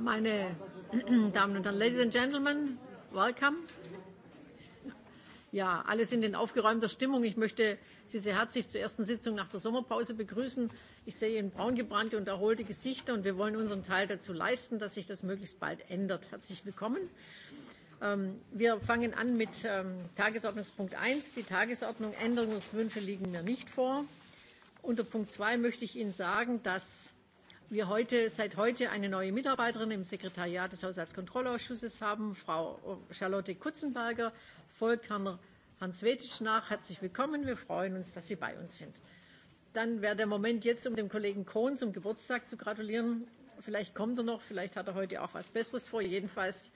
Meine Damen und Herren, Ladies and Gentlemen, welcome. Ja, alle sind in aufgeräumter Stimmung. Ich möchte Sie sehr herzlich zur ersten Sitzung nach der Sommerpause begrüßen. Ich sehe Ihnen braungebrannte und erholte Gesichter und wir wollen unseren Teil dazu leisten, dass sich das möglichst bald ändert. Herzlich willkommen. Ähm, wir fangen an mit ähm, Tagesordnungspunkt 1. Die Tagesordnung Änderungswünsche liegen mir nicht vor. Unter Punkt 2 möchte ich Ihnen sagen, dass wir heute, seit heute eine neue Mitarbeiterin im Sekretariat des Haushaltskontrollausschusses haben. Frau Charlotte Kutzenberger folgt Herrn Hans Wetic nach. Herzlich willkommen. Wir freuen uns, dass Sie bei uns sind. Dann wäre der Moment jetzt, um dem Kollegen Kohn zum Geburtstag zu gratulieren. Vielleicht kommt er noch, vielleicht hat er heute auch was Besseres vor. Jedenfalls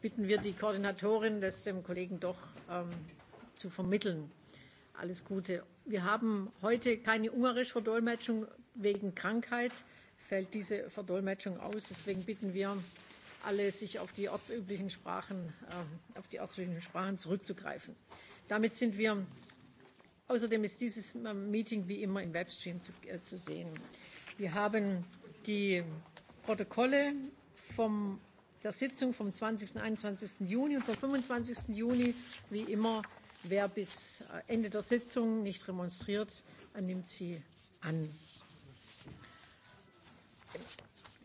bitten wir die Koordinatorin, das dem Kollegen doch ähm, zu vermitteln. Alles Gute. Wir haben heute keine ungarische Verdolmetschung wegen Krankheit fällt diese Verdolmetschung aus. Deswegen bitten wir alle, sich auf die ortsüblichen Sprachen, äh, auf die ortsüblichen Sprachen zurückzugreifen. Damit sind wir, außerdem ist dieses Meeting wie immer im Webstream zu, äh, zu sehen. Wir haben die Protokolle vom, der Sitzung vom 20. und 21. Juni und vom 25. Juni wie immer. Wer bis äh, Ende der Sitzung nicht remonstriert, äh, nimmt sie an.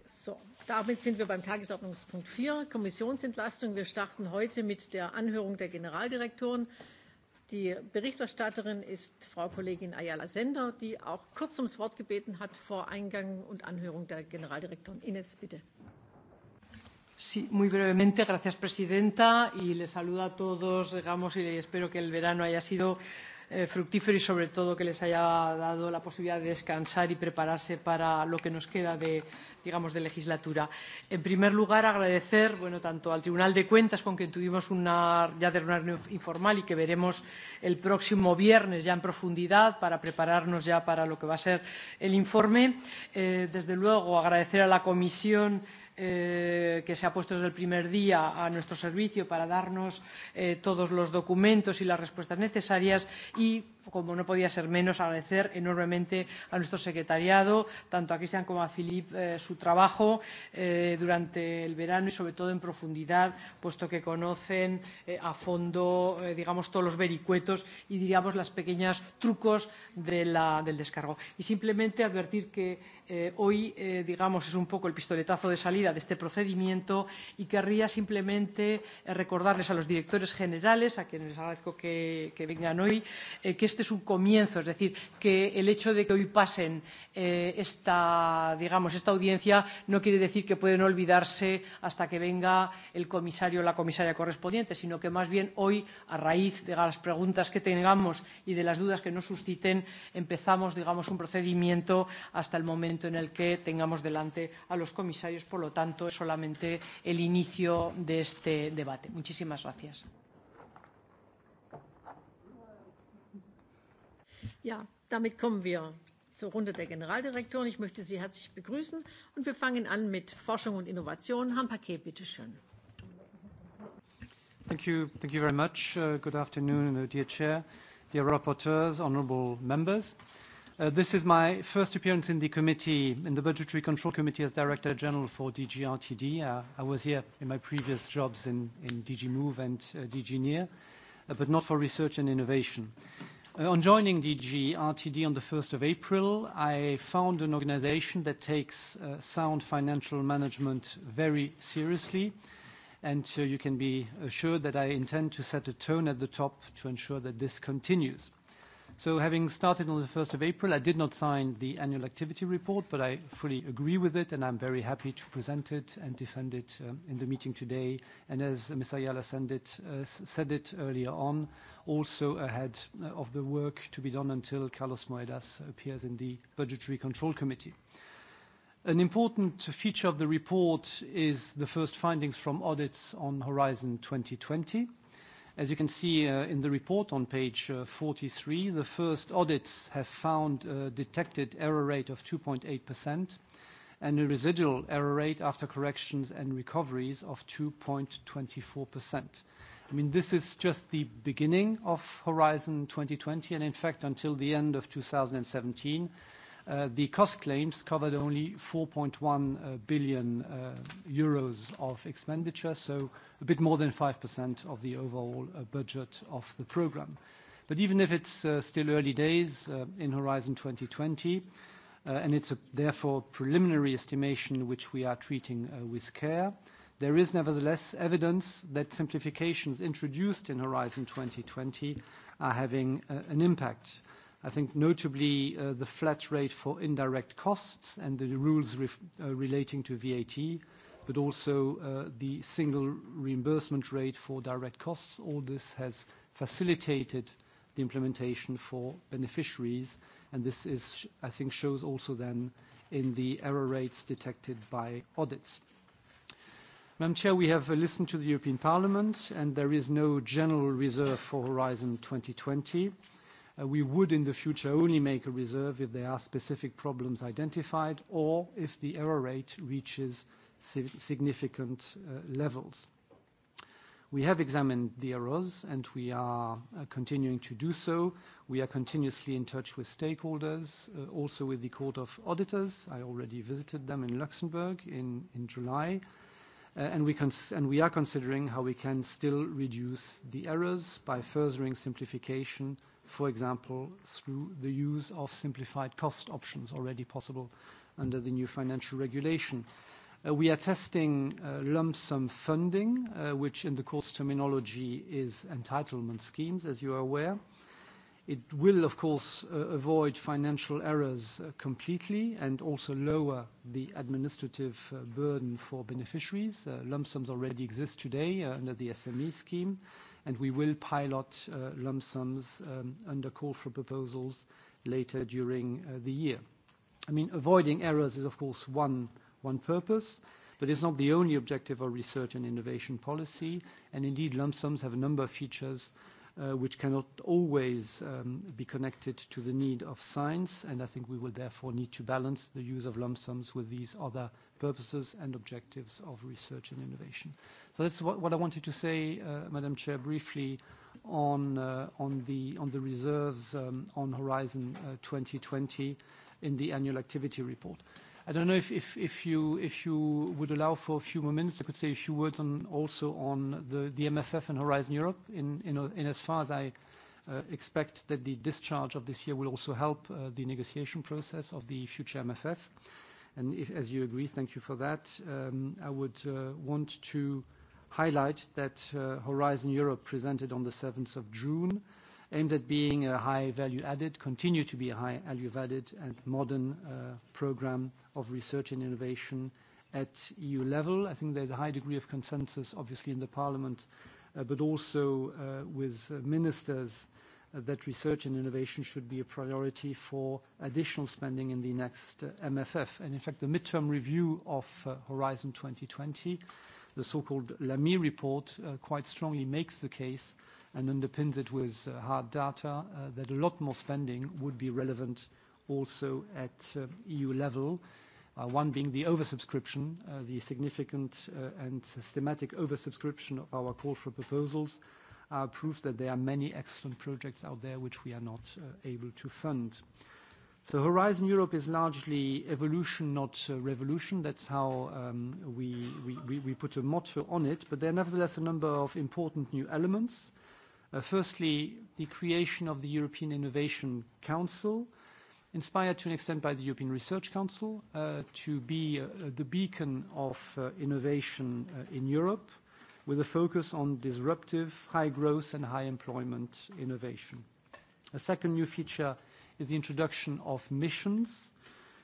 So, damit sind wir beim Tagesordnungspunkt 4, Kommissionsentlastung. Wir starten heute mit der Anhörung der Generaldirektoren. Die Berichterstatterin ist Frau Kollegin Ayala Sender, die auch kurz ums Wort gebeten hat vor Eingang und Anhörung der Generaldirektoren. Ines, bitte. Sí, muy brevemente, gracias, Presidenta, y les saludo a todos, digamos, y espero que el verano haya sido eh, fructífero y sobre todo que les haya dado la posibilidad de descansar y prepararse para lo que nos queda de, digamos, de legislatura. En primer lugar, agradecer bueno, tanto al Tribunal de Cuentas, con quien tuvimos una, ya de una reunión informal y que veremos el próximo viernes ya en profundidad para prepararnos ya para lo que va a ser el informe. Eh, desde luego, agradecer a la Comisión Eh, que se ha puesto desde el primer día a nuestro servicio para darnos eh, todos los documentos y las respuestas necesarias y como no podía ser menos, agradecer enormemente a nuestro secretariado, tanto a Cristian como a Filip, eh, su trabajo eh, durante el verano y sobre todo en profundidad, puesto que conocen eh, a fondo, eh, digamos, todos los vericuetos y, diríamos, los pequeños trucos de la, del descargo. Y simplemente advertir que eh, hoy, eh, digamos, es un poco el pistoletazo de salida de este procedimiento y querría simplemente eh, recordarles a los directores generales, a quienes les agradezco que, que vengan hoy, eh, que este es un comienzo. Es decir, que el hecho de que hoy pasen eh, esta, digamos, esta audiencia no quiere decir que pueden olvidarse hasta que venga el comisario o la comisaria correspondiente, sino que más bien hoy, a raíz de las preguntas que tengamos y de las dudas que nos susciten, empezamos, digamos, un procedimiento hasta el momento en el que tengamos delante a los comisarios. Por lo tanto, es solamente el inicio de este debate. Muchísimas gracias. Ja, damit kommen wir zur Runde der Generaldirektoren. Ich möchte Sie herzlich begrüßen und wir fangen an mit Forschung und Innovation. Herrn Paquet, schön. Thank you. Thank you very much. Uh, good afternoon, uh, dear Chair, dear rapporteurs, honorable members. Uh, this is my first appearance in the committee, in the Budgetary Control Committee as Director General for DG RTD. Uh, I was here in my previous jobs in, in DG Move and uh, DG NEAR, uh, but not for research and innovation. Uh, on joining DG RTD on the 1st of April, I found an organization that takes uh, sound financial management very seriously, and you can be assured that I intend to set a tone at the top to ensure that this continues. So having started on the 1st of April, I did not sign the annual activity report, but I fully agree with it, and I'm very happy to present it and defend it um, in the meeting today. And as Mr. Ayala said it, uh, said it earlier on, also ahead uh, of the work to be done until Carlos Moedas appears in the Budgetary Control Committee. An important feature of the report is the first findings from audits on Horizon 2020. As you can see uh, in the report on page 43, uh, the first audits have found a uh, detected error rate of 2.8% and a residual error rate after corrections and recoveries of 2.24%. I mean, this is just the beginning of Horizon 2020, and in fact, until the end of 2017, Uh, the cost claims covered only 4.1 uh, billion uh, euros of expenditure, so a bit more than 5% of the overall budget of the program. But even if it's still early days in Horizon 2020, and it's a, therefore preliminary estimation which we are treating with care, there is nevertheless evidence that simplifications introduced in Horizon 2020 are having an impact. I think notably uh, the flat rate for indirect costs and the rules uh, relating to VAT, but also uh, the single reimbursement rate for direct costs. All this has facilitated the implementation for beneficiaries, and this is, I think, shows also then in the error rates detected by audits. Madam Chair, we have listened to the European Parliament, and there is no general reserve for Horizon 2020. Uh, we would in the future only make a reserve if there are specific problems identified or if the error rate reaches significant uh, levels. We have examined the errors, and we are uh, continuing to do so. We are continuously in touch with stakeholders, also with the Court of Auditors. I already visited them in Luxembourg in, July. and, we and we are considering how we can still reduce the errors by furthering simplification for example, through the use of simplified cost options already possible under the new financial regulation. Uh, we are testing uh, lump sum funding, uh, which in the court's terminology is entitlement schemes, as you are aware. It will, of course, avoid financial errors completely and also lower the administrative burden for beneficiaries. Lump sums already exist today under the SME scheme and we will pilot uh, lump sums um, under call for proposals later during uh, the year. I mean, avoiding errors is, of course, one, purpose, but it's not the only objective of research and innovation policy. And indeed, lump sums have a number of features uh, which cannot always um, be connected to the need of science, and I think we will therefore need to balance the use of lump sums with these other purposes and objectives of research and innovation. So that's what, what I wanted to say, uh, Madam Chair, briefly on, uh, on, the, on the reserves um, on Horizon uh, 2020 in the annual activity report. I don't know if, if, if, you, if you would allow for a few more minutes, I could say a few words on, also on the, the MFF and Horizon Europe in, in, in as far as I Uh, expect that the discharge of this year will also help uh, the negotiation process of the future MFF. And if, as you agree, thank you for that. Um, I would uh, want to highlight that uh, Horizon Europe presented on the 7th of June, aimed at being a high value added, continue to be a high value added and modern uh, program of research and innovation at EU level. I think there's a high degree of consensus, obviously in the parliament, but also with ministers Uh, that research and innovation should be a priority for additional spending in the next uh, MFF. And in fact, the midterm review of uh, Horizon 2020, the so-called Lamy report, quite strongly makes the case and underpins it with hard data that a lot more spending would be relevant also at EU level. one being the oversubscription, the significant and systematic oversubscription of our call for proposals, are proof that there are many excellent projects out there which we are not uh, able to fund. So Horizon Europe is largely evolution, not uh, revolution. That's how um, we, we, we put a motto on it. But there are nevertheless a number of important new elements. Uh, firstly, the creation of the European Innovation Council, inspired to an extent by the European Research Council, uh, to be uh, the beacon of uh, innovation in Europe with a focus on disruptive, high growth, and high employment innovation. A second new feature is the introduction of missions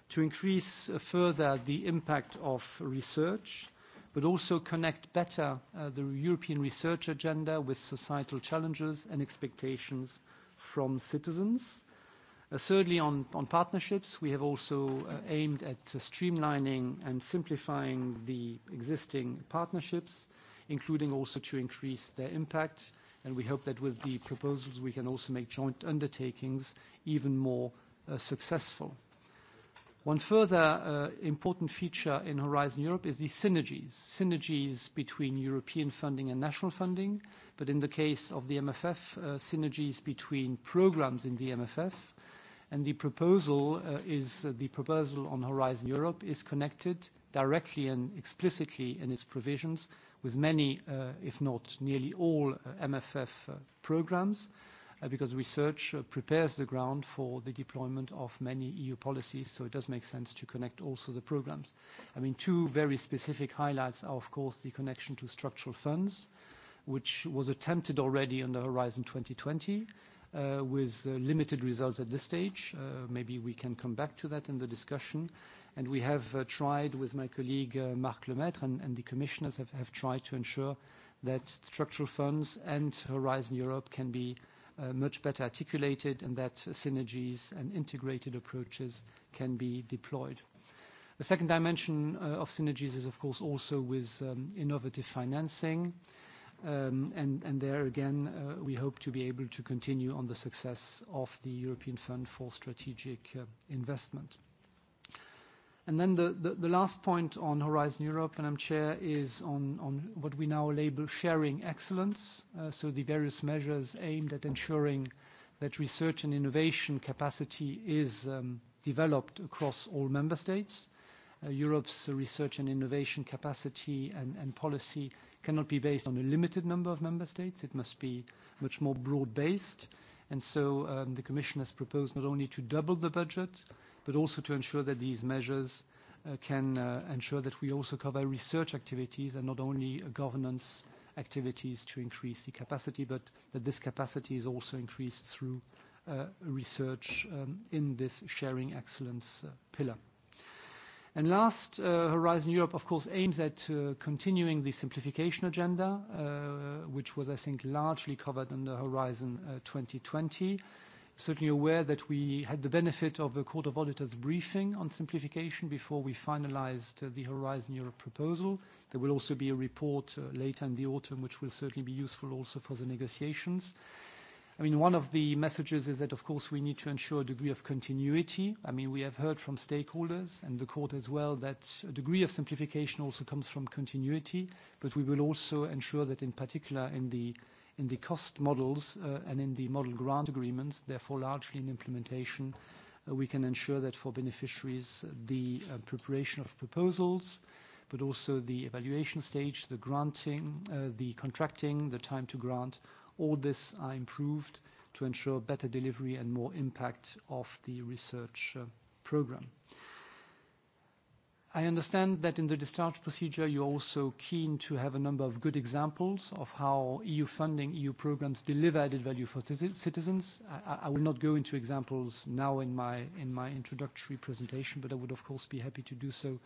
to increase further the impact of research, but also connect better uh, the European research agenda with societal challenges and expectations from citizens. Uh, thirdly, on, partnerships, we have also uh, aimed at streamlining and simplifying the existing partnerships including also to increase their impact. And we hope that with the proposals, we can also make joint undertakings even more uh, successful. One further uh, important feature in Horizon Europe is the synergies. Synergies between European funding and national funding, but in the case of the MFF, uh, synergies between programs in the MFF. And the proposal is the proposal on Horizon Europe is connected directly and explicitly in its provisions with many, uh, if not nearly all, uh, MFF uh, programs, uh, because research uh, prepares the ground for the deployment of many EU policies, so it does make sense to connect also the programs. I mean, two very specific highlights are, of course, the connection to structural funds, which was attempted already on the Horizon 2020, uh, with uh, limited results at this stage. Uh, maybe we can come back to that in the discussion. And we have uh, tried with my colleague uh, Marc Lemaitre and, and the commissioners have, have tried to ensure that structural funds and Horizon Europe can be uh, much better articulated and that synergies and integrated approaches can be deployed. The second dimension uh, of synergies is, of course, also with um, innovative financing. Um, and, and there again, uh, we hope to be able to continue on the success of the European Fund for Strategic uh, Investment. And then the, last point on Horizon Europe, Madam chair, is on, what we now label sharing excellence. Uh, so the various measures aimed at ensuring that research and innovation capacity is um, developed across all member states. Uh, Europe's research and innovation capacity and, policy cannot be based on a limited number of member states. It must be much more broad-based. And so um, the Commission has proposed not only to double the budget, but also to ensure that these measures uh, can uh, ensure that we also cover research activities and not only uh, governance activities to increase the capacity, but that this capacity is also increased through research um, in this sharing excellence pillar. And last, Horizon Europe, of course, aims at continuing the simplification agenda, which was, I think, largely covered under Horizon 2020 certainly aware that we had the benefit of the Court of Auditors briefing on simplification before we finalized uh, the Horizon Europe proposal. There will also be a report uh, later in the autumn, which will certainly be useful also for the negotiations. I mean, one of the messages is that, of course, we need to ensure a degree of continuity. I mean, we have heard from stakeholders and the court as well that a degree of simplification also comes from continuity, but we will also ensure that, in particular, in the in the cost models uh, and in the model grant agreements, therefore largely in implementation, uh, we can ensure that for beneficiaries, uh, the preparation of proposals, but also the evaluation stage, the granting, the contracting, the time to grant, all this are improved to ensure better delivery and more impact of the research program. I understand that in the discharge procedure, you're also keen to have a number of good examples of how EU funding, EU programs deliver added value for citizens. I, will not go into examples now in my, introductory presentation, but I would, of course, be happy to do so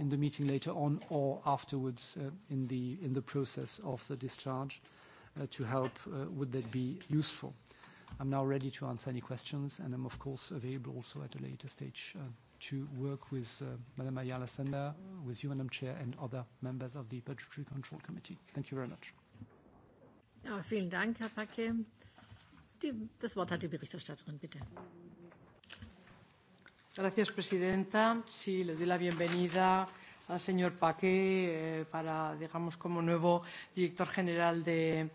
in the meeting later on or afterwards uh, in, the, process of the discharge uh, to help. Uh, would that be useful? I'm now ready to answer any questions, and I'm, of course, available also at a later stage to work with uh, Madame Ayala Sender, with you, Madam Chair, and other members of the Budgetary Control Committee. Thank you very much. Ja, vielen Dank, Herr Packe. das Wort hat die Berichterstatterin, bitte. Gracias, Presidenta. Sí, le doy la bienvenida al señor Paqué eh, para, digamos, como nuevo director general de,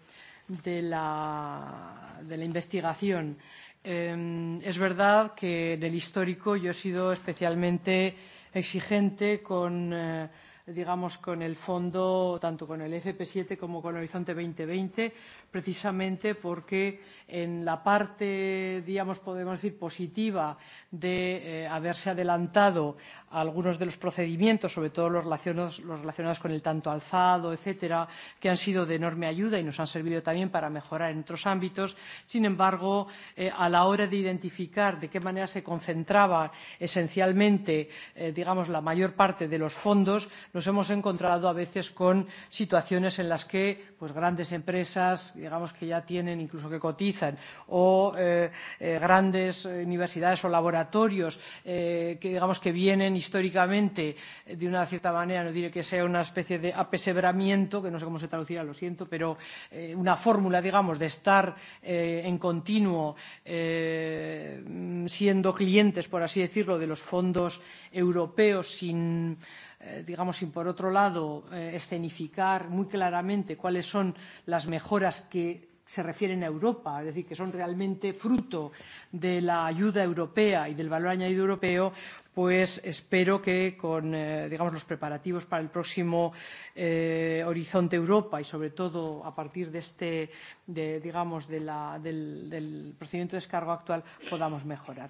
de, la, de la investigación. Eh, es verdad que en el histórico yo he sido especialmente exigente con, eh, digamos, con el fondo, tanto con el FP7 como con Horizonte 2020, precisamente porque en la parte, digamos, podemos decir, positiva de eh, haberse adelantado a algunos de los procedimientos, sobre todo los relacionados, los relacionados con el tanto alzado, etcétera, que han sido de enorme ayuda y nos han servido también para mejorar en otros ámbitos. Sin embargo, eh, a la hora de identificar de qué manera se concentraba esencialmente, eh, digamos, la mayor parte de los fondos, nos hemos encontrado a veces con situaciones en las que pues, grandes empresas, digamos, que ya tienen, incluso que cotizan, o eh, eh, grandes eh, universidades o laboratorios eh, que, digamos, que vienen históricamente eh, de una cierta manera, no diré que sea una especie de apesebramiento, que no sé cómo se traducirá, lo siento, pero eh, una fórmula, digamos, de estar eh, en continuo eh, siendo clientes, por así decirlo, de los fondos europeos sin Eh, digamos, y por otro lado, eh, escenificar muy claramente cuáles son las mejoras que se refieren a Europa, es decir, que son realmente fruto de la ayuda europea y del valor añadido europeo, pues espero que con eh, digamos, los preparativos para el próximo eh, Horizonte Europa y sobre todo a partir de este, de, digamos, de la, del, del procedimiento de descargo actual podamos mejorar.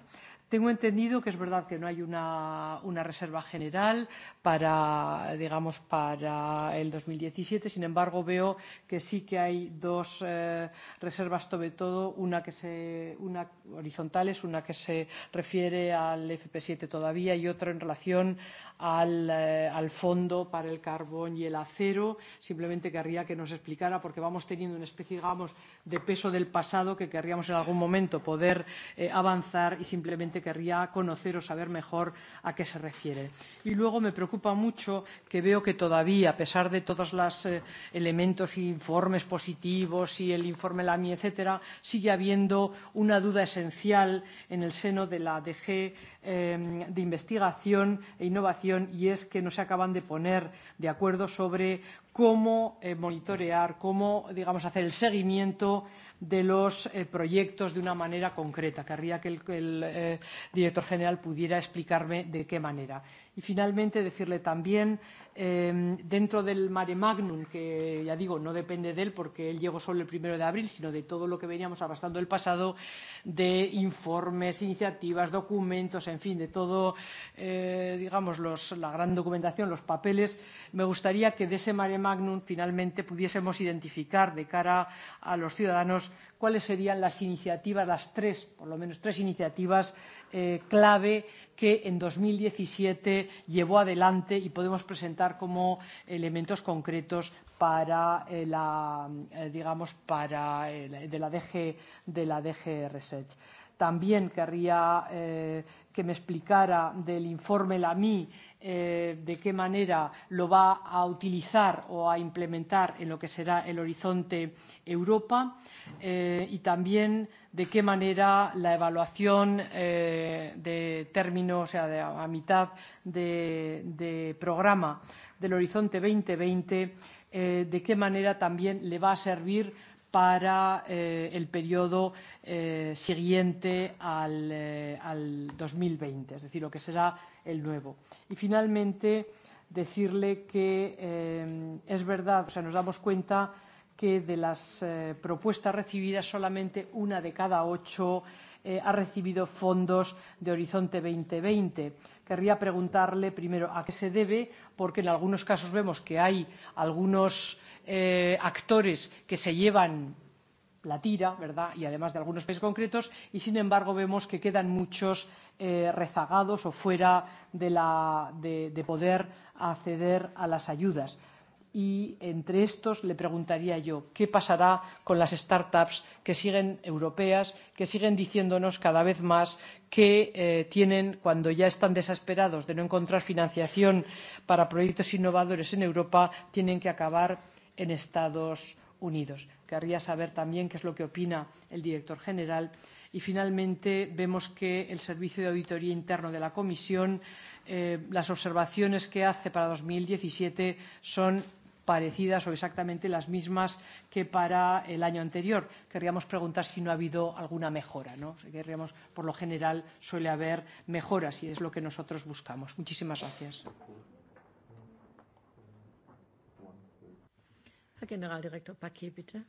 Tengo entendido que es verdad que no hay una, una reserva general para, digamos, para el 2017. Sin embargo, veo que sí que hay dos eh, reservas, sobre todo una que se, una horizontales, una que se refiere al FP7 todavía y otra en relación al, eh, al fondo para el carbón y el acero. Simplemente querría que nos explicara, porque vamos teniendo una especie, digamos, de peso del pasado que querríamos en algún momento poder eh, avanzar y simplemente querría conocer o saber mejor a qué se refiere. Y luego me preocupa mucho que veo que todavía, a pesar de todos los eh, elementos e informes positivos y el informe Lamy, etc., sigue habiendo una duda esencial en el seno de la DG eh, de investigación e innovación y es que no se acaban de poner de acuerdo sobre cómo eh, monitorear, cómo digamos hacer el seguimiento de los eh, proyectos de una manera concreta. Querría que el, el eh, director general pudiera explicarme de qué manera. Y finalmente decirle también, eh, dentro del mare magnum, que ya digo, no depende de él porque él llegó solo el primero de abril, sino de todo lo que veníamos arrastrando el pasado, de informes, iniciativas, documentos, en fin, de todo, eh, digamos, los, la gran documentación, los papeles, me gustaría que de ese mare magnum finalmente pudiésemos identificar de cara a los ciudadanos cuáles serían las iniciativas, las tres, por lo menos tres iniciativas eh, clave que en 2017 llevó adelante y podemos presentar como elementos concretos para eh, la, eh, digamos, para eh, de la DG de la DG Research. También querría eh, que me explicara del informe LAMI eh, de qué manera lo va a utilizar o a implementar en lo que será el horizonte Europa eh, y también de qué manera la evaluación eh, de términos, o sea, de, a mitad de, de programa del horizonte 2020, eh, de qué manera también le va a servir para eh, el periodo eh, siguiente al, eh, al 2020, es decir, lo que será el nuevo. Y finalmente, decirle que eh, es verdad, o sea, nos damos cuenta que de las eh, propuestas recibidas solamente una de cada ocho eh, ha recibido fondos de Horizonte 2020. Querría preguntarle primero a qué se debe, porque en algunos casos vemos que hay algunos eh, actores que se llevan la tira, ¿verdad? Y además de algunos países concretos, y sin embargo vemos que quedan muchos eh, rezagados o fuera de, la, de, de poder acceder a las ayudas. Y entre estos le preguntaría yo, ¿qué pasará con las startups que siguen europeas, que siguen diciéndonos cada vez más que eh, tienen, cuando ya están desesperados de no encontrar financiación para proyectos innovadores en Europa, tienen que acabar en Estados Unidos. Querría saber también qué es lo que opina el director general. Y finalmente vemos que el Servicio de Auditoría Interno de la Comisión, eh, las observaciones que hace para 2017 son parecidas o exactamente las mismas que para el año anterior. Querríamos preguntar si no ha habido alguna mejora. ¿no? Querríamos, por lo general, suele haber mejoras y es lo que nosotros buscamos. Muchísimas gracias. Herr Generaldirektor Paquet, bitte.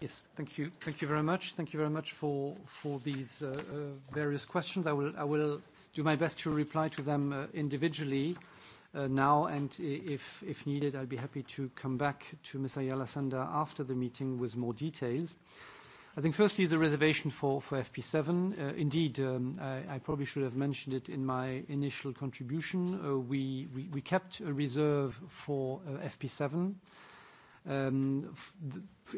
Yes. Thank you. Thank you very much. Thank you very much for, for these uh, uh, various questions. I will, I will do my best to reply to them uh, individually uh, now, and if, if needed, I'll be happy to come back to Ms. Ayala-Sanda after the meeting with more details. I think firstly, the reservation for, FP7. Uh, indeed, um, I, probably should have mentioned it in my initial contribution. Uh, we, kept a reserve for uh, FP7. Um,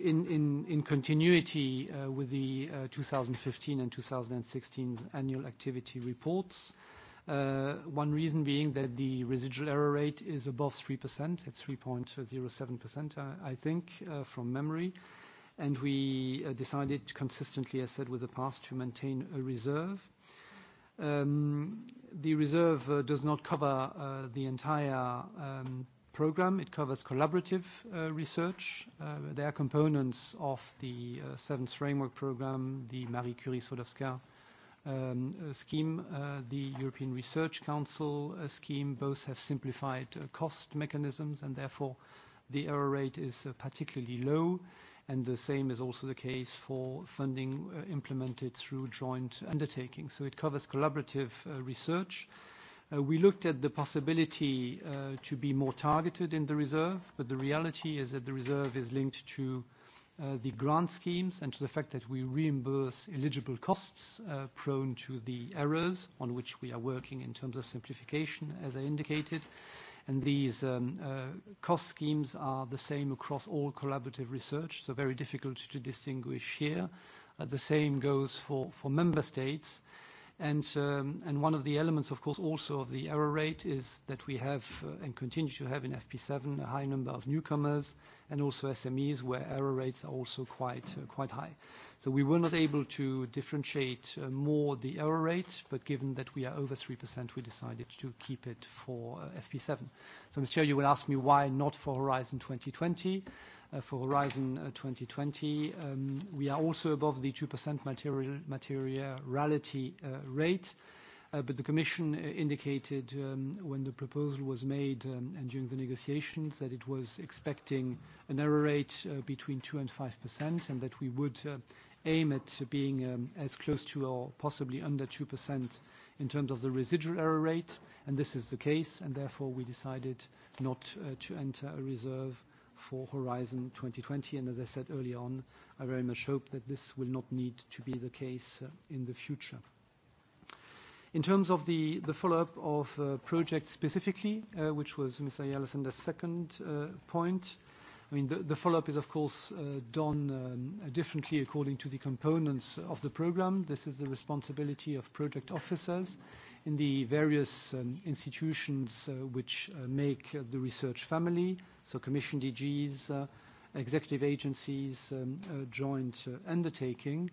in, continuity with the 2015 and 2016 annual activity reports. One reason being that the residual error rate is above 3%. It's 3.07%, I think, from memory and we uh, decided consistently, as said with the past, to maintain a reserve. Um, the reserve uh, does not cover uh, the entire um, program. It covers collaborative research. There are components of the seventh framework program, the Marie Curie-Sklodowska um, scheme, the European Research Council scheme. Both have simplified cost mechanisms, and therefore the error rate is particularly low and the same is also the case for funding uh, implemented through joint undertakings. So it covers collaborative uh, research. Uh, we looked at the possibility to be more targeted in the reserve, but the reality is that the reserve is linked to the grant schemes and to the fact that we reimburse eligible costs prone to the errors on which we are working in terms of simplification, as I indicated. And these um, uh, cost schemes are the same across all collaborative research, so very difficult to distinguish here. Uh, the same goes for, member states. Um, and, one of the elements, of course, also of the error rate is that we have uh, and continue to have in FP7 a high number of newcomers and also SMEs, where error rates are also uh, quite, high. So we were not able to differentiate uh, more the error rate, but given that we are over 3%, we decided to keep it for FP7. So, Mr. Chair, you will ask me why not for Horizon 2020. Uh, for Horizon 2020. Uh, um, we are also above the 2% materiality uh, rate. but the Commission indicated um, when the proposal was made um, and during the negotiations that it was expecting an error rate between 2% and 5%, and that we would aim at being as close to or possibly under 2% in terms of the residual error rate. and This is the case, and therefore we decided not to enter a reserve for Horizon 2020. And as I said earlier on, I very much hope that this will not need to be the case uh, in the future. In terms of the, follow-up of uh, projects specifically, uh, which was Mr. Ayala Sander's second point, I mean, the, follow-up is, of course, done um, differently according to the components of the program. This is the responsibility of project officers in the various um, institutions uh, which uh, make uh, the research family, so commission DGs, uh, executive agencies, um, uh, joint uh, undertaking.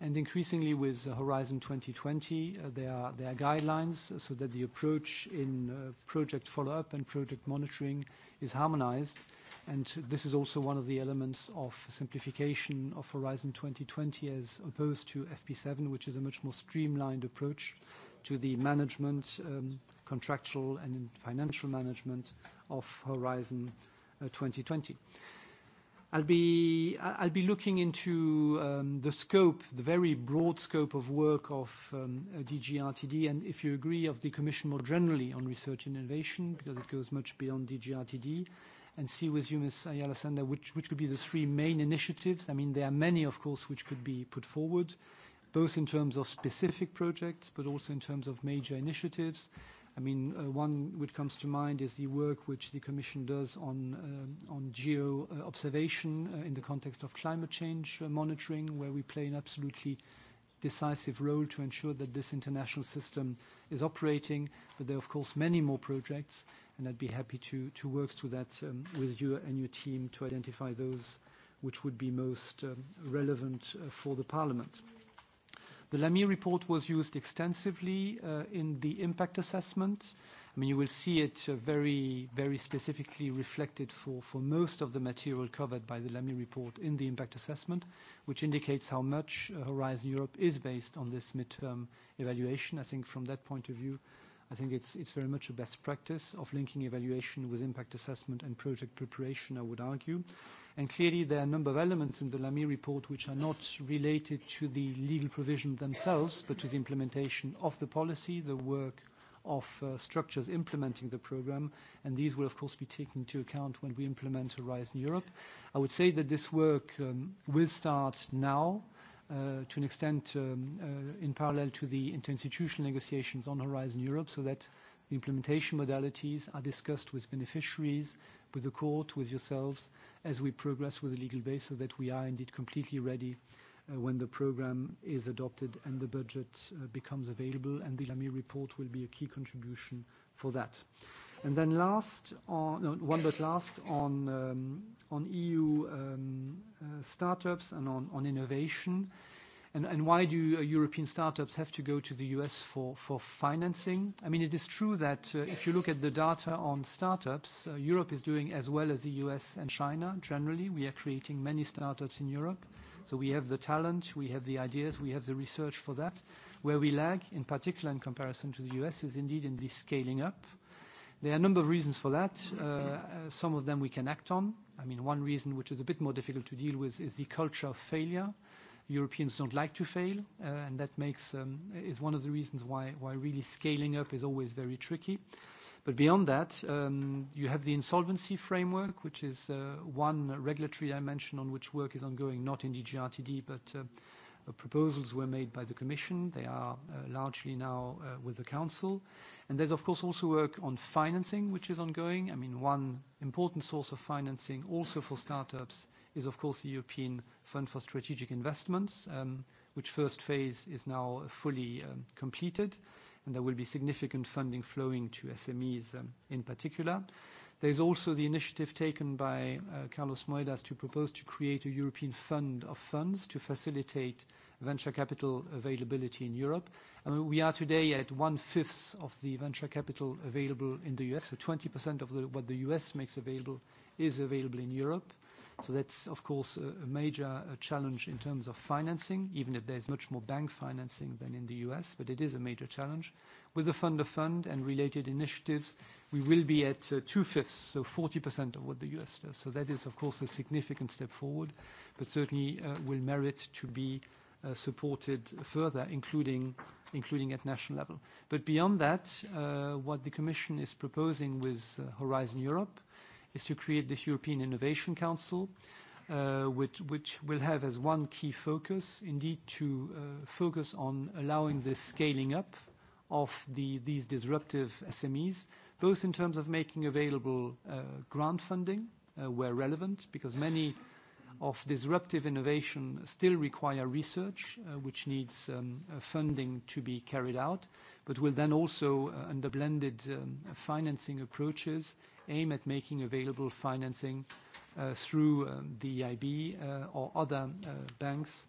And increasingly with uh, Horizon 2020, uh, there, are, there are guidelines uh, so that the approach in uh, project follow-up and project monitoring is harmonized. And this is also one of the elements of simplification of Horizon 2020 as opposed to FP7, which is a much more streamlined approach to the management, um, contractual and financial management of Horizon 2020. Uh, I'll be, I'll be looking into um, the scope, the very broad scope of work of um, DG RTD, and if you agree, of the Commission more generally on research and innovation, because it goes much beyond DG RTD, and see with you, Ms. Ayala-Sender, which, which could be the three main initiatives. I mean, there are many, of course, which could be put forward both in terms of specific projects, but also in terms of major initiatives. I mean, uh, one which comes to mind is the work which the Commission does on, uh, geo uh, observation in the context of climate change monitoring, where we play an absolutely decisive role to ensure that this international system is operating. But there are, of course, many more projects, and I'd be happy to, work through that um, with you and your team to identify those which would be most um, relevant for the Parliament. The Lamy report was used extensively uh, in the impact assessment. I mean, you will see it uh, very, very specifically reflected for, most of the material covered by the Lamy report in the impact assessment, which indicates how much uh, Horizon Europe is based on this midterm evaluation. I think from that point of view, I think it's very much a best practice of linking evaluation with impact assessment and project preparation, I would argue. And clearly there are a number of elements in the Lamy report which are not related to the legal provisions themselves, but to the implementation of the policy, the work of uh, structures implementing the program, and these will, of course, be taken into account when we implement Horizon Europe. I would say that this work um, will start now, uh, to an extent um, uh, in parallel to the interinstitutional negotiations on Horizon Europe, so that The implementation modalities are discussed with beneficiaries, with the court, with yourselves, as we progress with the legal base so that we are indeed completely ready uh, when the program is adopted and the budget uh, becomes available, and the Lamy report will be a key contribution for that. And then last on, no, one but last on, um, on EU um, uh, startups and on, innovation. And, why do uh, European startups have to go to the U.S. for, financing? I mean, it is true that uh, if you look at the data on startups, uh, Europe is doing as well as the U.S. and China generally. We are creating many startups in Europe. So we have the talent, we have the ideas, we have the research for that. Where we lag, in particular in comparison to the U.S., is indeed in the scaling up. There are a number of reasons for that. some of them we can act on. I mean, one reason which is a bit more difficult to deal with is the culture of failure Europeans don't like to fail, uh, and that makes um, is one of the reasons why really scaling up is always very tricky. But beyond that, um, you have the insolvency framework, which is uh, one regulatory dimension on which work is ongoing, not in DGRTD, but uh, proposals were made by the Commission. They are largely now with the Council. And there's, of course, also work on financing, which is ongoing. I mean, one important source of financing also for startups is, of course, the European Fund for Strategic Investments, um, which first phase is now fully um, completed, and there will be significant funding flowing to SMEs um, in particular. There's also the initiative taken by uh, Carlos Moedas to propose to create a European fund of funds to facilitate venture capital availability in Europe. I mean, we are today at one-fifth of the venture capital available in the U.S., so 20% of what the U.S. makes available is available in Europe. So that's, of course, a major challenge in terms of financing, even if there's much more bank financing than in the U.S., but it is a major challenge. With the fund of fund and related initiatives, we will be at uh, two-fifths, so 40% of what the U.S. does. So that is, of course, a significant step forward, but certainly uh, will merit to be uh, supported further, including, including at national level. But beyond that, what the Commission is proposing with Horizon Europe is to create this European Innovation Council, uh, which, which will have as one key focus, indeed, to uh, focus on allowing the scaling up of the, these disruptive SMEs, both in terms of making available uh, grant funding uh, where relevant, because many of disruptive innovation still require research, uh, which needs um, uh, funding to be carried out, but will then also, uh, under blended um, financing approaches, aim at making available financing through um, the EIB or other banks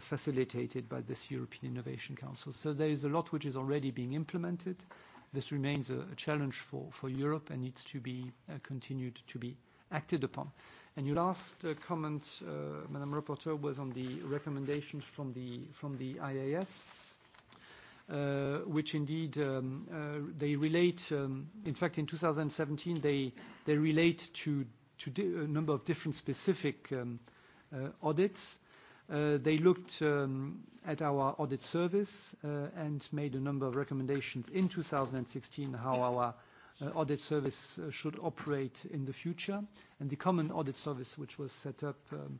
facilitated by this European Innovation Council. So there is a lot which is already being implemented. This remains a, a challenge for, for Europe and needs to be continued to be acted upon. And your last uh, comment, uh, Madam Rapporteur, was on the recommendations from the, IAS, uh, which indeed um, they relate, um, in fact, in 2017, they, relate to, a number of different specific um, audits. they looked at our audit service and made a number of recommendations in 2016 how our Uh, audit service uh, should operate in the future. And the common audit service, which was set up um,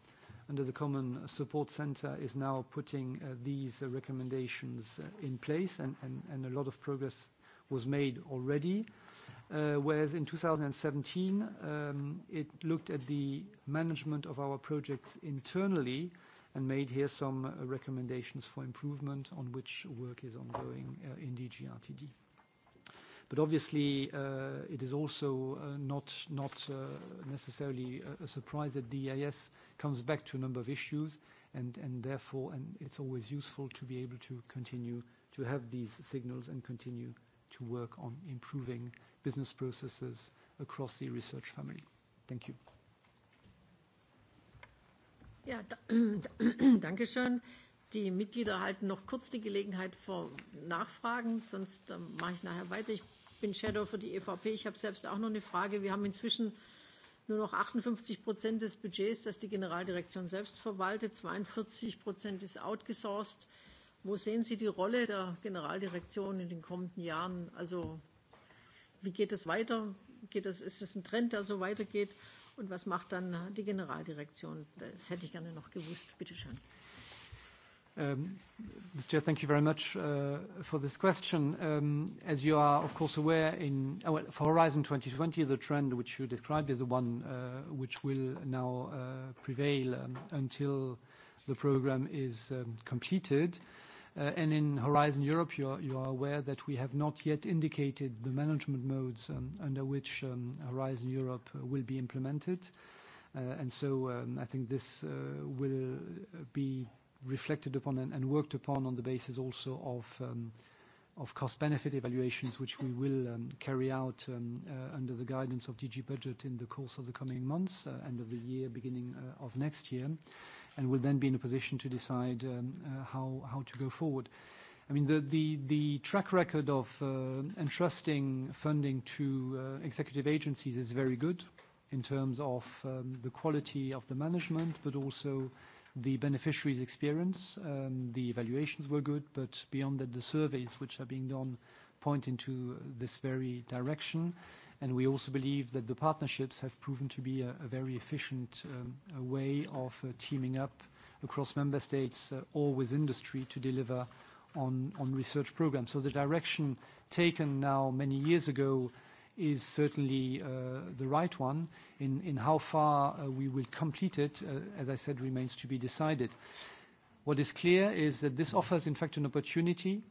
under the Common Support Center, is now putting uh, these recommendations in place, and, a lot of progress was made already. Whereas in 2017, um, it looked at the management of our projects internally and made here some recommendations for improvement on which work is ongoing in DG RTD. But obviously, uh, it is also uh, not, uh, necessarily a, surprise that DIS comes back to a number of issues, and, therefore, it's always useful to be able to continue to have these signals and continue to work on improving business processes across the research family. Thank you. Yeah. danke schön. Die Mitglieder erhalten noch kurz die Gelegenheit für Nachfragen, sonst ähm, mache ich nachher weiter. Ich bin Shadow für die EVP. Ich habe selbst auch noch eine Frage. Wir haben inzwischen nur noch 58 Prozent des Budgets, das die Generaldirektion selbst verwaltet. 42 Prozent ist outgesourced. Wo sehen Sie die Rolle der Generaldirektion in den kommenden Jahren? Also wie geht es weiter? Geht das, ist es ein Trend, der so weitergeht? Und was macht dann die Generaldirektion? Das hätte ich gerne noch gewusst. Bitte schön. Mr. Um, Chair, thank you very much uh, for this question. Um, as you are, of course, aware, in oh, well, for Horizon 2020, the trend which you described is the one uh, which will now uh, prevail um, until the program is completed. And in Horizon Europe, you are aware that we have not yet indicated the management modes under which Horizon Europe will be implemented. And so, I think this will be reflected upon and, worked upon on the basis also of, um, of cost-benefit evaluations, which we will um, carry out um, uh, under the guidance of DG Budget in the course of the coming months, uh, end of the year, beginning uh, of next year. And we'll then be in a position to decide how, how to go forward. I mean, the, the, track record of entrusting funding to executive agencies is very good in terms of the quality of the management, but also The beneficiaries experience, um, the evaluations were good, but beyond that, the surveys which are being done point into this very direction. And we also believe that the partnerships have proven to be a, a very efficient um, a way of uh, teaming up across member states uh, or with industry to deliver on, on research programs. So the direction taken now many years ago is certainly uh, the right one. In, how far uh, we will complete it, uh, as I said, remains to be decided. What is clear is that this offers, in fact, an opportunity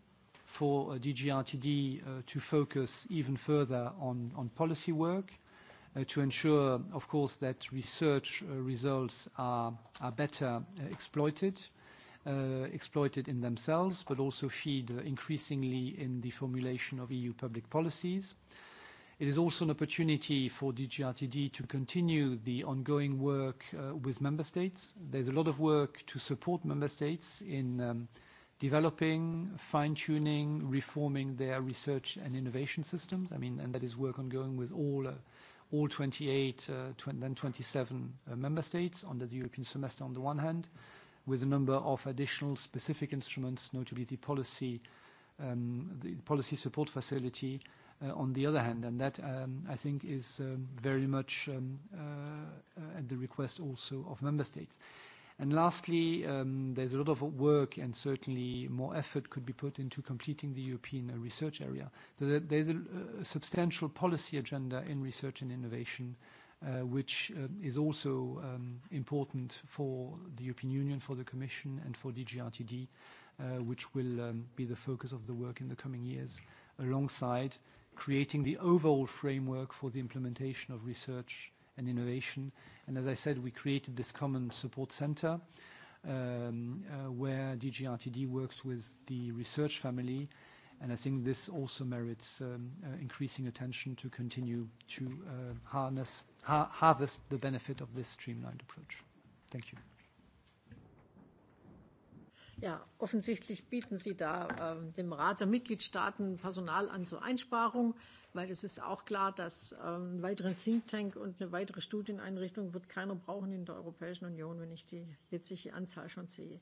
for DG RTD to focus even further on, policy work, to ensure, of course, that research results are, better exploited, exploited in themselves, but also feed increasingly in the formulation of EU public policies. It is also an opportunity for DGRTD to continue the ongoing work uh, with member states. There's a lot of work to support member states in um, developing, fine-tuning, reforming their research and innovation systems. I mean, and that is work ongoing with all, uh, all 28, uh, then 27 member states under the European semester on the one hand, with a number of additional specific instruments, notably the policy um, support facility, uh, on the other hand. And that, um, I think, is um, very much um, uh, at the request also of member states. And lastly, um, there's a lot of work and certainly more effort could be put into completing the European uh, research area. So there's a, a substantial policy agenda in research and innovation Uh, which uh, is also um, important for the European Union, for the Commission, and for DG RTD, uh, which will um, be the focus of the work in the coming years, alongside creating the overall framework for the implementation of research and innovation. And as I said, we created this common support center um, uh, where DG RTD works with the research family. And I think this also merits um, uh, increasing attention to continue to uh, harvest the benefit of this streamlined approach. Thank you. Ja, offensichtlich bieten Sie da äh, dem Rat der Mitgliedstaaten Personal an zur Einsparung, weil es ist auch klar, dass äh, einen weiteren Think Tank und eine weitere Studieneinrichtung wird keiner brauchen in der Europäischen Union, wenn ich die jetzige Anzahl schon sehe.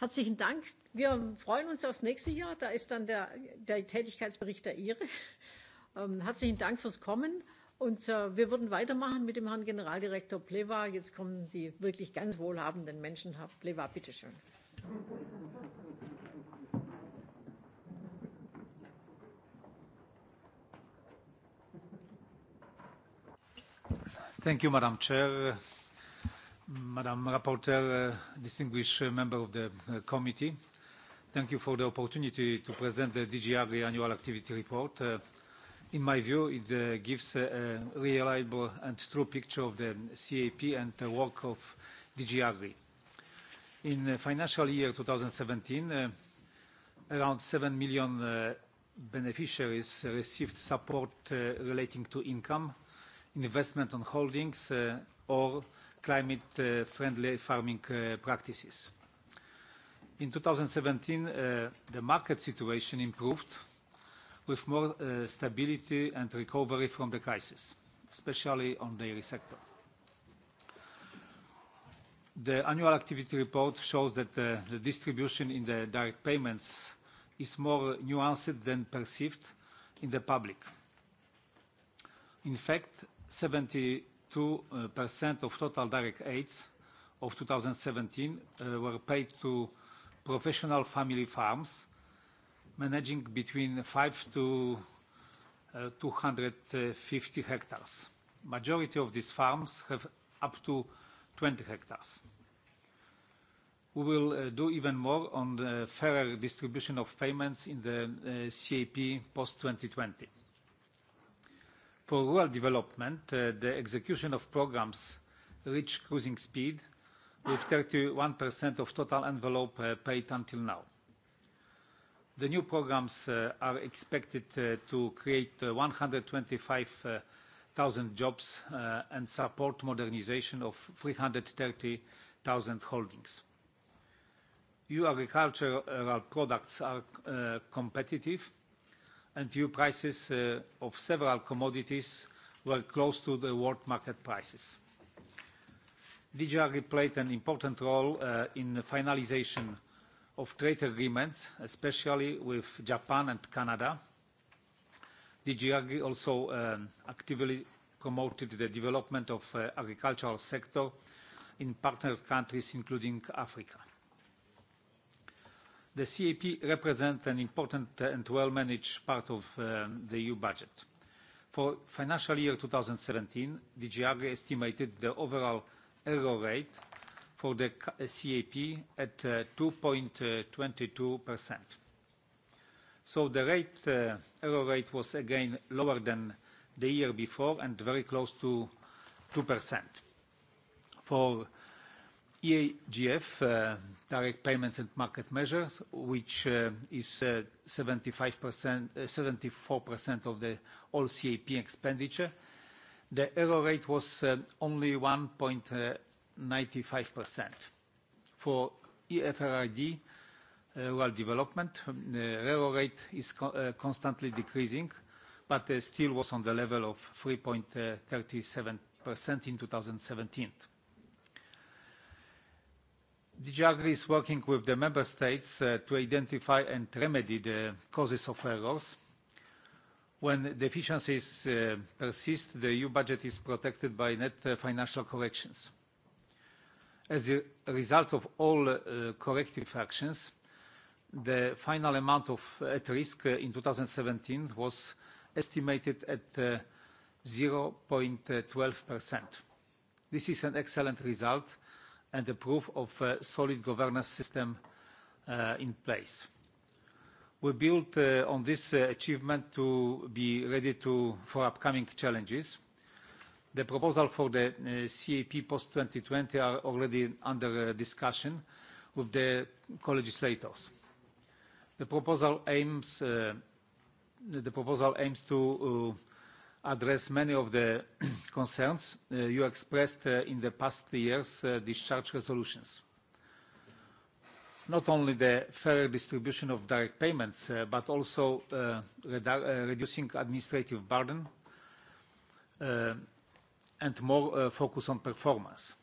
Herzlichen Dank. Wir freuen uns aufs nächste Jahr. Da ist dann der, der Tätigkeitsbericht der Ihre. Ähm, herzlichen Dank fürs Kommen. Und äh, wir würden weitermachen mit dem Herrn Generaldirektor Plewa. Jetzt kommen die wirklich ganz wohlhabenden Menschen. Herr Plewa, bitteschön. Thank you, Madam Chair, Madam Rapporteur, uh, distinguished uh, member of the uh, committee. Thank you for the opportunity to present the DG Agri annual activity report. Uh, in my view, it uh, gives a, a reliable and true picture of the CAP and the work of DG Agri. In the financial year 2017, uh, around 7 million uh, beneficiaries received support uh, relating to income, investment on holdings, or climate-friendly farming practices. In 2017, the market situation improved with more stability and recovery from the crisis, especially on dairy sector. The annual activity report shows that the, the distribution in the direct payments is more nuanced than perceived in the public. In fact, 72% of total direct aids of 2017 uh, were paid to professional family farms managing between 5 to uh, 250 hectares. Majority of these farms have up to 20 hectares. We will uh, do even more on the fairer distribution of payments in the uh, CAP post-2020. For rural development, uh, the execution of programs reached cruising speed, with 31% of total envelope paid until now. The new programs are expected to create 125 1,000 jobs uh, and support modernization of 330,000 holdings. EU agricultural products are uh, competitive, and EU prices uh, of several commodities were close to the world market prices. DG Agri played an important role in the finalization of trade agreements, especially with Japan and Canada, DG Agri also um, actively promoted the development of uh, agricultural sector in partner countries, including Africa. The CAP represents an important uh, and well-managed part of um, the EU budget. For financial year 2017, DG Agri estimated the overall error rate for the CAP at 2.22%. Uh, uh So the rate, uh, error rate was again lower than the year before and very close to 2%. For EAGF, uh, direct payments and market measures, which uh, is uh, 74% uh, of the all CAP expenditure, the error rate was uh, only 1.95%. Uh, For EFRD, Uh, rural development. Uh, Error rate is uh, constantly decreasing, but still was on the level of 3.37% in 2017. DG Agri is working with the member states to identify and remedy the causes of errors. When deficiencies persist, the EU budget is protected by net financial corrections. As a result of all corrective actions, the final amount of at risk uh, in 2017 was estimated at 0.12%. Uh, this is an excellent result and a proof of a solid governance system uh, in place. We built uh, on this uh, achievement to be ready to, for upcoming challenges. The proposal for the uh, CAP post-2020 are already under discussion with the co-legislators. The proposal aims, uh, the proposal aims to uh, address many of the concerns uh, you expressed uh, in the past year's uh, discharge resolutions. Not only the fair distribution of direct payments, uh, but also uh, redu uh, reducing administrative burden uh, and more uh, focus on performance.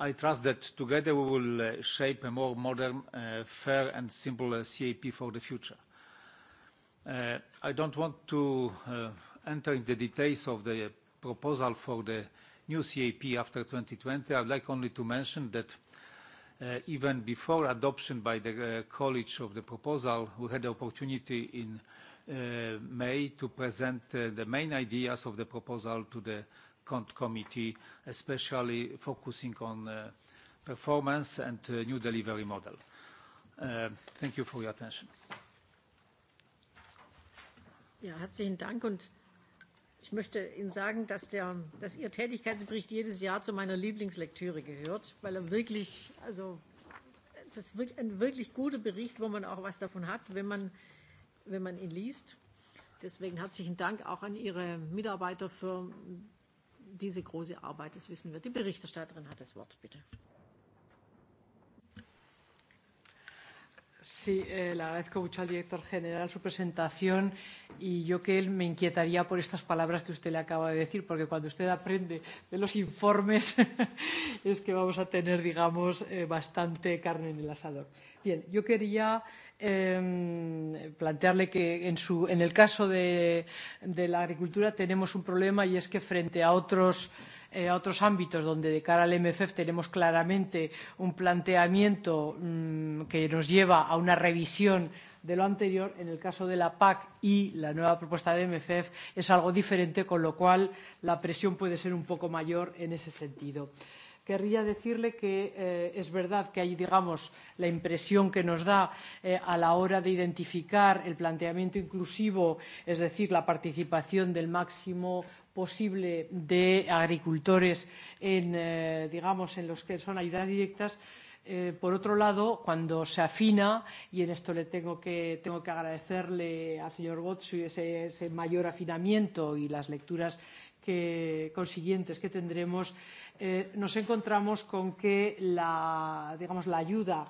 I trust that together we will uh, shape a more modern, uh, fair and simple uh, CAP for the future. Uh, I don't want to uh, enter into the details of the proposal for the new CAP after 2020. I would like only to mention that uh, even before adoption by the uh, College of the proposal, we had the opportunity in uh, May to present uh, the main ideas of the proposal to the committee, especially focusing on uh, performance and uh, new delivery model. Uh, thank you for your attention. Ja, herzlichen Dank und ich möchte Ihnen sagen, dass, der, dass Ihr Tätigkeitsbericht jedes Jahr zu meiner Lieblingslektüre gehört, weil er wirklich, also es ist wirklich ein wirklich guter Bericht, wo man auch was davon hat, wenn man, wenn man ihn liest. Deswegen herzlichen Dank auch an Ihre Mitarbeiter für diese große Arbeit, das wissen wir. Die Berichterstatterin hat das Wort, bitte. Sí, eh, le agradezco mucho al director general su presentación y yo que él me inquietaría por estas palabras que usted le acaba de decir, porque cuando usted aprende de los informes es que vamos a tener, digamos, eh, bastante carne en el asador. Bien, yo quería eh, plantearle que en, su, en el caso de, de la agricultura tenemos un problema y es que frente a otros eh, eh, a otros ámbitos donde de cara al MFF tenemos claramente un planteamiento mmm, que nos lleva a una revisión de lo anterior, en el caso de la PAC y la nueva propuesta de MFF es algo diferente, con lo cual la presión puede ser un poco mayor en ese sentido. Querría decirle que eh, es verdad que hay, digamos, la impresión que nos da eh, a la hora de identificar el planteamiento inclusivo, es decir, la participación del máximo posible de agricultores en, eh, digamos, en los que son ayudas directas. Eh, por otro lado, cuando se afina, y en esto le tengo que, tengo que agradecerle al señor Gotsu ese, ese mayor afinamiento y las lecturas que, consiguientes que tendremos, eh, nos encontramos con que la, digamos, la ayuda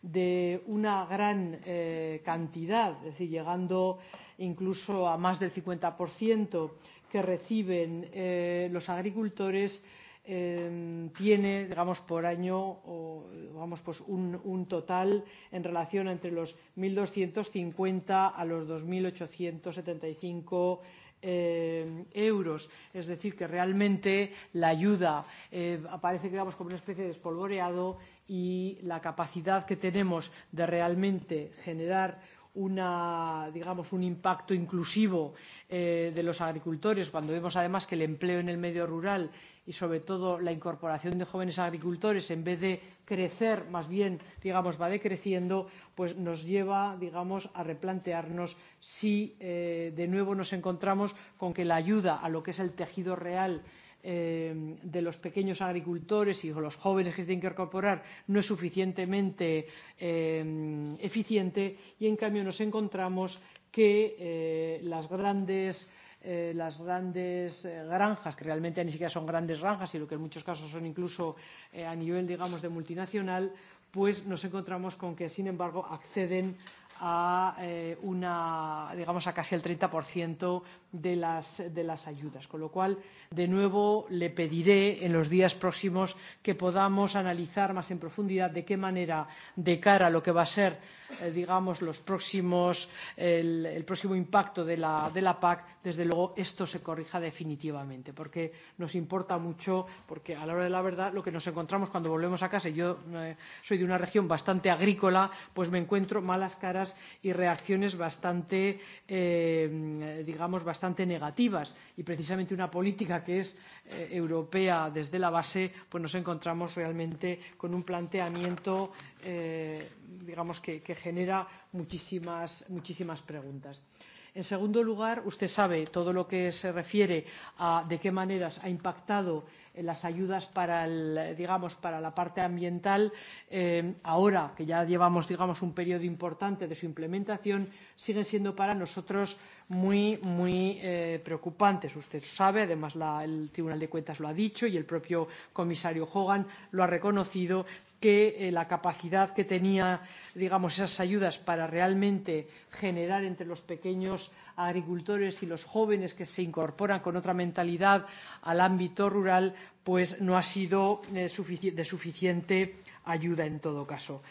de una gran eh, cantidad, es decir, llegando incluso a más del 50%, que reciben eh, los agricultores eh, tiene, digamos, por año, o, digamos, pues un, un total en relación entre los 1.250 a los 2.875 eh, euros. Es decir, que realmente la ayuda eh, aparece, digamos, como una especie de espolvoreado y la capacidad que tenemos de realmente generar una, digamos, un impacto inclusivo eh, de los agricultores, cuando vemos además que el empleo en el medio rural y sobre todo la incorporación de jóvenes agricultores en vez de crecer, más bien, digamos, va decreciendo, pues nos lleva, digamos, a replantearnos si eh, de nuevo nos encontramos con que la ayuda a lo que es el tejido real eh, eh, de los pequeños agricultores y los jóvenes que se tienen que incorporar no es suficientemente eh, eficiente y en cambio nos encontramos que eh, las grandes eh, las grandes eh, granjas, que realmente ni siquiera son grandes granjas, sino que en muchos casos son incluso eh, a nivel, digamos, de multinacional, pues nos encontramos con que, sin embargo, acceden a eh, una, digamos, a casi el 30% de las, de las ayudas. Con lo cual, de nuevo, le pediré en los días próximos que podamos analizar más en profundidad de qué manera, de cara a lo que va a ser, eh, digamos, los próximos, el, el próximo impacto de la, de la PAC, desde luego esto se corrija definitivamente, porque nos importa mucho, porque a la hora de la verdad lo que nos encontramos cuando volvemos a casa, yo eh, soy de una región bastante agrícola, pues me encuentro malas caras críticas y reacciones bastante, eh, digamos, bastante negativas. Y precisamente una política que es eh, europea desde la base, pues nos encontramos realmente con un planteamiento, eh, digamos, que, que genera muchísimas, muchísimas preguntas. En segundo lugar, usted sabe todo lo que se refiere a de qué maneras ha impactado Eh, las ayudas para, el, digamos, para la parte ambiental, eh, ahora que ya llevamos digamos, un periodo importante de su implementación, siguen siendo para nosotros muy, muy eh, preocupantes. Usted sabe, además la, el Tribunal de Cuentas lo ha dicho y el propio comisario Hogan lo ha reconocido, que eh, la capacidad que tenía digamos esas ayudas para realmente generar entre los pequeños a agricultores y los jóvenes que se incorporan con otra mentalidad al ámbito rural, pues no ha sido eh, sufici de suficiente ayuda en todo caso.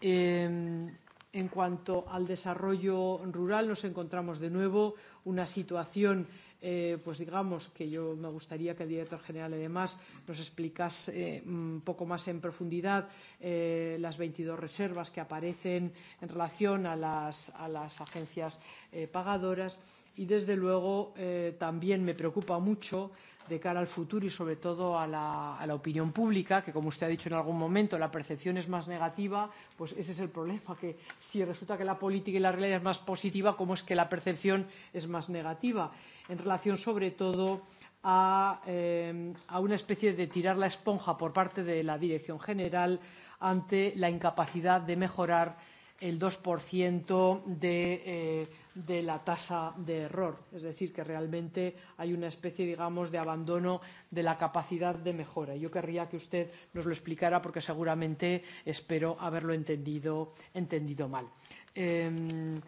Eh, en cuanto al desarrollo rural, nos encontramos de nuevo una situación eh, pues digamos que yo me gustaría que el director general además nos explicase eh, un poco más en profundidad eh, las 22 reservas que aparecen en relación a las, a las agencias eh, pagadoras y desde luego eh, también me preocupa mucho de cara al futuro y sobre todo a la, a la opinión pública, que como usted ha dicho en algún momento, la percepción es más negativa, pues ese es el problema, que si resulta que la política y la realidad es más positiva, ¿cómo es que la percepción es más negativa? En relación sobre todo a, eh, a una especie de tirar la esponja por parte de la Dirección General ante la incapacidad de mejorar el 2% de. Eh, de la tasa de error. Es decir, que realmente hay una especie, digamos, de abandono de la capacidad de mejora. Yo querría que usted nos lo explicara porque seguramente espero haberlo entendido, entendido mal. Eh,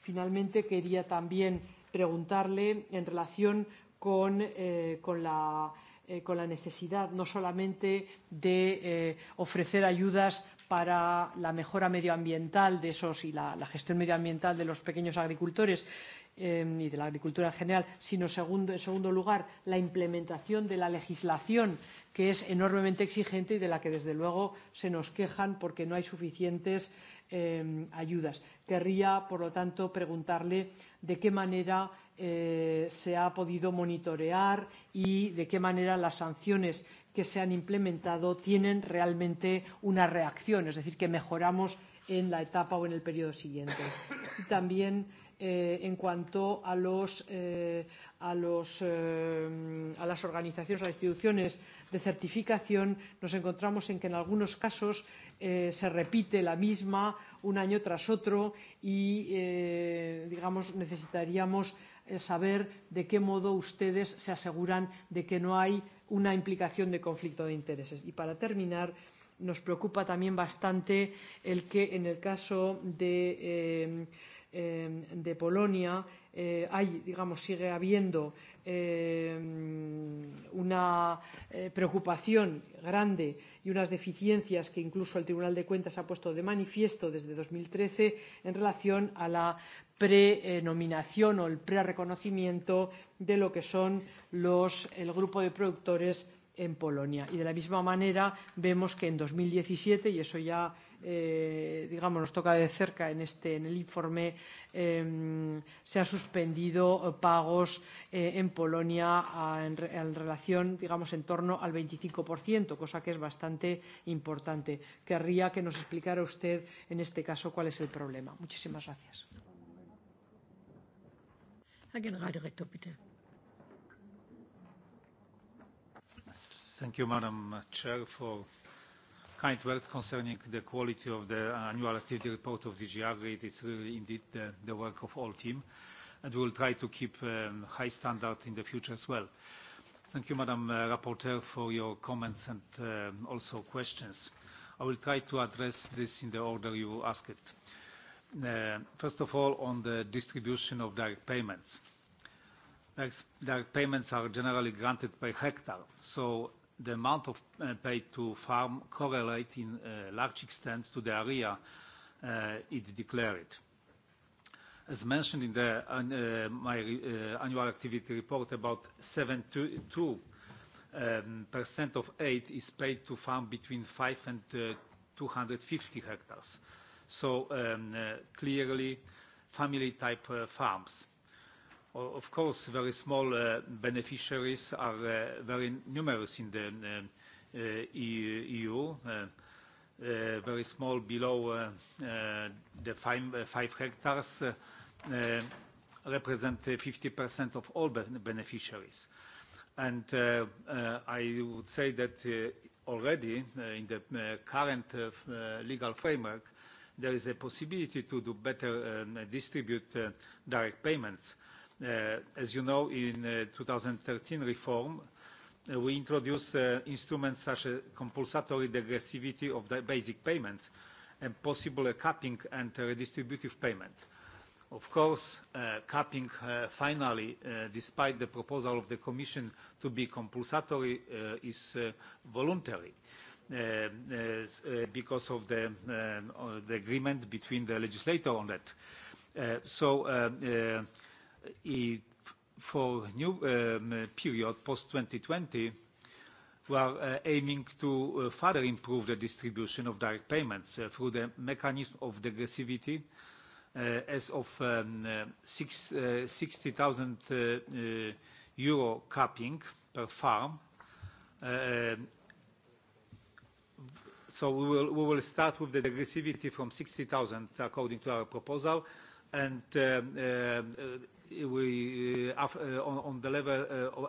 finalmente, quería también preguntarle en relación con, eh, con la eh, con la necesidad no solamente de eh, ofrecer ayudas para la mejora medioambiental de esos y la, la gestión medioambiental de los pequeños agricultores eh, y de la agricultura en general, sino, segundo, en segundo lugar, la implementación de la legislación que es enormemente exigente y de la que, desde luego, se nos quejan porque no hay suficientes eh, ayudas. Querría, por lo tanto, preguntarle de qué manera eh, se ha podido monitorear y de qué manera las sanciones que se han implementado tienen realmente una reacción, es decir, que mejoramos en la etapa o en el periodo siguiente. Y también eh, en cuanto a, los, eh, a, los, eh, a las organizaciones, a las instituciones de certificación, nos encontramos en que en algunos casos eh, se repite la misma un año tras otro y, eh, digamos, necesitaríamos saber de qué modo ustedes se aseguran de que no hay una implicación de conflicto de intereses. Y para terminar, nos preocupa también bastante el que en el caso de. Eh, eh, de Polonia eh, hay, digamos, sigue habiendo eh, una eh, preocupación grande y unas deficiencias que incluso el Tribunal de Cuentas ha puesto de manifiesto desde 2013 en relación a la prenominación o el prereconocimiento de lo que son los, el grupo de productores en Polonia. Y de la misma manera vemos que en 2017, y eso ya eh, digamos nos toca de cerca en, este, en el informe, eh, se han suspendido eh, pagos eh, en Polonia a, en, en relación, digamos, en torno al 25%, cosa que es bastante importante. Querría que nos explicara usted en este caso cuál es el problema. Muchísimas gracias. Herr Generaldirektor, bitte. Thank you, Madam Chair, for kind words concerning the quality of the annual activity report of DG Agri. It is really indeed the, the work of all team, and we will try to keep um, high standard in the future as well. Thank you, Madam uh, Rapporteur, for your comments and uh, also questions. I will try to address this in the order you ask it. Uh, first of all, on the distribution of direct payments. Direct, payments are generally granted per hectare, so the amount of uh, paid to farm correlate in a uh, large extent to the area it declared. As mentioned in the, my annual activity report, about 72% um, of aid is paid to farm between 5 and 250 hectares. So um, uh, clearly, family-type uh, farms. of course, very small uh, beneficiaries are uh, very numerous in the um, uh, EU. E uh, Uh, very small, below uh, uh, the five, uh, five hectares, uh, uh, represent 50% of all beneficiaries. And I would say that already in the current legal framework, there is a possibility to do better um, distribute uh, direct payments. Uh, as you know, in uh, 2013 reform, uh, we introduced uh, instruments such as compulsory degressivity of the basic payments and possible uh, capping and redistributive payment. Of course, uh, capping uh, finally, uh, despite the proposal of the Commission to be compulsory, uh, is uh, voluntary. Uh, uh, uh, because of the, the agreement between the legislator on that. So it, for new um, period post-2020, we are uh, aiming to uh, further improve the distribution of direct payments uh, through the mechanism of degressivity. As of um, six, 60,000 euro capping per farm, So we will, we will start with the degressivity from 60,000 according to our proposal, and uh, uh, we uh, on, on the level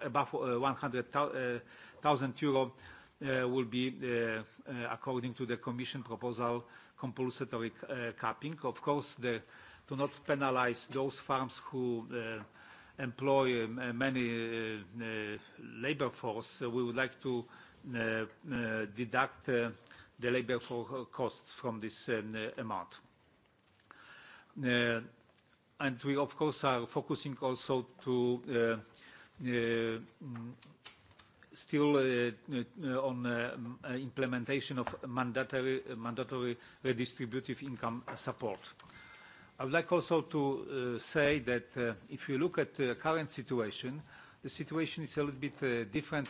above 100,000 euro will be, according to the Commission proposal, compulsory capping. Of course, the, to not penalize those farms who employ um, many labor force, we would like to deduct the labor for uh, costs from this um, uh, amount. Uh, and we, of course, are focusing also to mm, still on mm, implementation of mandatory, mandatory redistributive income support. I would like also to uh, say that uh, if you look at the current situation, the situation is a little bit uh, different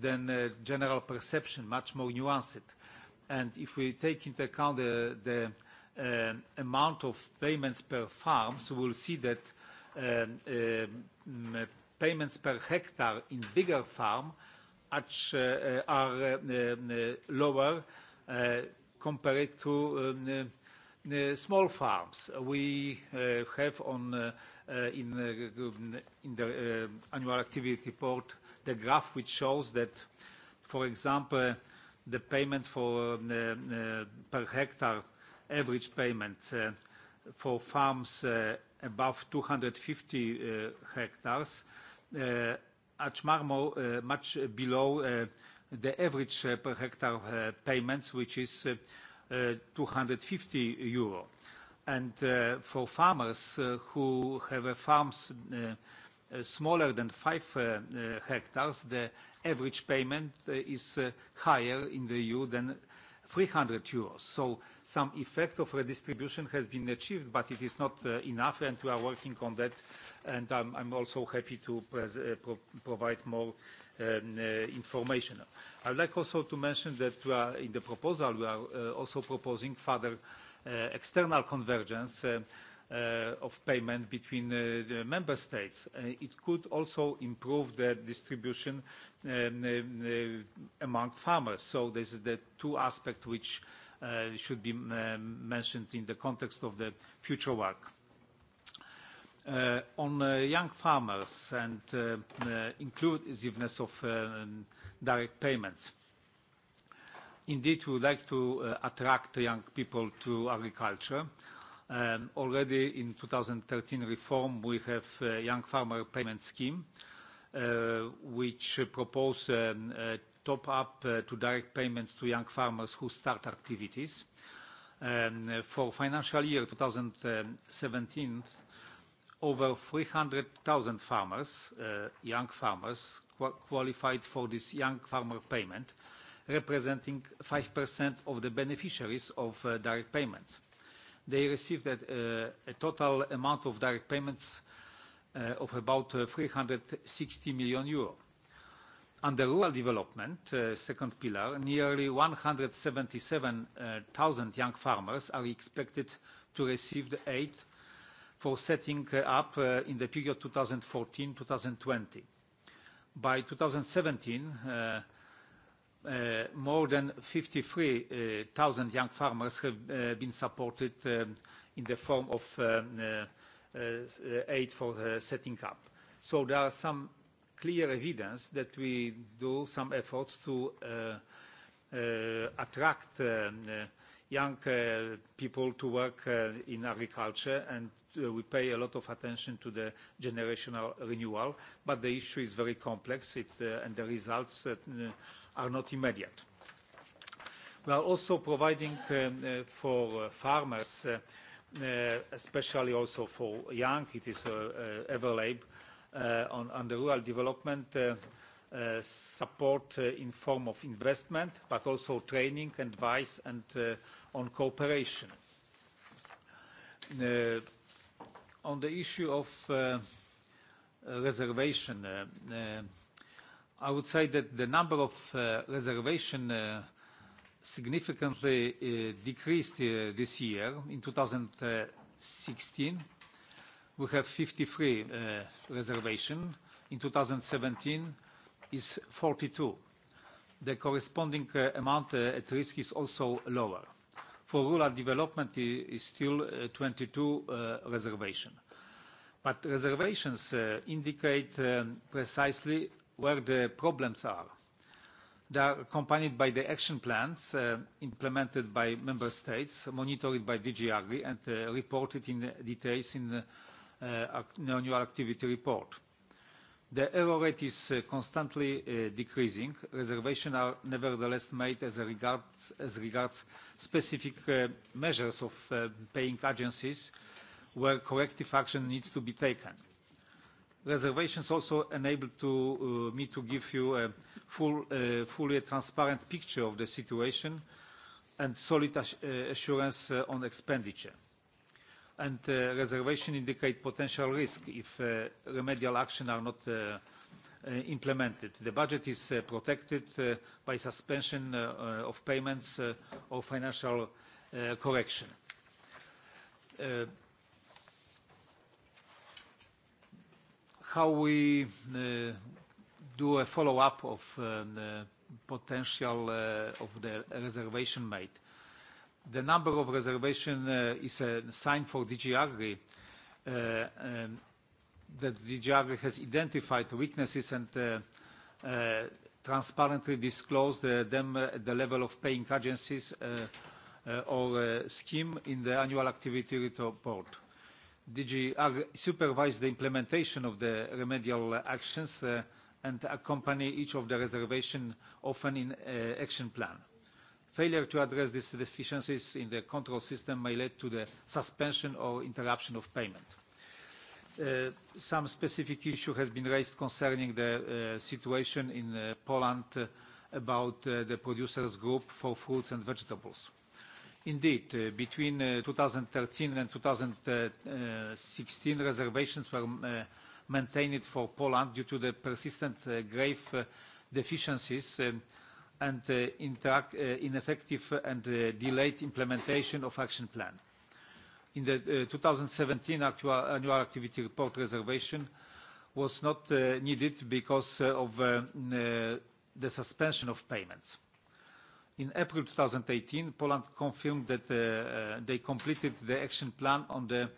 than general perception, much more nuanced and if we take into account the, uh, amount of payments per farm, we'll see that um, um, payments per hectare in bigger farm uh, uh, are lower compared to um, small farms. We have on in the annual activity report the graph which shows that, for example, the payments for um, uh, uh, per hectare average payment uh, for farms above 250 hectares at Marmo much below the average per hectare payments which is uh, 250 euro for farmers who have farms Uh, smaller than five uh, uh, hectares, the average payment uh, is uh, higher in the EU than 300 euros. So some effect of redistribution has been achieved, but it is not uh, enough, and we are working on that. And I'm, I'm also happy to pres uh, pro provide more um, uh, information. I would like also to mention that we are, in the proposal, we are uh, also proposing further uh, external convergence. Uh, Uh, of payment between uh, the member states. Uh, it could also improve the distribution um, um, uh, among farmers. So this is the two aspects which uh, should be uh, mentioned in the context of the future work. On young farmers and inclusiveness of um, direct payments. Indeed, we would like to attract young people to agriculture. Um, already in 2013 reform, we have a Young Farmer Payment Scheme, uh, which propose um, top-up uh, to direct payments to young farmers who start activities. Um, for financial year 2017, over 300,000 farmers, uh, young farmers, qu qualified for this Young Farmer Payment, representing 5% of the beneficiaries of uh, direct payments they received uh, a, total amount of direct payments uh, of about 360 uh, million euro. Under rural development, second pillar, nearly 177,000 young farmers are expected to receive the aid for setting up in the period 2014-2020. By 2017, Uh, more than 53,000 young farmers have uh, been supported um, in the form of um, uh, uh aid for uh, setting up. So there are some clear evidence that we do some efforts to uh, attract um, young people to work in agriculture, and we pay a lot of attention to the generational renewal. But the issue is very complex, it, and the results are not immediate. We are also providing um, for uh, farmers, especially also for young, it is available on, on the rural development Uh, support uh, in form of investment, but also training, advice, and uh, on cooperation. on the issue of reservation, I would say that the number of uh, reservation uh, significantly uh, decreased uh, this year. In 2016, we have 53 uh, reservation. In 2017, is 42. The corresponding uh, amount uh, at risk is also lower. For rural development is still uh, 22 uh, reservation. But reservations uh, indicate um, precisely where the problems are. They are accompanied by the action plans uh, implemented by member states, monitored by DG Agri, and uh, reported in details in uh, the uh, annual activity report. The error rate is uh, constantly uh, decreasing. Reservations are nevertheless made as regards, as regards specific uh, measures of uh, paying agencies where corrective action needs to be taken reservations also enable to, uh, me to give you a full, uh, fully transparent picture of the situation and solid uh, assurance uh, on expenditure. And uh, reservation indicate potential risk if uh, remedial action are not uh, uh, implemented. The budget is uh, protected uh, by suspension uh, uh, of payments uh, or financial uh, correction. Uh, how we uh, do a follow-up of uh, the potential uh, of the reservation made. The number of reservation uh, is a sign for DG Agri uh, um, that DG Agri has identified weaknesses and uh, uh, transparently disclosed uh, them at the level of paying agencies uh, uh, or uh, scheme in the annual activity report. Uh, DG Agri supervise the implementation of the remedial actions uh, and accompany each of the reservation often in uh, action plan. Failure to address these deficiencies in the control system may lead to the suspension or interruption of payment. Uh, some specific issue has been raised concerning the uh, situation in uh, Poland uh, about uh, the producers group for fruits and vegetables Indeed, uh, between uh, 2013 and 2016, reservations were uh, maintained for Poland due to the persistent uh, grave uh, deficiencies um, and uh, interact, uh, ineffective and uh, delayed implementation of action plan. In the uh, 2017 actual annual activity report reservation was not uh, needed because uh, of um, uh, the suspension of payments. In April 2018, Poland confirmed that uh, uh, they completed the action plan on the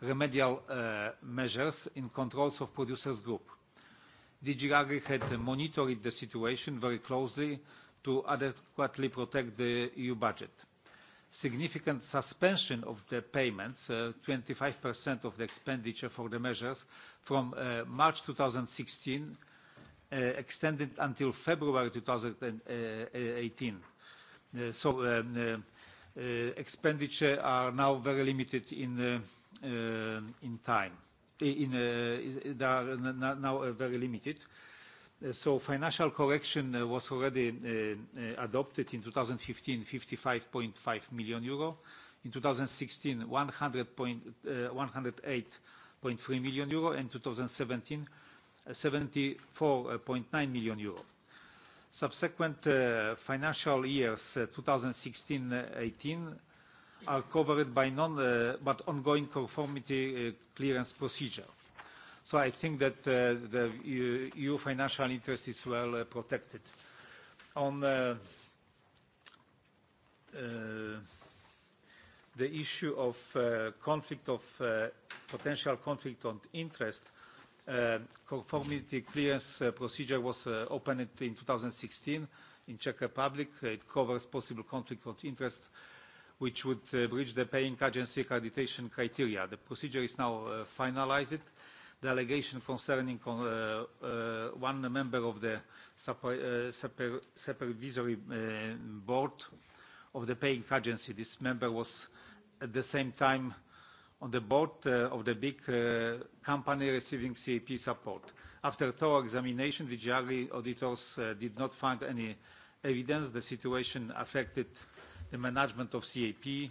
remedial uh, measures in controls of producers group. DG Agri had monitored the situation very closely to adequately protect the EU budget. Significant suspension of the payments, uh, 25% of the expenditure for the measures from uh, March 2016, uh, extended until February 2018. Uh, so uh, uh, expenditure are now very limited in, time. they are now very limited. So financial correction was already adopted in 2015, 55.5 million euro. In 2016, 108.3 million euro, and 2017, 74.9 million euro. Subsequent uh, financial years, 2016-18, uh, are covered by non, uh, but ongoing conformity clearance procedure. So I think that the EU financial interest is well protected. On the issue of conflict of potential conflict of interest, Uh, conformity clearance uh, procedure was uh, opened in 2016 in Czech Republic. It covers possible conflict of interest which would uh, breach the paying agency accreditation criteria. The procedure is now uh, finalized. The allegation concerning con uh, uh, one member of the super, uh, super, supervisory uh, board of the paying agency. This member was at the same time uh, on the board uh, of the big uh, company receiving CAP support. After thorough examination, the GRE auditors uh, did not find any evidence the situation affected the management of CAP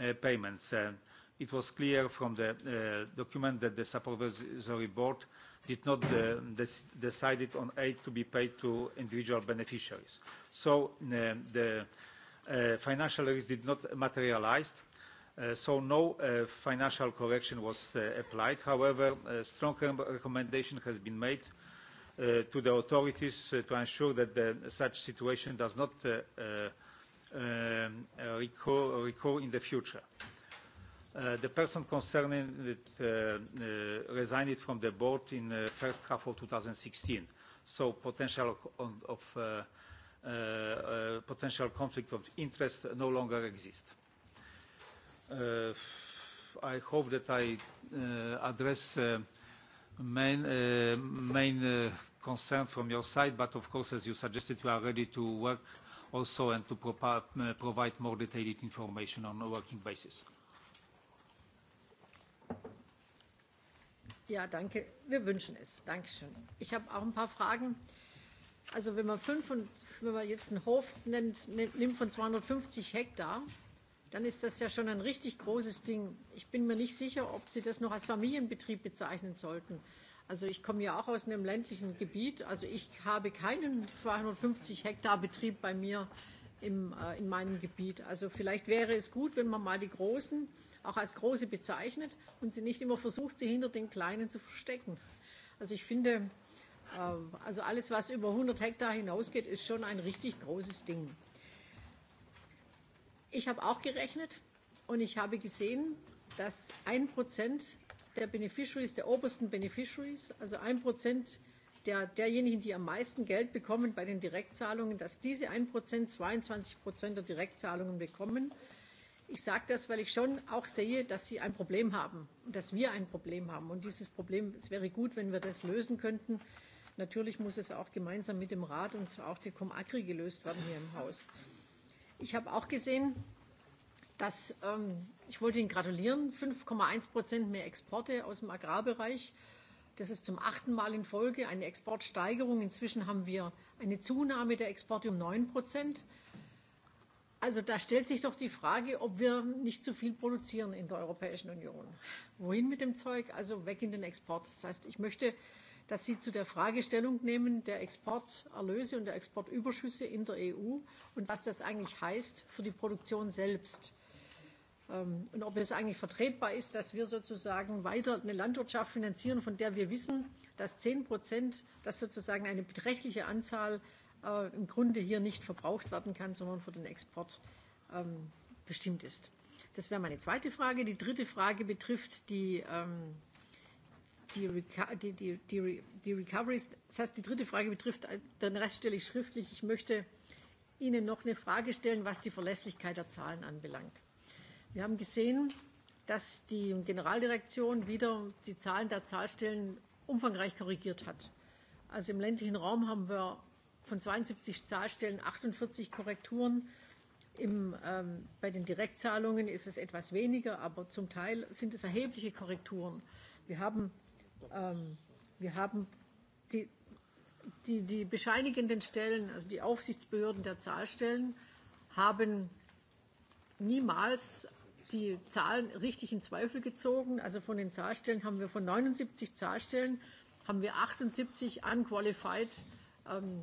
uh, payments. Uh, it was clear from the uh, document that the supervisory board did not uh, decide on aid to be paid to individual beneficiaries. So uh, the uh, financial risk did not materialize Uh, so no uh, financial correction was uh, applied. However, a strong recommendation has been made uh, to the authorities uh, to ensure that the, such situation does not uh, uh, um, recur, in the future. Uh, the person concerned uh, uh, resigned from the board in the uh, first half of 2016. So potential of, of uh, uh, uh, potential conflict of interest no longer exists. Uh, I hope that I uh, address uh, main, uh, main uh, concern from your side, but of course, as you suggested, we are ready to work also and to pro uh, provide more detailed information on a working basis. Ja, danke. Wir wünschen es. Dankeschön. Ich habe auch ein paar Fragen. Also wenn man, fünf und, wenn man jetzt einen Hof nennt, nimmt von 250 Hektar, dann ist das ja schon ein richtig großes Ding. Ich bin mir nicht sicher, ob Sie das noch als Familienbetrieb bezeichnen sollten. Also ich komme ja auch aus einem ländlichen Gebiet. Also ich habe keinen 250 Hektar Betrieb bei mir im, äh, in meinem Gebiet. Also vielleicht wäre es gut, wenn man mal die Großen auch als Große bezeichnet und sie nicht immer versucht, sie hinter den Kleinen zu verstecken. Also ich finde, äh, also alles, was über 100 Hektar hinausgeht, ist schon ein richtig großes Ding. Ich habe auch gerechnet und ich habe gesehen, dass ein Prozent der Beneficiaries, der obersten Beneficiaries, also ein Prozent der, derjenigen, die am meisten Geld bekommen bei den Direktzahlungen, dass diese 1%, 22% Prozent der Direktzahlungen bekommen. Ich sage das, weil ich schon auch sehe, dass sie ein Problem haben, dass wir ein Problem haben. Und dieses Problem, es wäre gut, wenn wir das lösen könnten. Natürlich muss es auch gemeinsam mit dem Rat und auch der Comagri gelöst werden hier im Haus. Ich habe auch gesehen, dass ähm, ich wollte Ihnen gratulieren, 5,1 Prozent mehr Exporte aus dem Agrarbereich. Das ist zum achten Mal in Folge eine Exportsteigerung. Inzwischen haben wir eine Zunahme der Exporte um 9 Prozent. Also da stellt sich doch die Frage, ob wir nicht zu viel produzieren in der Europäischen Union. Wohin mit dem Zeug? Also weg in den Export. Das heißt, ich möchte dass Sie zu der Frage Stellung nehmen der Exporterlöse und der Exportüberschüsse in der EU und was das eigentlich heißt für die Produktion selbst. Ähm, und ob es eigentlich vertretbar ist, dass wir sozusagen weiter eine Landwirtschaft finanzieren, von der wir wissen, dass 10 Prozent, dass sozusagen eine beträchtliche Anzahl äh, im Grunde hier nicht verbraucht werden kann, sondern für den Export ähm, bestimmt ist. Das wäre meine zweite Frage. Die dritte Frage betrifft die ähm, die, die, die, die, die Recoveries. Das heißt, die dritte Frage betrifft, äh, den Rest stelle ich schriftlich. Ich möchte Ihnen noch eine Frage stellen, was die Verlässlichkeit der Zahlen anbelangt. Wir haben gesehen, dass die Generaldirektion wieder die Zahlen der Zahlstellen umfangreich korrigiert hat. Also im ländlichen Raum haben wir von 72 Zahlstellen 48 Korrekturen. Im, ähm, bei den Direktzahlungen ist es etwas weniger, aber zum Teil sind es erhebliche Korrekturen. Wir haben Ähm, wir haben die, die, die bescheinigenden Stellen, also die Aufsichtsbehörden der Zahlstellen, haben niemals die Zahlen richtig in Zweifel gezogen. Also von den Zahlstellen haben wir von 79 Zahlstellen haben wir 78 unqualified ähm,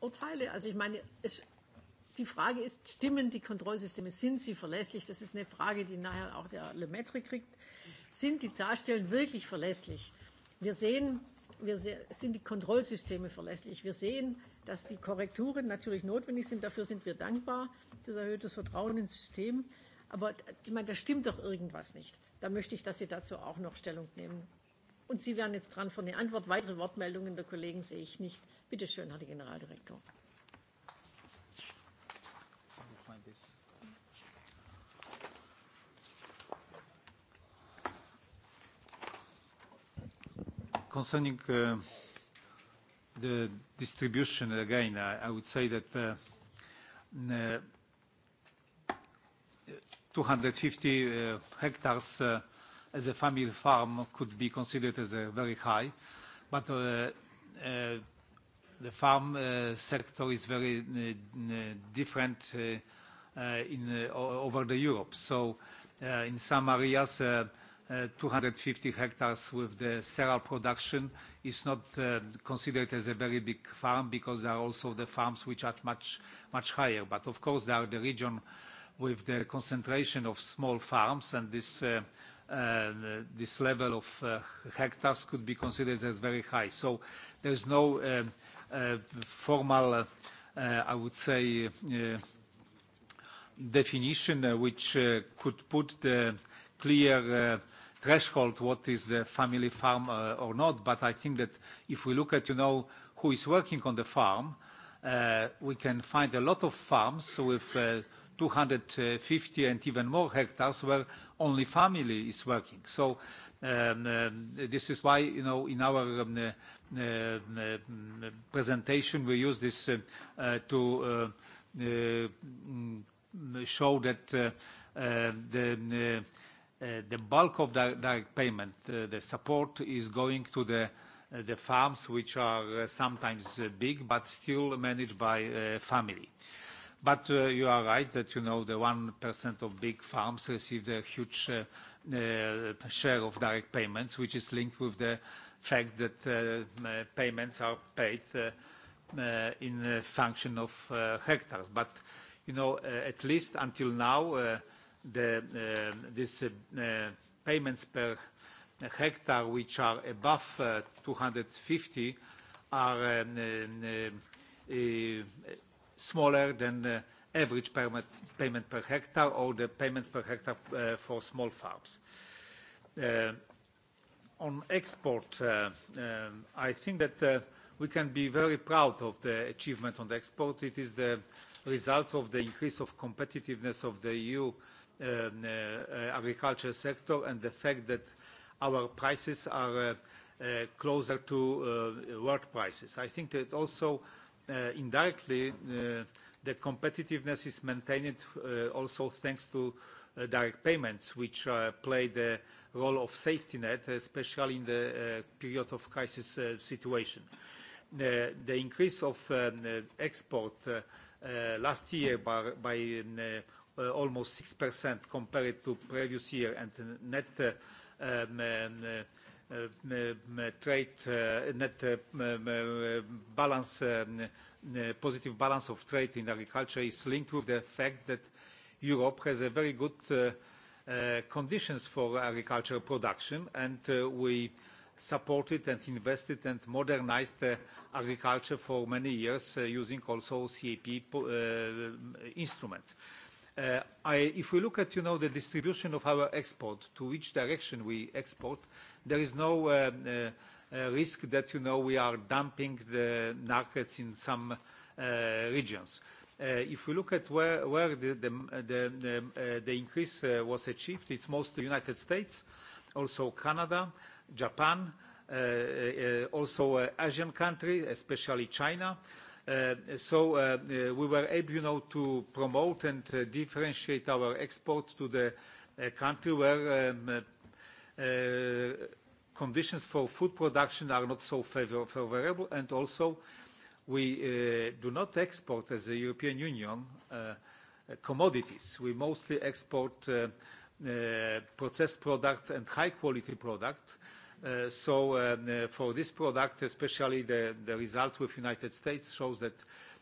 Urteile. Also ich meine, es, die Frage ist, stimmen die Kontrollsysteme, sind sie verlässlich? Das ist eine Frage, die nachher auch der Lemaitre kriegt. Sind die Zahlstellen wirklich verlässlich? Wir sehen, wir se sind die Kontrollsysteme verlässlich. Wir sehen, dass die Korrekturen natürlich notwendig sind. Dafür sind wir dankbar. Das erhöht das Vertrauen ins System. Aber ich meine, da stimmt doch irgendwas nicht. Da möchte ich, dass Sie dazu auch noch Stellung nehmen. Und Sie werden jetzt dran von der Antwort. Weitere Wortmeldungen der Kollegen sehe ich nicht. Bitte schön, Herr Generaldirektor. Concerning uh, the distribution, again, I, I would say that uh, 250 uh, uh, hectares uh, as a family farm could be considered as a very high, but uh, uh, the farm uh, sector is very uh, different uh, uh, in, uh, over the Europe. So uh, in some areas, uh, 250 uh, hectares with the cereal production is not uh, considered as a very big farm because there are also the farms which are much, much higher. But of course, there are the region with the concentration of small farms, and this, uh, uh, this level of uh, hectares could be considered as very high. So there's no uh, uh, formal, uh, uh, I would say, uh, definition uh, which uh, could put the clear uh, threshold, what is the family farm uh, or not. But I think that if we look at, you know, who is working on the farm, uh, we can find a lot of farms with uh, 250 and even more hectares where only family is working. So um, um, this is why, you know, in our um, uh, um, uh, presentation we use this uh, uh, to uh, uh, mm, show that uh, uh, the uh, Uh, the bulk of the direct payment, uh, the support is going to the uh, the farms, which are sometimes big, but still managed by family. But uh, you are right that, you know, the 1% of big farms receive a huge uh, uh, share of direct payments, which is linked with the fact that payments are paid in function of hectares. But, you know, at least until now, the, uh, this uh, uh, payments per hectare, which are above 250, are um, um, smaller than the average payment per hectare or the payments per hectare for small farms. On export, um, I think that we can be very proud of the achievement on the export. It is the result of the increase of competitiveness of the EU Um, uh, uh, agricultural sector and the fact that our prices are uh, closer to world prices. I think that also indirectly the competitiveness is maintained also thanks to Uh, direct payments, which uh, play the role of safety net, especially in the uh, period of crisis situation. The, the increase of um, export last year by, by um, Uh, almost 6% compared to previous year, and net trade net balance, positive balance of trade in agriculture is linked with the fact that Europe has a very good uh, uh, conditions for agricultural production, and we supported and invested and modernized agriculture for many years using also CAP instruments. Uh, if we look at, you know, the distribution of our export, to which direction we export, there is no um, uh, uh, risk that, you know, we are dumping the markets in some regions. If we look at where, the, the increase was achieved, it's mostly United States, also Canada, Japan, also Asian country, especially China. Uh, so uh, uh, we were able, you know, to promote and differentiate our export to the country where um, conditions for food production are not so favorable, and also we do not export as a European Union commodities. We mostly export processed product and high-quality product, Uh, so uh, for this product, especially the, result with United States shows that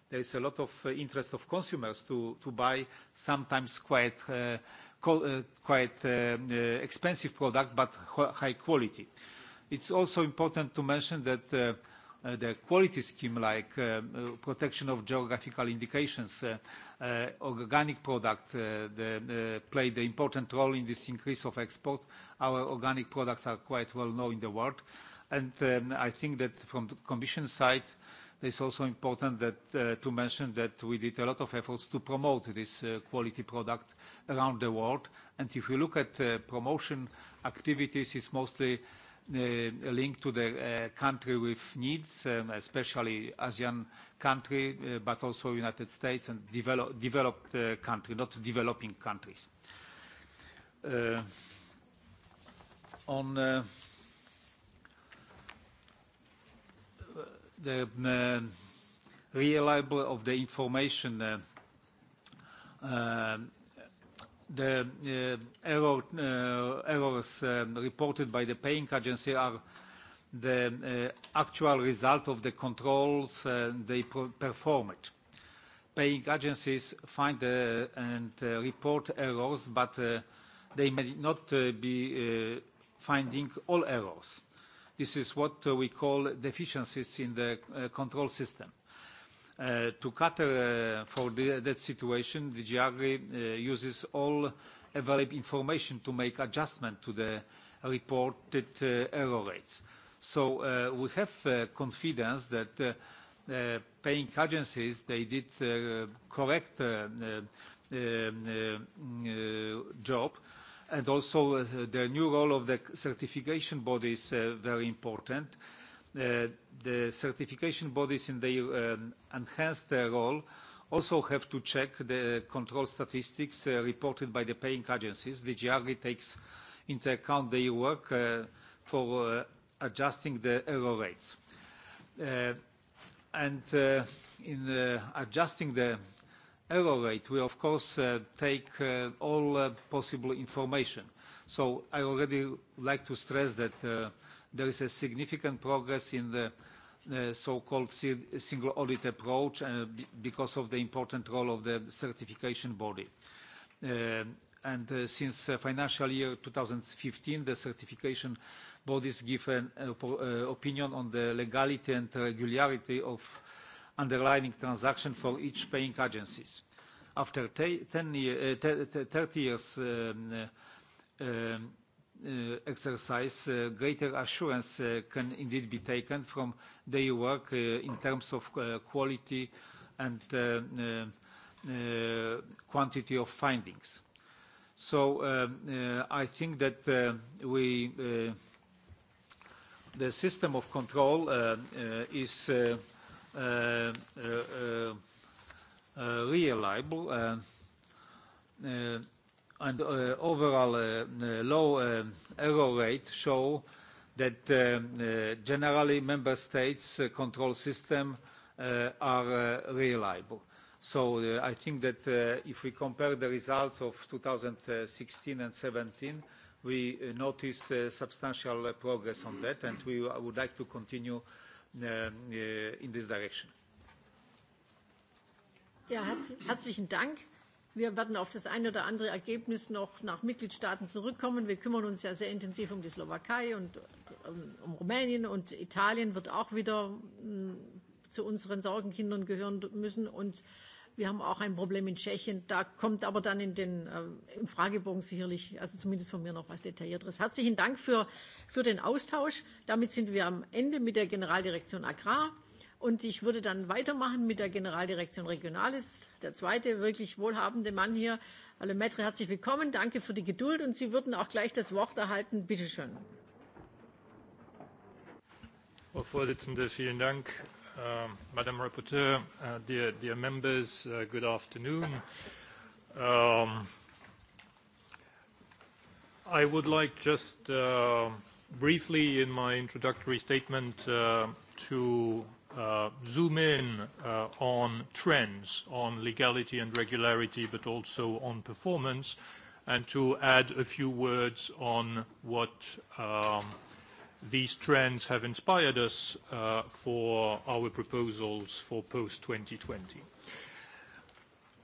there is a lot of uh, interest of consumers to, buy sometimes quite, expensive product, but high quality. It's also important to mention that Uh, the quality scheme like uh, uh, protection of geographical indications, uh, uh, organic product uh, the, uh, played important role in this increase of export. Our organic products are quite well known in the world. And um, I think that from the Commission side, it's also important that, uh, to mention that we did a lot of efforts to promote this uh, quality product around the world. And if you look at uh, promotion activities, it's mostly uh, Uh, linked to the uh, country with needs, um, especially ASEAN country, uh, but also United States and develop, developed country, not developing countries. on the um, reliable of the information uh, uh, the uh, uh, errors um, reported by the paying agency are the uh, actual result of the controls they performed. Paying agencies find and report errors, but they may not be finding all errors. This is what we call deficiencies in the control system. Uh, to cater uh, for the, that situation, the GRI uh, uses all available information to make adjustment to the reported uh, error rates. So uh, we have uh, confidence that paying agencies, they did correct um, job. And also the new role of the certification body is very important. Uh, Uh, the certification bodies in their um, enhanced uh, role also have to check the control statistics uh, reported by the paying agencies. The GRE takes into account their work uh, for uh, adjusting the error rates. Uh, and uh, in uh, adjusting the error rate, we of course uh, take uh, all uh, possible information. So I already like to stress that uh, there is a significant progress in the uh, so-called single audit approach uh, because of the important role of the certification body. Uh, and uh, since uh, financial year 2015, the certification bodies give an op uh, opinion on the legality and regularity of underlying transactions for each paying agencies. After ten year, uh, 30 years, um, uh, um, uh, exercise, uh, greater assurance uh, can indeed be taken from their work uh, in terms of uh, quality and uh, uh, uh, quantity of findings. So um, uh, I think that uh, we, uh, the system of control uh, uh, is uh, uh, uh, uh, uh reliable. Uh, uh, and uh, overall uh, uh, low uh, error rate show that uh, uh, generally member states' uh, control system uh, are uh, reliable. So uh, I think that uh, if we compare the results of 2016 and 17, we uh, notice uh, substantial uh, progress on that, and we uh, would like to continue um, uh, in this direction. Yeah, herzlichen Dank. Wir werden auf das eine oder andere Ergebnis noch nach Mitgliedstaaten zurückkommen. Wir kümmern uns ja sehr intensiv um die Slowakei und ähm, um Rumänien und Italien wird auch wieder ähm, zu unseren Sorgenkindern gehören müssen. Und wir haben auch ein Problem in Tschechien. Da kommt aber dann in den, äh, im Fragebogen sicherlich, also zumindest von mir noch was Detaillierteres. Herzlichen Dank für, für den Austausch. Damit sind wir am Ende mit der Generaldirektion Agrar. Und ich würde dann weitermachen mit der Generaldirektion Regionales. Der zweite wirklich wohlhabende Mann hier, Alain Metre, herzlich willkommen. Danke für die Geduld und Sie würden auch gleich das Wort erhalten. Bitte schön. Frau Vorsitzende, vielen Dank. Uh, Madame Rapporteur, uh, äh, dear, dear members, uh, good afternoon. Um, I would like just uh, briefly in my introductory statement uh, to uh, zoom in uh, on trends, on legality and regularity, but also on performance, and to add a few words on what um, these trends have inspired us uh, for our proposals for post-2020.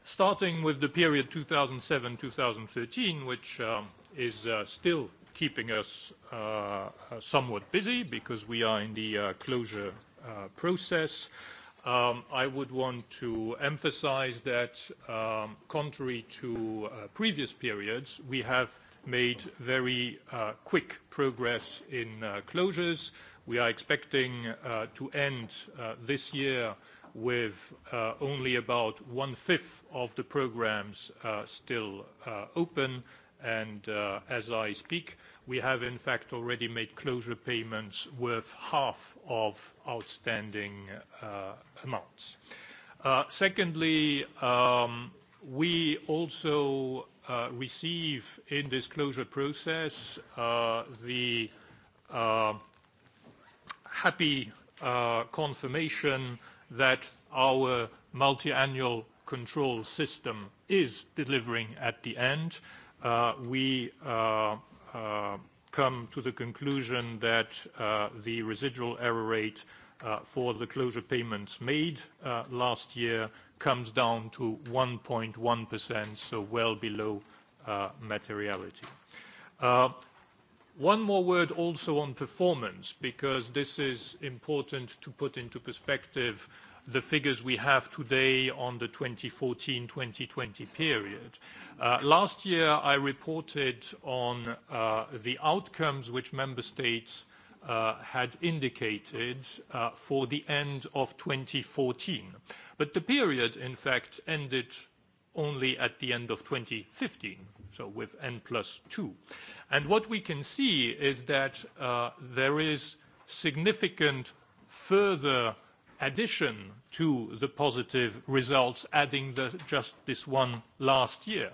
Starting with the period 2007-2013, which um, is uh, still keeping us uh, somewhat busy because we are in the uh, closure Uh, process. Um, I would want to emphasize that, um, contrary to uh, previous periods, we have made very uh, quick progress in closures. We are expecting to end this year with only about one-fifth of the programs still open. and As I speak, We have, in fact, already made closure payments worth half of outstanding uh, amounts. Uh, secondly, um, we also uh, receive in this closure process the happy confirmation that our multi-annual control system is delivering at the end. We Uh, come to the conclusion that uh, the residual error rate uh, for the closure payments made last year comes down to 1.1%, so well below materiality. one more word also on performance, because this is important to put into perspective the figures we have today on the 2014-2020 period. Uh, last year, I reported on uh, the outcomes which member states uh, had indicated for the end of 2014. But the period, in fact, ended only at the end of 2015, so with N plus two. And what we can see is that there is significant further addition to the positive results, adding the, just this one last year.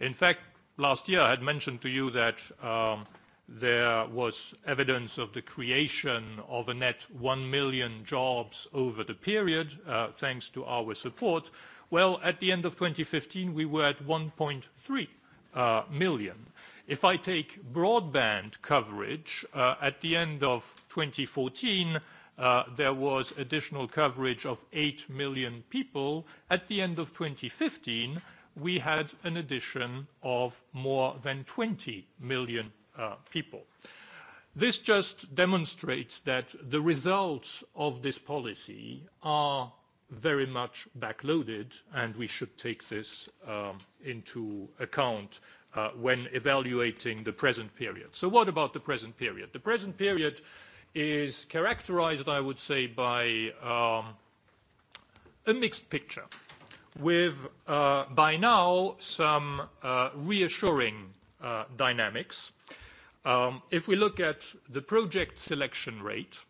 In fact, last year I had mentioned to you that um, there was evidence of the creation of a net 1 million jobs over the period, uh, thanks to our support. Well, at the end of 2015, we were at 1.3 uh, million. If I take broadband coverage, uh, at the end of 2014, Uh, there was additional coverage of 8 million people. At the end of 2015, we had an addition of more than 20 million uh, people. This just demonstrates that the results of this policy are very much backloaded, and we should take this um, into account uh, when evaluating the present period. So what about the present period? The present period is characterized, I would say, by um, a mixed picture with, uh, by now, some uh, reassuring uh, dynamics. Um, if we look at the project selection rate,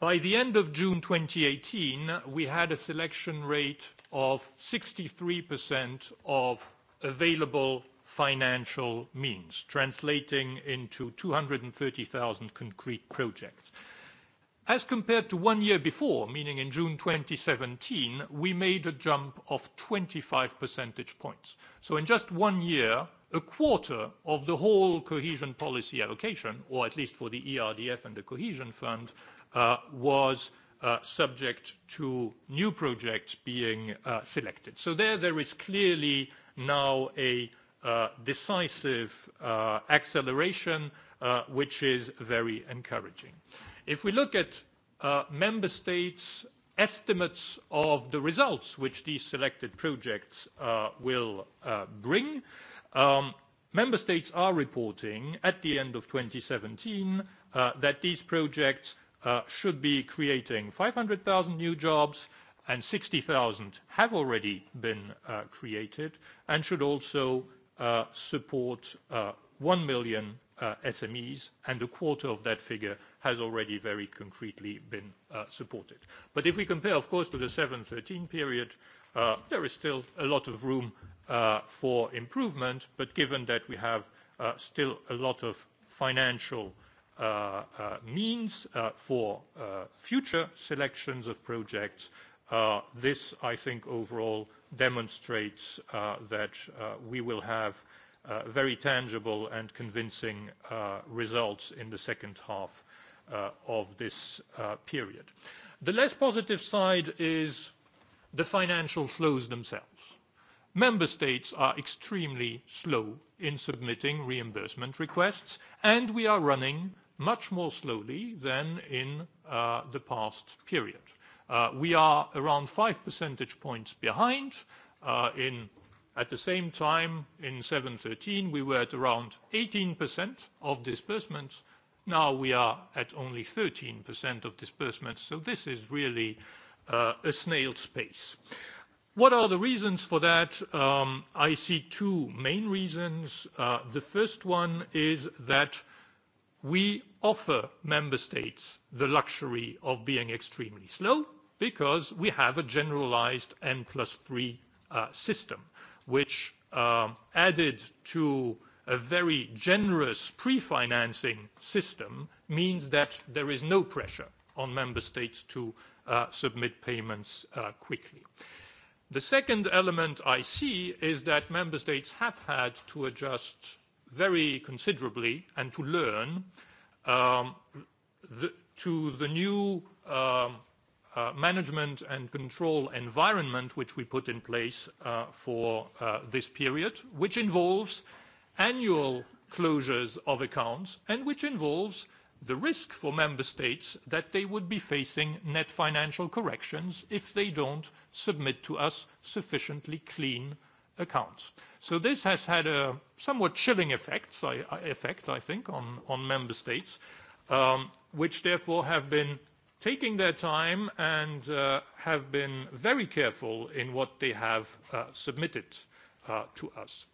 by the end of June 2018, we had a selection rate of 63% of available financial means, translating into 230,000 concrete projects. As compared to one year before, meaning in June 2017, we made a jump of 25 percentage points. So in just one year, a quarter of the whole cohesion policy allocation, or at least for the ERDF and the Cohesion Fund, uh, was uh, subject to new projects being uh, selected. So there, there is clearly now a Uh, decisive uh, acceleration, uh, which is very encouraging. If we look at member states' estimates of the results which these selected projects will bring, um, member states are reporting at the end of 2017 that these projects should be creating 500,000 new jobs, and 60,000 have already been created and should also Uh, support uh, 1 million uh, SMEs, and a quarter of that figure has already very concretely been uh, supported. But if we compare, of course, to the 7-13 period, uh, there is still a lot of room uh, for improvement, but given that we have uh, still a lot of financial uh, uh, means uh, for uh, future selections of projects, uh, this, I think, overall demonstrates uh, that uh, we will have uh, very tangible and convincing results in the second half of this period. The less positive side is the financial flows themselves. Member states are extremely slow in submitting reimbursement requests, and we are running much more slowly than in the past period. Uh, we are around 5 percentage points behind. Uh, at the same time, in 2013, we were at around 18% of disbursements. Now we are at only 13% of disbursements. This is really uh, a snail's pace. What are the reasons for that? Um, I see two main reasons. The first one is that we offer member states the luxury of being extremely slow because we have a generalized N three uh, system, which um, added to a very generous pre-financing system means that there is no pressure on member states to uh, submit payments uh, quickly. The second element I see is that member states have had to adjust very considerably and to learn um, the, to the new uh, uh, management and control environment which we put in place uh, for uh, this period, which involves annual closures of accounts and which involves the risk for member states that they would be facing net financial corrections if they don't submit to us sufficiently clean accounts. So this has had a somewhat chilling effect, I, uh, effect, I think, on, on member states, um, which therefore have been taking their time and uh, have been very careful in what they have uh, submitted uh, to us.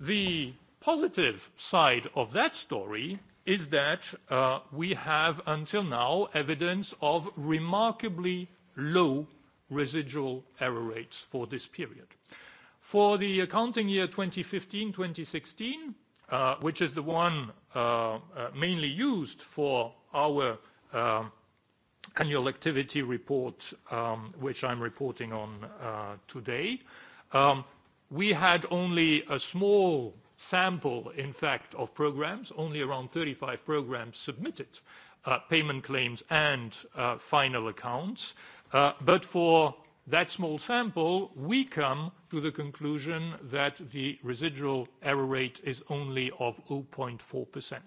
The positive side of that story is that uh, we have until now evidence of remarkably low residual error rates for this period. For the accounting year 2015, 2016, uh, which is the one uh, uh, mainly used for our um, annual activity report, um, which I'm reporting on today, um, we had only a small sample, in fact, of programs, only around 35 programs submitted, payment claims and final accounts. Uh, but for that small sample, we come to the conclusion that the residual error rate is only of 0.4%.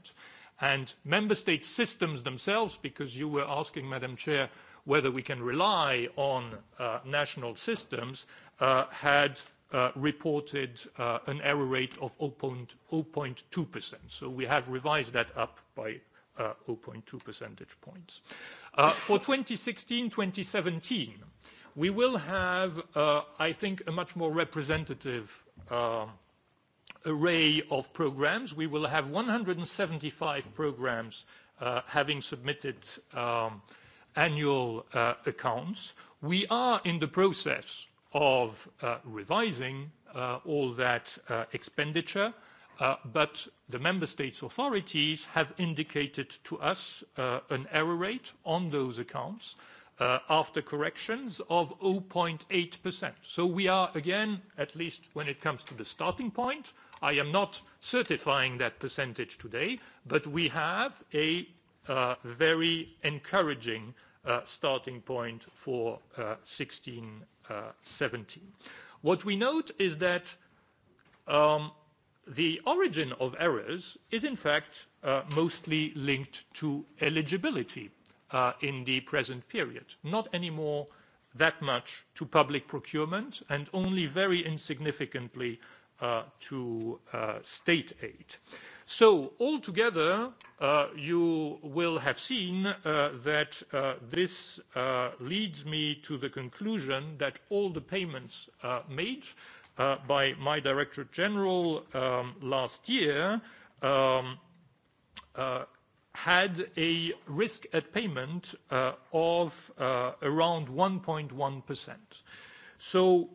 And member state systems themselves, because you were asking, Madam Chair, whether we can rely on uh, national systems, uh, had reported an error rate of 0.2%. So we have revised that up by 0.2 uh, percentage points. Uh, for 2016, 2017, we will have, uh, I think, a much more representative um, array of programs. We will have 175 programs having submitted um, annual accounts. We are in the process of revising all that expenditure. Uh, but the member states' authorities have indicated to us uh, an error rate on those accounts uh, after corrections of 0.8%. So we are, again, at least when it comes to the starting point, I am not certifying that percentage today, but we have a very encouraging starting point for 2016, 2017. What we note is that um, the origin of errors is in fact uh, mostly linked to eligibility uh, in the present period, not anymore that much to public procurement and only very insignificantly uh, to uh, state aid. So altogether, uh, you will have seen uh, that uh, this uh, leads me to the conclusion that all the payments uh, made uh, by my Director General um, last year um, uh, had a risk at payment uh, of uh, around 1.1%. So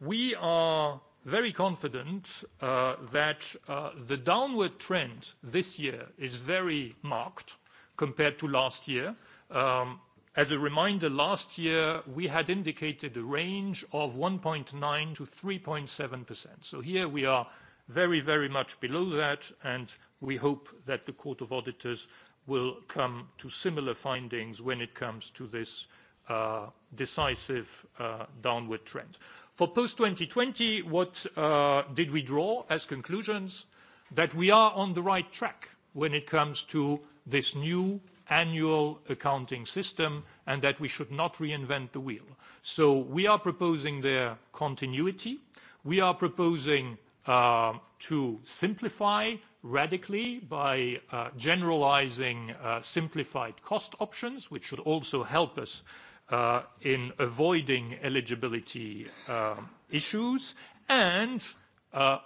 we are very confident uh, that uh, the downward trend this year is very marked compared to last year. Um, As a reminder, last year, we had indicated a range of 1.9%-3.7%. So here we are very, very much below that, and we hope that the Court of Auditors will come to similar findings when it comes to this uh, decisive uh, downward trend. For post-2020, what uh, did we draw as conclusions? That we are on the right track when it comes to this new annual accounting system and that we should not reinvent the wheel. So we are proposing their continuity. We are proposing uh, to simplify radically by uh, generalizing uh, simplified cost options, which should also help us in avoiding eligibility um, issues. And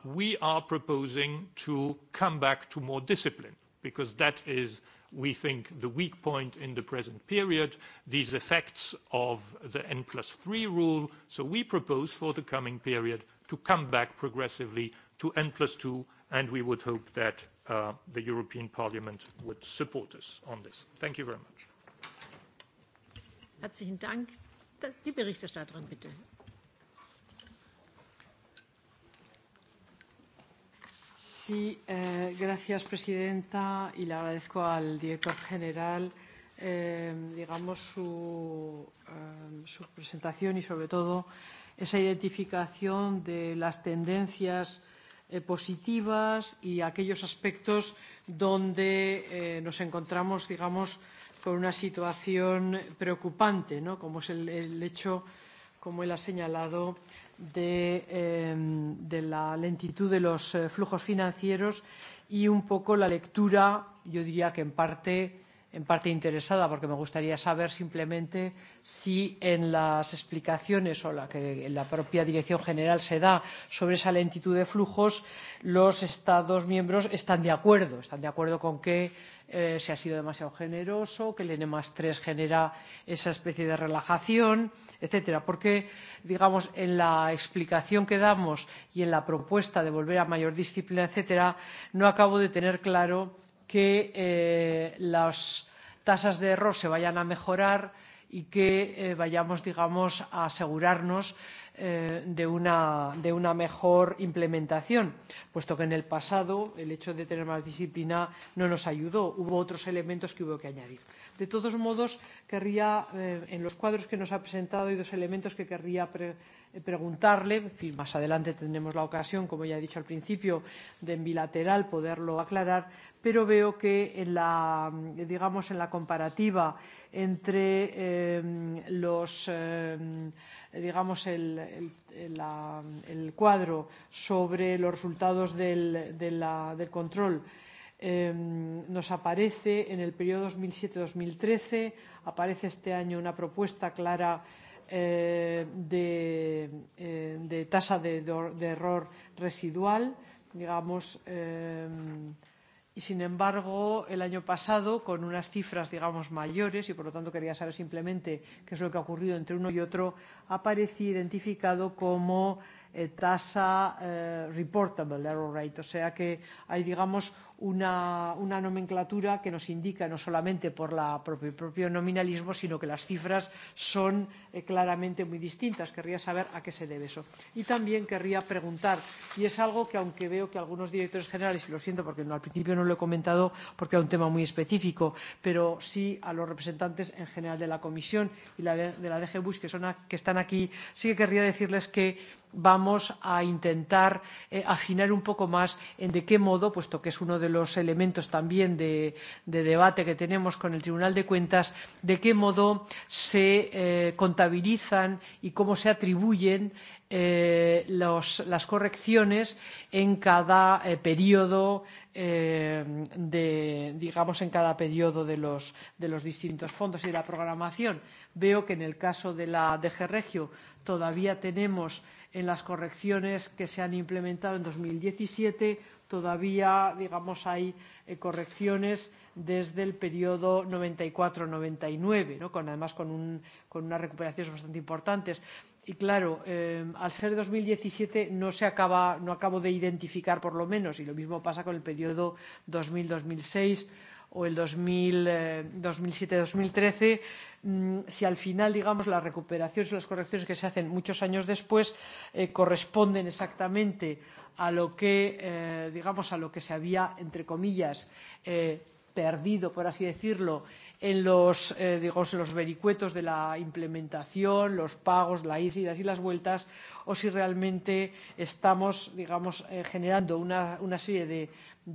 we are proposing to come back to more discipline, because that is we think, the weak point in the present period, these effects of the N plus 3 rule. So we propose for the coming period to come back progressively to N plus 2, and we would hope that uh, the European Parliament would support us on this. Thank you very much. Herzlichen Dank. Die Berichterstatterin, bitte. Sí, eh, gracias, presidenta, y le agradezco al director general, eh, digamos, su, eh, su presentación y, sobre todo, esa identificación de las tendencias eh, positivas y aquellos aspectos donde eh, nos encontramos, digamos, con una situación preocupante, ¿no? como es el, el hecho, como él ha señalado, de, eh, de la lentitud de los eh, flujos financieros y un poco la lectura, yo diría que en parte en parte interesada, porque me gustaría saber simplemente si en las explicaciones o la que en la propia Dirección General se da sobre esa lentitud de flujos, los Estados miembros están de acuerdo, están de acuerdo con que eh, se ha sido demasiado generoso, que el N más genera esa especie de relajación, etcétera. Porque, digamos, en la explicación que damos y en la propuesta de volver a mayor disciplina, etcétera, no acabo de tener claro que eh, las tasas de error se vayan a mejorar y que eh, vayamos, digamos, a asegurarnos eh, de, una, de una mejor implementación, puesto que en el pasado el hecho de tener más disciplina no nos ayudó. Hubo otros elementos que hubo que añadir. De todos modos, querría, eh, en los cuadros que nos ha presentado, hay dos elementos que querría pre eh, preguntarle. En fin, más adelante tendremos la ocasión, como ya he dicho al principio, de en bilateral poderlo aclarar. Pero veo que en la, digamos, en la comparativa entre eh, los, eh, digamos, el, el, la, el cuadro sobre los resultados del, de la, del control, eh, nos aparece en el periodo 2007-2013, aparece este año una propuesta clara eh, de, eh, de tasa de, de error residual, digamos, eh, y sin embargo el año pasado con unas cifras, digamos, mayores y por lo tanto quería saber simplemente qué es lo que ha ocurrido entre uno y otro, aparecí identificado como Eh, tasa eh, reportable error rate. O sea que hay, digamos, una, una nomenclatura que nos indica no solamente por el propio, propio nominalismo, sino que las cifras son eh, claramente muy distintas. Querría saber a qué se debe eso. Y también querría preguntar, y es algo que aunque veo que algunos directores generales, y lo siento porque no, al principio no lo he comentado porque era un tema muy específico, pero sí a los representantes en general de la Comisión y la de, de la DG Bush, que, son a, que están aquí, sí que querría decirles que vamos a intentar eh, afinar un poco más en de qué modo, puesto que es uno de los elementos también de, de debate que tenemos con el Tribunal de Cuentas, de qué modo se eh, contabilizan y cómo se atribuyen eh, los, las correcciones en cada eh, periodo eh, de, digamos, en cada periodo de los, de los distintos fondos y de la programación. Veo que en el caso de la DG Regio todavía tenemos eh, en las correcciones que se han implementado en 2017 todavía, digamos, hay eh, correcciones desde el periodo 94-99, ¿no? con, además con, un, con unas recuperaciones bastante importantes. Y claro, eh, al ser 2017 no se acaba, no acabo de identificar por lo menos, y lo mismo pasa con el periodo 2000-2006 o el 2007-2013, eh, mm, si al final, digamos, las recuperaciones y las correcciones que se hacen muchos años después eh, corresponden exactamente a lo que, eh, digamos, a lo que se había, entre comillas, eh, perdido, por así decirlo, en los, eh, digamos, en los vericuetos de la implementación, los pagos, las idas y las vueltas, o si realmente estamos, digamos, eh, generando una, una serie de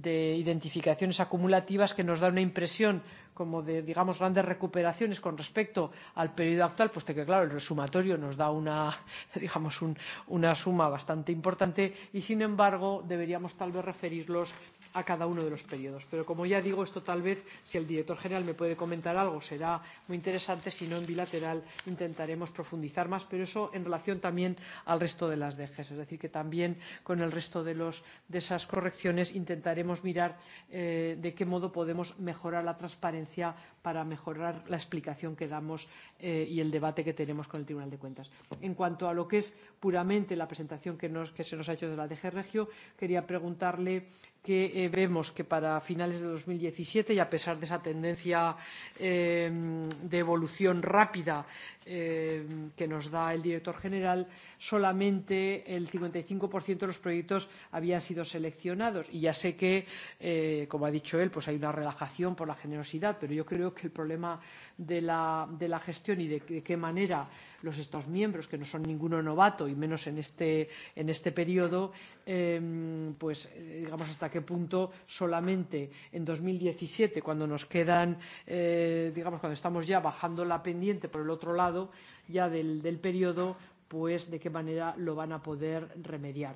de identificaciones acumulativas que nos da una impresión como de, digamos, grandes recuperaciones con respecto al periodo actual, puesto que, claro, el resumatorio nos da una, digamos, un, una suma bastante importante y, sin embargo, deberíamos tal vez referirlos a cada uno de los periodos. Pero como ya digo, esto tal vez, si el director general me puede comentar algo, será muy interesante. Si no, en bilateral intentaremos profundizar más, pero eso en relación también al resto de las DGs. Es decir, que también con el resto de, los, de esas correcciones intentaremos mirar eh, de qué modo podemos mejorar la transparencia para mejorar la explicación que damos eh, y el debate que tenemos con el Tribunal de Cuentas. En cuanto a lo que es puramente la presentación que, nos, que se nos ha hecho de la DG Regio, quería preguntarle que eh, vemos que para finales de 2017, y a pesar de esa tendencia eh, de evolución rápida eh, que nos da el director general, solamente el 55% de los proyectos habían sido seleccionados. Y ya sé que, eh, como ha dicho él, pues hay una relajación por la generosidad, pero yo creo que el problema de la, de la gestión y de, de qué manera los Estados miembros, que no son ninguno novato y menos en este, en este periodo, eh, pues digamos hasta qué punto solamente en 2017, cuando nos quedan, eh, digamos, cuando estamos ya bajando la pendiente por el otro lado ya del, del periodo, pues de qué manera lo van a poder remediar.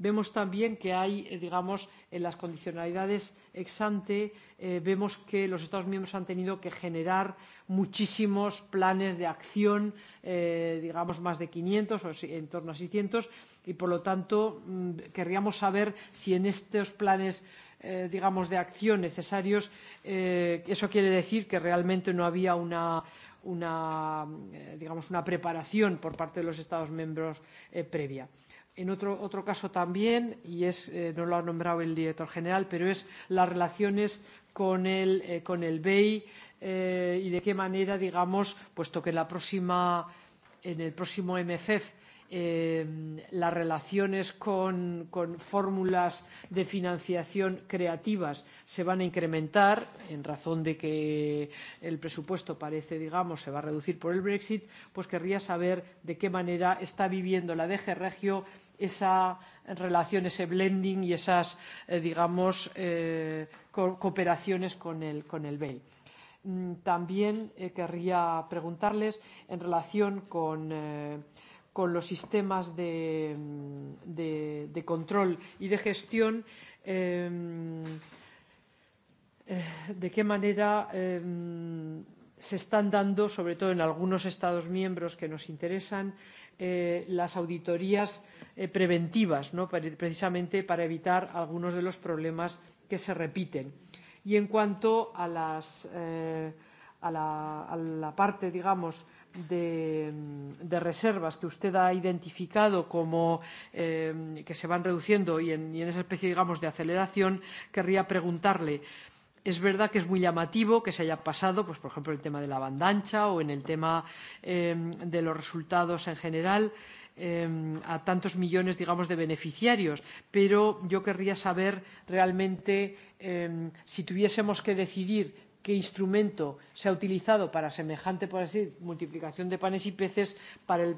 Vemos también que hay, eh, digamos, en las condicionalidades ex ante, eh, vemos que los Estados miembros han tenido que generar muchísimos planes de acción, eh, digamos más de 500 o en torno a 600, y por lo tanto mm, querríamos saber si en estos planes eh, digamos, de acción necesarios, eh, eso quiere decir que realmente no había una, una, mm, eh, digamos, una preparación por parte de los Estados miembros eh, previa. En otro, otro caso también, y es, eh, no lo ha nombrado el director general, pero es las relaciones con el, eh, con el BEI eh, y de qué manera, digamos, puesto que en, la próxima, en el próximo MFF e eh, las relaciones con, con fórmulas de financiación creativas se van a incrementar en razón de que el presupuesto parece, digamos, se va a reducir por el Brexit, pues querría saber de qué manera está viviendo la DG Regio esa relación, ese blending y esas, eh, digamos, eh, co cooperaciones con el, con el BEI. Mm, también eh, querría preguntarles en relación con. Eh, con los sistemas de, de, de control y de gestión, eh, de qué manera eh, se están dando, sobre todo en algunos Estados miembros que nos interesan, eh, las auditorías eh, preventivas, ¿no? precisamente para evitar algunos de los problemas que se repiten. Y en cuanto a, las, eh, a, la, a la parte, digamos, eh, de, de reservas que usted ha identificado como eh, que se van reduciendo y en, y en esa especie, digamos, de aceleración, querría preguntarle. Es verdad que es muy llamativo que se haya pasado, pues, por ejemplo, el tema de la banda ancha o en el tema eh, de los resultados en general eh, a tantos millones, digamos, de beneficiarios. Pero yo querría saber realmente eh, si tuviésemos que decidir qué instrumento se ha utilizado para semejante, por así multiplicación de panes y peces para el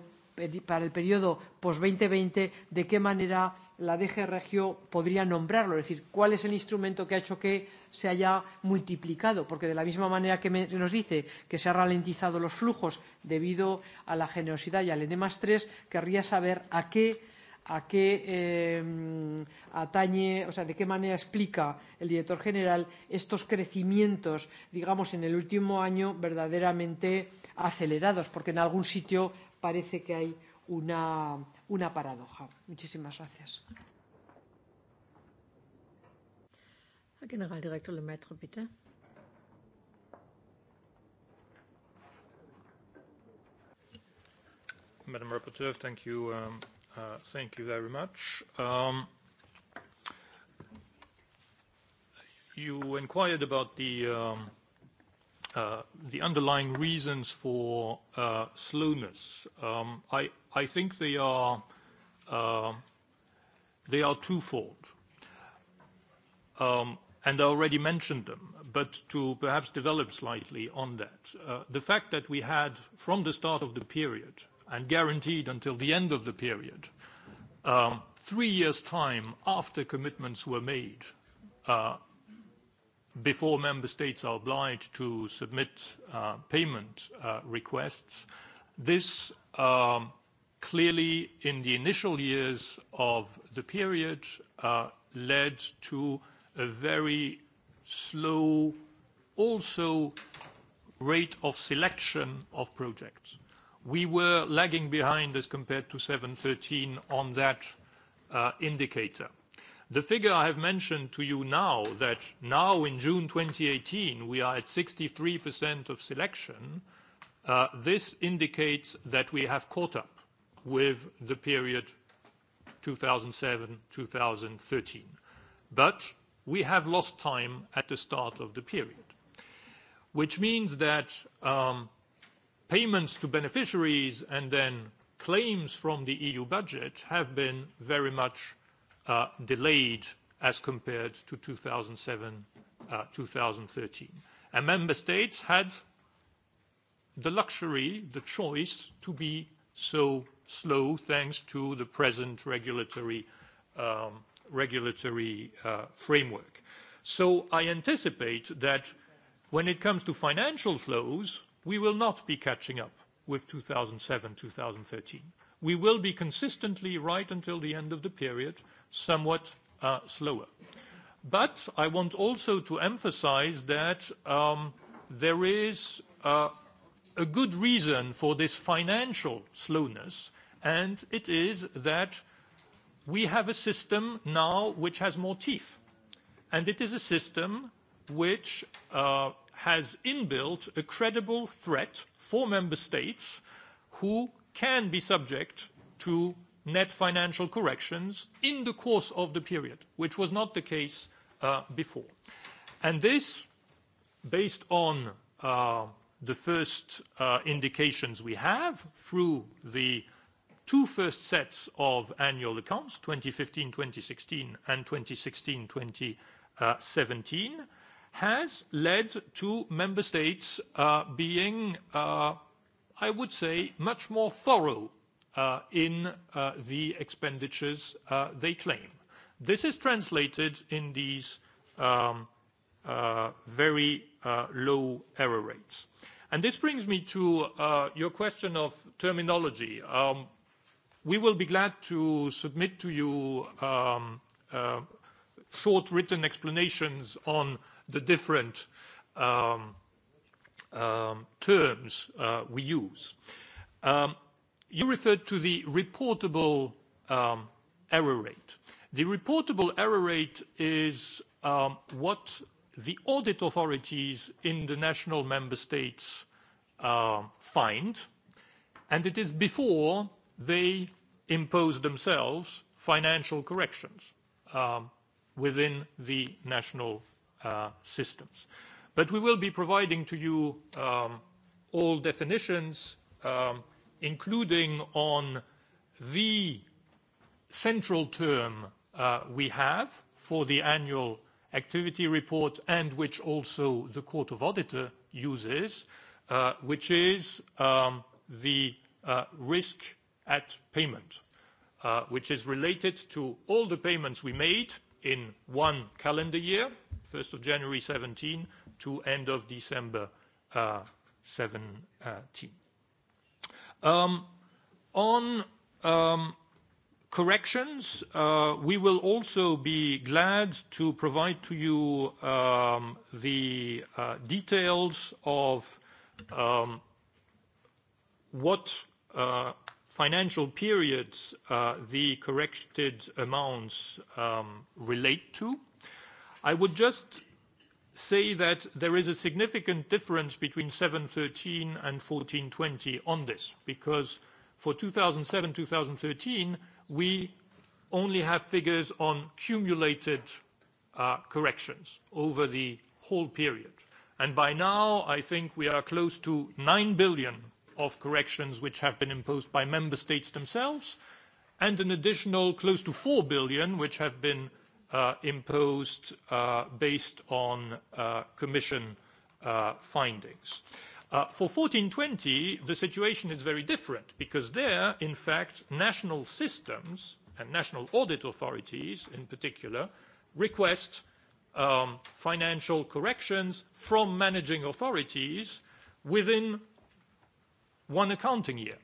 para el periodo post-2020, de qué manera la DG Regio podría nombrarlo, es decir, cuál es el instrumento que ha hecho que se haya multiplicado, porque de la misma manera que me, nos dice que se han ralentizado los flujos debido a la generosidad y al ENEMAS 3, querría saber a qué a qué eh, atañe, o sea, de qué manera explica el director general estos crecimientos, digamos, en el último año verdaderamente acelerados, porque en algún sitio parece que hay una, una paradoja. Muchísimas gracias. Generaldirektor Lemaitre, bitte. Madam Rapporteur, thank you um, Uh, thank you very much. Um, you inquired about the, um, uh, the underlying reasons for uh, slowness. Um, I, I think they are, uh, they are twofold. Um, and I already mentioned them, but to perhaps develop slightly on that. Uh, the fact that we had, from the start of the period, and guaranteed until the end of the period, um, three years' time after commitments were made, uh, before member states are obliged to submit uh, payment uh, requests, this um, clearly in the initial years of the period led to a very slow also rate of selection of projects. We were lagging behind as compared to 713 on that uh, indicator. The figure I have mentioned to you now, that now in June 2018, we are at 63% of selection, uh, this indicates that we have caught up with the period 2007-2013. But we have lost time at the start of the period, which means that um, payments to beneficiaries and then claims from the EU budget have been very much uh, delayed as compared to 2007, uh, 2013. And member states had the luxury, the choice to be so slow thanks to the present regulatory, um, regulatory uh, framework. So I anticipate that when it comes to financial flows, we will not be catching up with 2007, 2013. We will be consistently, right until the end of the period, somewhat uh, slower. But I want also to emphasize that um, there is uh, a good reason for this financial slowness, and it is that we have a system now which has more teeth. And it is a system which uh, has inbuilt a credible threat for member states who can be subject to net financial corrections in the course of the period, which was not the case uh, before. And this, based on uh, the first uh, indications we have through the two first sets of annual accounts, 2015-2016 and 2016-2017, has led to member states uh, being, uh, I would say, much more thorough uh, in the expenditures they claim. This is translated in these um, very low error rates. And this brings me to your question of terminology. Um, we will be glad to submit to you um, short written explanations on the different um, um, terms uh, we use. Um, you referred to the reportable um, error rate. The reportable error rate is um, what the audit authorities in the national member states uh, find, and it is before they impose themselves financial corrections um, within the national Uh, systems. But we will be providing to you um, all definitions, um, including on the central term uh, we have for the annual activity report and which also the Court of Auditors uses, uh, which is um, the risk at payment, which is related to all the payments we made in one calendar year 1st of January 2017 to end of December 2017. Uh, um, on um, corrections, uh, we will also be glad to provide to you um, the uh, details of um, what uh, financial periods uh, the corrected amounts um, relate to. I would just say that there is a significant difference between 713 and 1420 on this, because for 2007, 2013, we only have figures on cumulated uh, corrections over the whole period. And by now, I think we are close to 9 billion of corrections which have been imposed by member states themselves, and an additional close to 4 billion, which have been Uh, imposed uh, based on uh, Commission findings. for 1420, the situation is very different because there, in fact, national systems and national audit authorities in particular request um, financial corrections from managing authorities within one accounting year.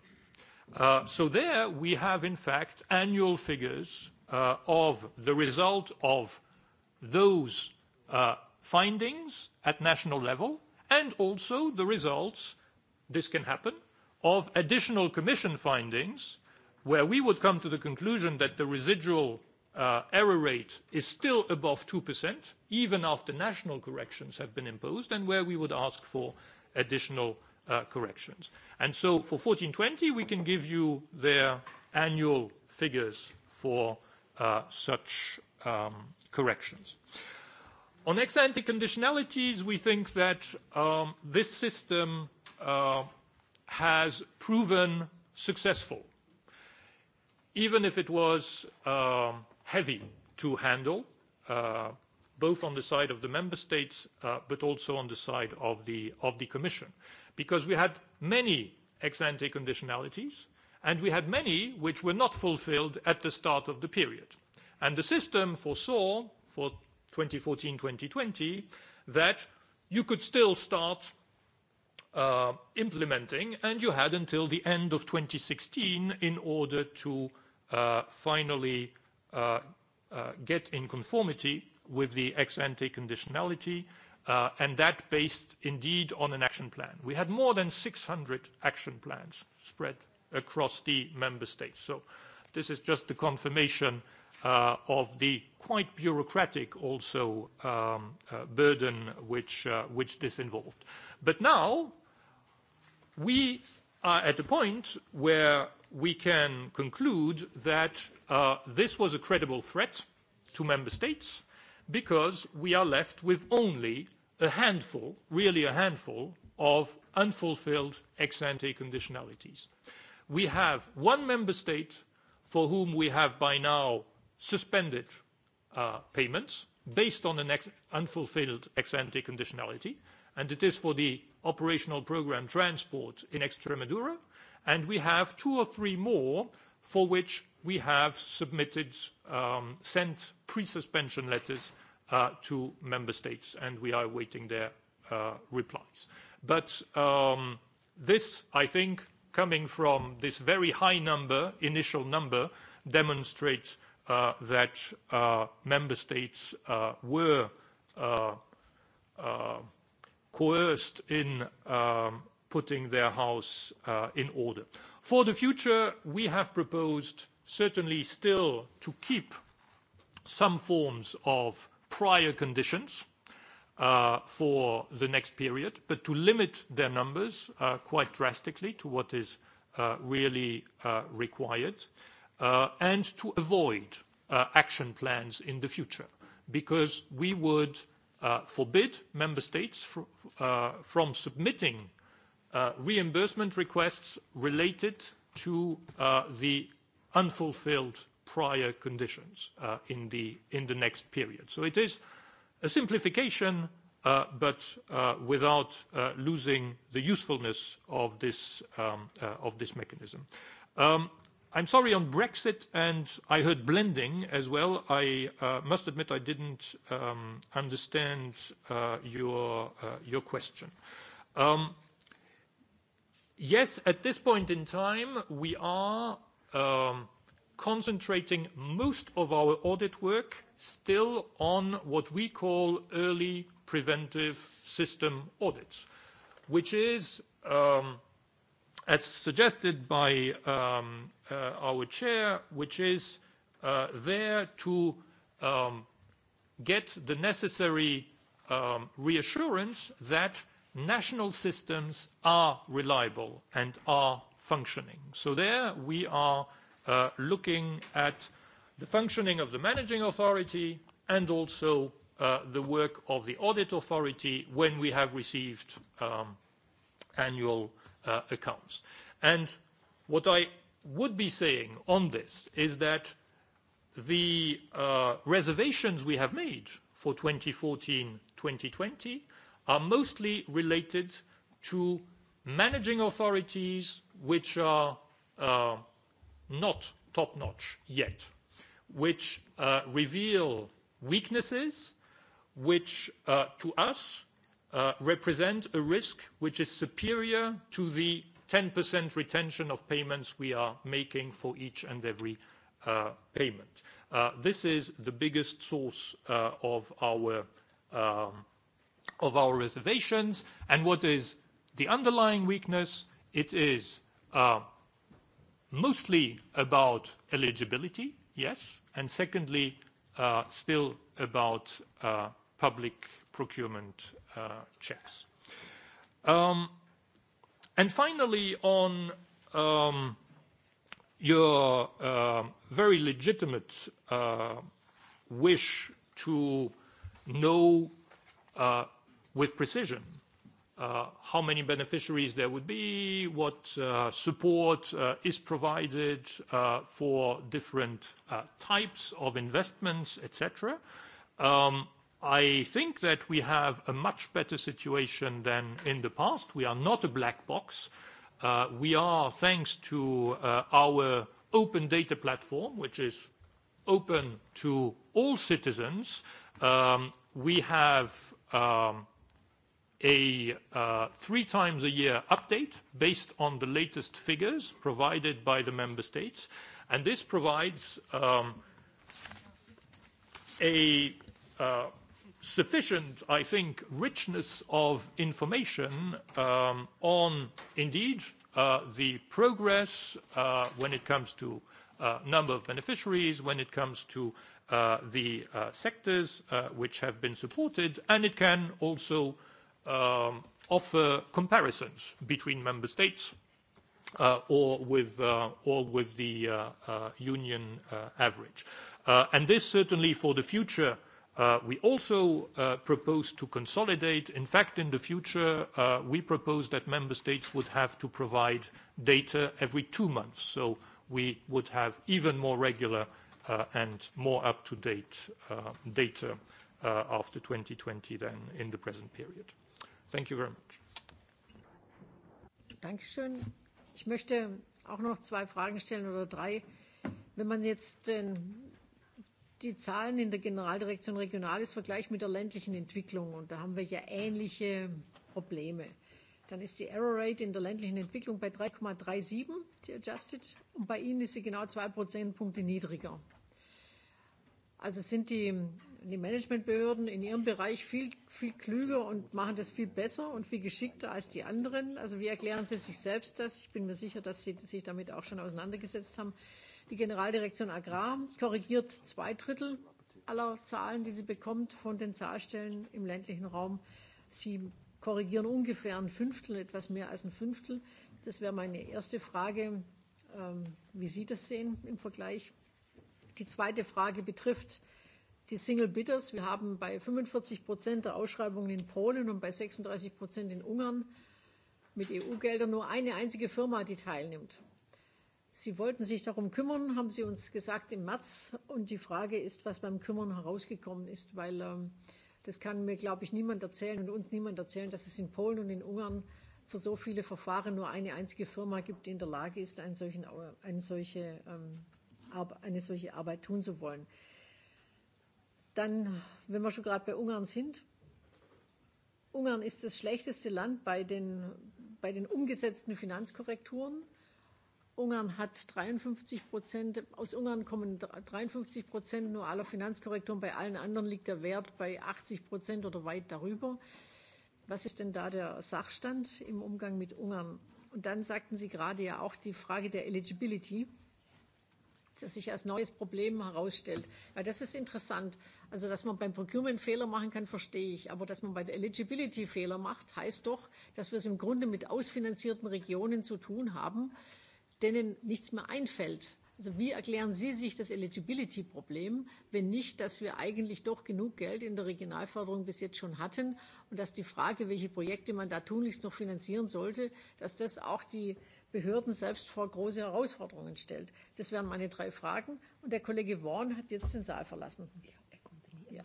so there we have, in fact, annual figures Uh, of the result of those uh, findings at national level and also the results, this can happen, of additional commission findings where we would come to the conclusion that the residual uh, error rate is still above 2%, even after national corrections have been imposed, and where we would ask for additional uh, corrections. And so for 1420, we can give you their annual figures for Uh, such um, corrections. On ex-ante conditionalities, we think that um, this system uh, has proven successful, even if it was um, heavy to handle, uh, both on the side of the member states, but also on the side of the, of the Commission, because we had many ex-ante conditionalities, and we had many which were not fulfilled at the start of the period. And the system foresaw for 2014-2020 that you could still start uh, implementing, and you had until the end of 2016 in order to uh, finally uh, get in conformity with the ex-ante conditionality, and that based indeed on an action plan. We had more than 600 action plans spread across the member states. So this is just the confirmation uh, of the quite bureaucratic also um, uh, burden which, uh, which this involved. But now we are at a point where we can conclude that this was a credible threat to member states because we are left with only a handful, really a handful, of unfulfilled ex-ante conditionalities we have one member state for whom we have by now suspended uh, payments based on an ex unfulfilled ex-ante conditionality, and it is for the operational program transport in Extremadura, and we have two or three more for which we have submitted, um, sent pre-suspension letters uh, to member states, and we are awaiting their uh, replies. But um, this, I think, coming from this very high number, initial number, demonstrates uh, that uh, member states uh, were coerced in um, putting their house in order. For the future, we have proposed certainly still to keep some forms of prior conditions Uh, for the next period, but to limit their numbers uh, quite drastically to what is uh, really required, and to avoid action plans in the future, because we would forbid member states from submitting reimbursement requests related to the unfulfilled prior conditions in the, in the next period. So it is a simplification, uh, but uh, without uh, losing the usefulness of this, um, uh, of this mechanism. Um, I'm sorry on Brexit, and I heard blending as well. I uh, must admit I didn't um, understand uh, your, uh, your question. Um, yes, at this point in time, we are um, concentrating most of our audit work still on what we call early preventive system audits, which is, um, as suggested by um, uh, our chair, which is uh, there to um, get the necessary reassurance that national systems are reliable and are functioning. So there we are Uh, looking at the functioning of the managing authority and also uh, the work of the audit authority when we have received um, annual uh, accounts. And what I would be saying on this is that the uh, reservations we have made for 2014-2020 are mostly related to managing authorities which are uh, not top-notch yet, which uh, reveal weaknesses, which uh, to us uh, represent a risk which is superior to the 10% retention of payments we are making for each and every uh, payment. Uh, this is the biggest source uh, of our um, of our reservations. And what is the underlying weakness? It is uh, mostly about eligibility, yes, and secondly, uh, still about uh, public procurement uh, checks. Um, and finally, on um, your very legitimate wish to know with precision Uh, how many beneficiaries there would be, what uh, support uh, is provided for different types of investments, etc. cetera. Um, I think that we have a much better situation than in the past. We are not a black box. we are, thanks to our open data platform, which is open to all citizens, um, we have um, a uh, three times a year update based on the latest figures provided by the member states. And this provides um, a uh, sufficient, I think, richness of information um, on, indeed, uh, the progress uh, when it comes to number of beneficiaries, when it comes to the sectors which have been supported, and it can also um, offer comparisons between member states uh, or with uh, or with the uh, uh, union uh, average. Uh, and this certainly for the future. Uh, we also uh, propose to consolidate. In fact, in the future, uh, we propose that member states would have to provide data every two months. So we would have even more regular uh, and more up-to-date uh, data uh, after 2020 than in the present period. Thank you very much. Dankeschön. Ich möchte auch noch zwei Fragen stellen oder drei. Wenn man jetzt den, äh, die Zahlen in der Generaldirektion Regionales vergleicht mit der ländlichen Entwicklung, und da haben wir ja ähnliche Probleme, dann ist die Error Rate in der ländlichen Entwicklung bei 3,37, die adjusted, und bei Ihnen ist sie genau zwei Prozentpunkte niedriger. Also sind die die Managementbehörden in ihrem Bereich viel, viel klüger und machen das viel besser und viel geschickter als die anderen. Also wie erklären Sie sich selbst das? Ich bin mir sicher, dass Sie sich damit auch schon auseinandergesetzt haben. Die Generaldirektion Agrar korrigiert zwei Drittel aller Zahlen, die sie bekommt, von den Zahlstellen im ländlichen Raum. Sie korrigieren ungefähr ein Fünftel, etwas mehr als ein Fünftel. Das wäre meine erste Frage, ähm, wie Sie das sehen im Vergleich. Die zweite Frage betrifft die Single Bidders. Wir haben bei 45 Prozent der Ausschreibungen in Polen und bei 36 Prozent in Ungarn mit EU-Geldern nur eine einzige Firma, die teilnimmt. Sie wollten sich darum kümmern, haben Sie uns gesagt im März. Und die Frage ist, was beim Kümmern herausgekommen ist, weil ähm, das kann mir, glaube ich, niemand erzählen und uns niemand erzählen, dass es in Polen und in Ungarn für so viele Verfahren nur eine einzige Firma gibt, die in der Lage ist, einen solchen, einen solche, ähm, eine solche Arbeit tun zu wollen. Dann, wenn wir schon gerade bei Ungarn sind, Ungarn ist das schlechteste Land bei den, bei den umgesetzten Finanzkorrekturen. Ungarn hat 53 Prozent, aus Ungarn kommen 53 Prozent nur aller Finanzkorrekturen, bei allen anderen liegt der Wert bei 80 Prozent oder weit darüber. Was ist denn da der Sachstand im Umgang mit Ungarn? Und dann sagten Sie gerade ja auch die Frage der Eligibility, dass sich als neues Problem herausstellt. Ja, das ist interessant. Also, dass man beim Procurement Fehler machen kann, verstehe ich. Aber dass man bei der Eligibility Fehler macht, heißt doch, dass wir es im Grunde mit ausfinanzierten Regionen zu tun haben, denen nichts mehr einfällt. Also wie erklären Sie sich das Eligibility-Problem, wenn nicht, dass wir eigentlich doch genug Geld in der Regionalförderung bis jetzt schon hatten und dass die Frage, welche Projekte man da tunlichst noch finanzieren sollte, dass das auch die Behörden selbst vor große Herausforderungen stellt? Das wären meine drei Fragen. Und der Kollege Worn hat jetzt den Saal verlassen. Ja. Ja.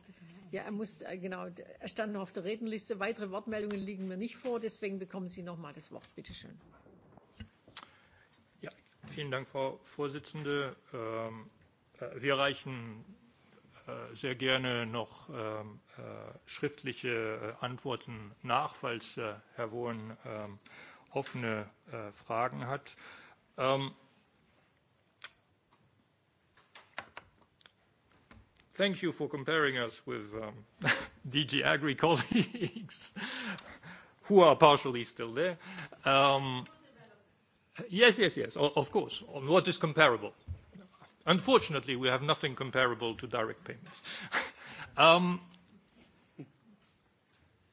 ja, er muss, äh, genau, er stand noch auf der Redenliste. Weitere Wortmeldungen liegen mir nicht vor, deswegen bekommen Sie noch mal das Wort. Bitte schön. Ja, vielen Dank, Frau Vorsitzende. Ähm, äh, wir reichen äh, sehr gerne noch ähm, schriftliche Antworten nach, falls Herr Wohn ähm, offene Fragen hat. Ähm, Thank you for comparing us with um, DG Agri colleagues who are partially still there. Um, yes, yes, yes, of course, on what is comparable. Unfortunately, we have nothing comparable to direct payments. Um,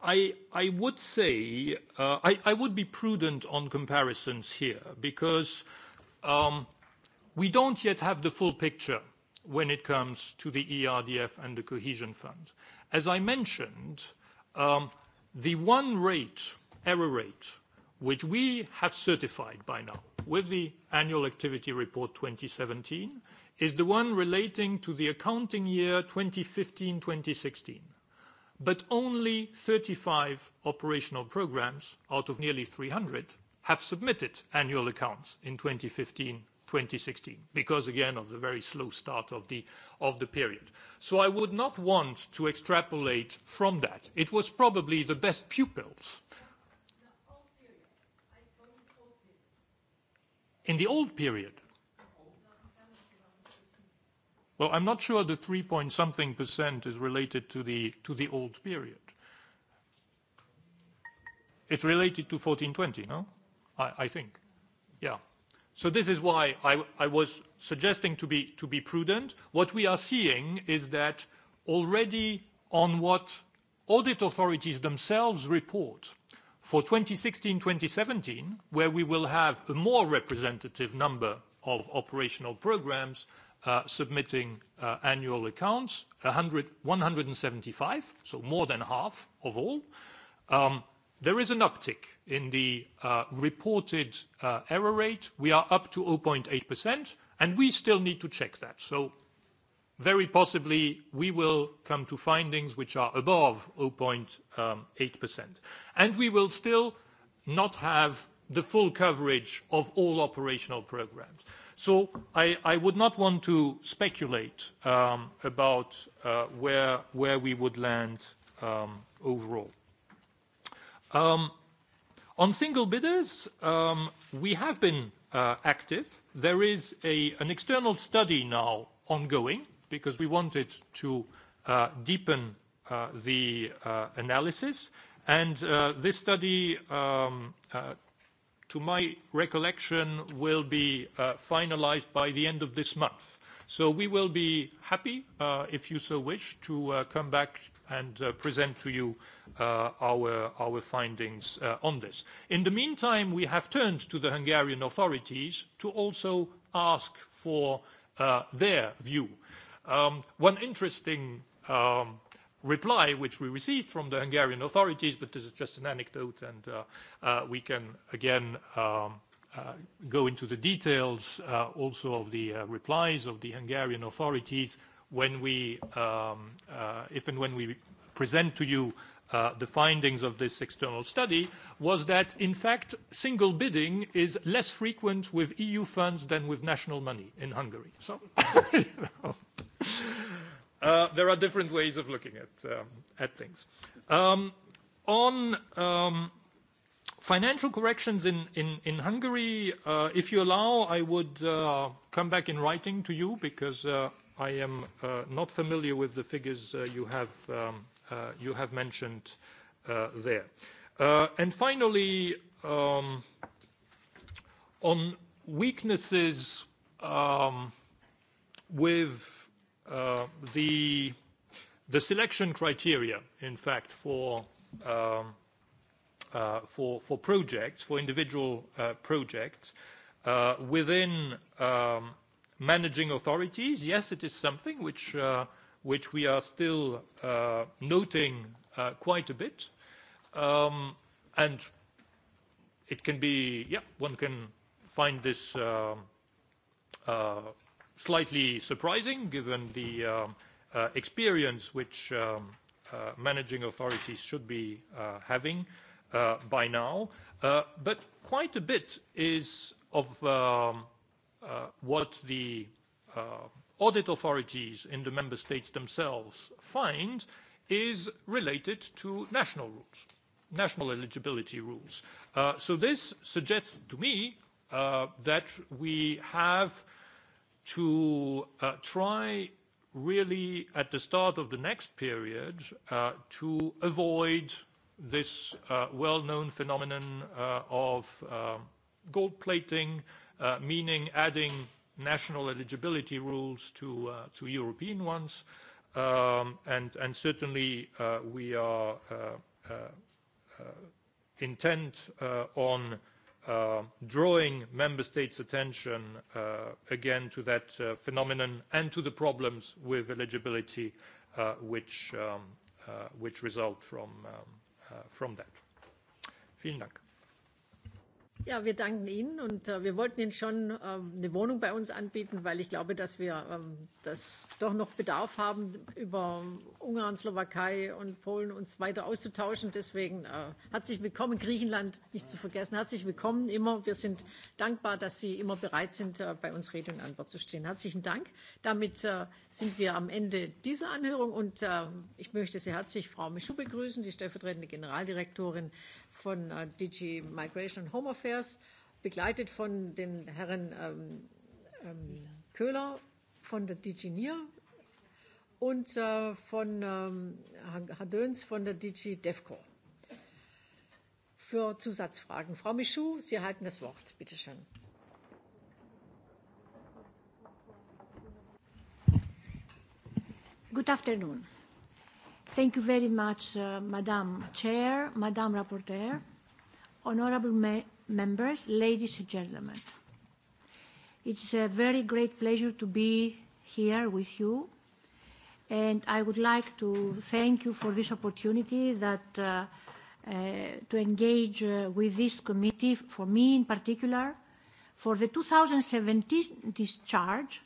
I, would say, uh, I, would be prudent on comparisons here because we don't yet have the full picture when it comes to the ERDF and the Cohesion Fund. As I mentioned, um, the one rate, error rate, which we have certified by now with the annual activity report 2017, is the one relating to the accounting year 2015-2016. But only 35 operational programs out of nearly 300 have submitted annual accounts in 2015 2016, because again, of the very slow start of the, period. I would not want to extrapolate from that. It was probably the best pupils. In the old period. Well, I'm not sure the 3 point something percent is related to the, old period. It's related to 2014, 2020, no? I think. Yeah. So this is why I, was suggesting to be, prudent. What we are seeing is that already on what audit authorities themselves report for 2016, 2017, where we will have a more representative number of operational programs uh, submitting uh, annual accounts, 175, so more than half of all. Um, There is an uptick in the uh, reported uh, error rate. We are up to 0.8%, and we still need to check that. So very possibly, we will come to findings which are above 0.8%. Um, and we will still not have the full coverage of all operational programs. So I, would not want to speculate um, about uh, where, we would land um, overall. Um, on single bidders, um, we have been uh, active. There is an external study now ongoing because we wanted to uh, deepen uh, the analysis. and This study, um, to my recollection, will be finalized by the end of this month. So We will be happy, if you so wish, to come back and uh, present to you uh, our, our findings uh, on this. In the meantime, we have turned to the Hungarian authorities to also ask for uh, their view. Um, one interesting um, reply which we received from the Hungarian authorities, but this is just an anecdote and uh, uh, we can again um, uh, go into the details uh, also of the uh, replies of the Hungarian authorities when we, um, uh, if and when we present to you uh, the findings of this external study, was that, in fact, single bidding is less frequent with EU funds than with national money in Hungary. So uh, there are different ways of looking at, things. Um, on um, financial corrections in, Hungary, if you allow, I would come back in writing to you because I am uh, not familiar with the figures uh, you, have, um, uh, you have mentioned uh, there. Uh, and finally, um, on weaknesses um, with uh, the, the selection criteria, in fact, for, um, uh, for, for projects, for individual uh, projects, uh, within um, managing authorities, yes, it is something which, uh, which we are still uh, noting uh, quite a bit. Um, and it can be, yeah, one can find this uh, uh, slightly surprising given the um, uh, experience which um, uh, managing authorities should be uh, having uh, by now. Uh, but quite a bit is of um, Uh, what the uh, audit authorities in the member states themselves find is related to national rules, national eligibility rules. Uh, so this suggests to me uh, that we have to uh, try really at the start of the next period uh, to avoid this uh, well-known phenomenon uh, of uh, gold plating, uh, Uh, meaning adding national eligibility rules to, uh, to European ones. Um, and, and certainly, uh, we are uh, intent on drawing member states' attention again to that phenomenon and to the problems with eligibility which, um, which result from, um, from that. Vielen Dank. Ja, wir danken Ihnen und äh, wir wollten Ihnen schon äh, eine Wohnung bei uns anbieten, weil ich glaube, dass wir äh, das doch noch Bedarf haben, über Ungarn, Slowakei und Polen uns weiter auszutauschen. Deswegen äh, herzlich willkommen, Griechenland nicht zu vergessen. Herzlich willkommen immer. Wir sind dankbar, dass Sie immer bereit sind, äh, bei uns Rede und Antwort zu stehen. Herzlichen Dank. Damit äh, sind wir am Ende dieser Anhörung und äh, ich möchte Sie herzlich Frau Mischu begrüßen, die stellvertretende Generaldirektorin von äh, DG Migration and Home Affairs, begleitet von den Herren ähm, ähm, Köhler von der DG NIR und äh, von ähm, Herrn Döns von der DG DEFCO. Für Zusatzfragen. Frau Michou, Sie erhalten das Wort. Bitte schön. Good afternoon. Thank you very much, uh, Madam Chair, Madam Rapporteur, honorable me members, ladies and gentlemen. It's a very great pleasure to be here with you, and I would like to thank you for this opportunity that uh, uh, to engage uh, with this committee, for me in particular, for the 2017 discharge,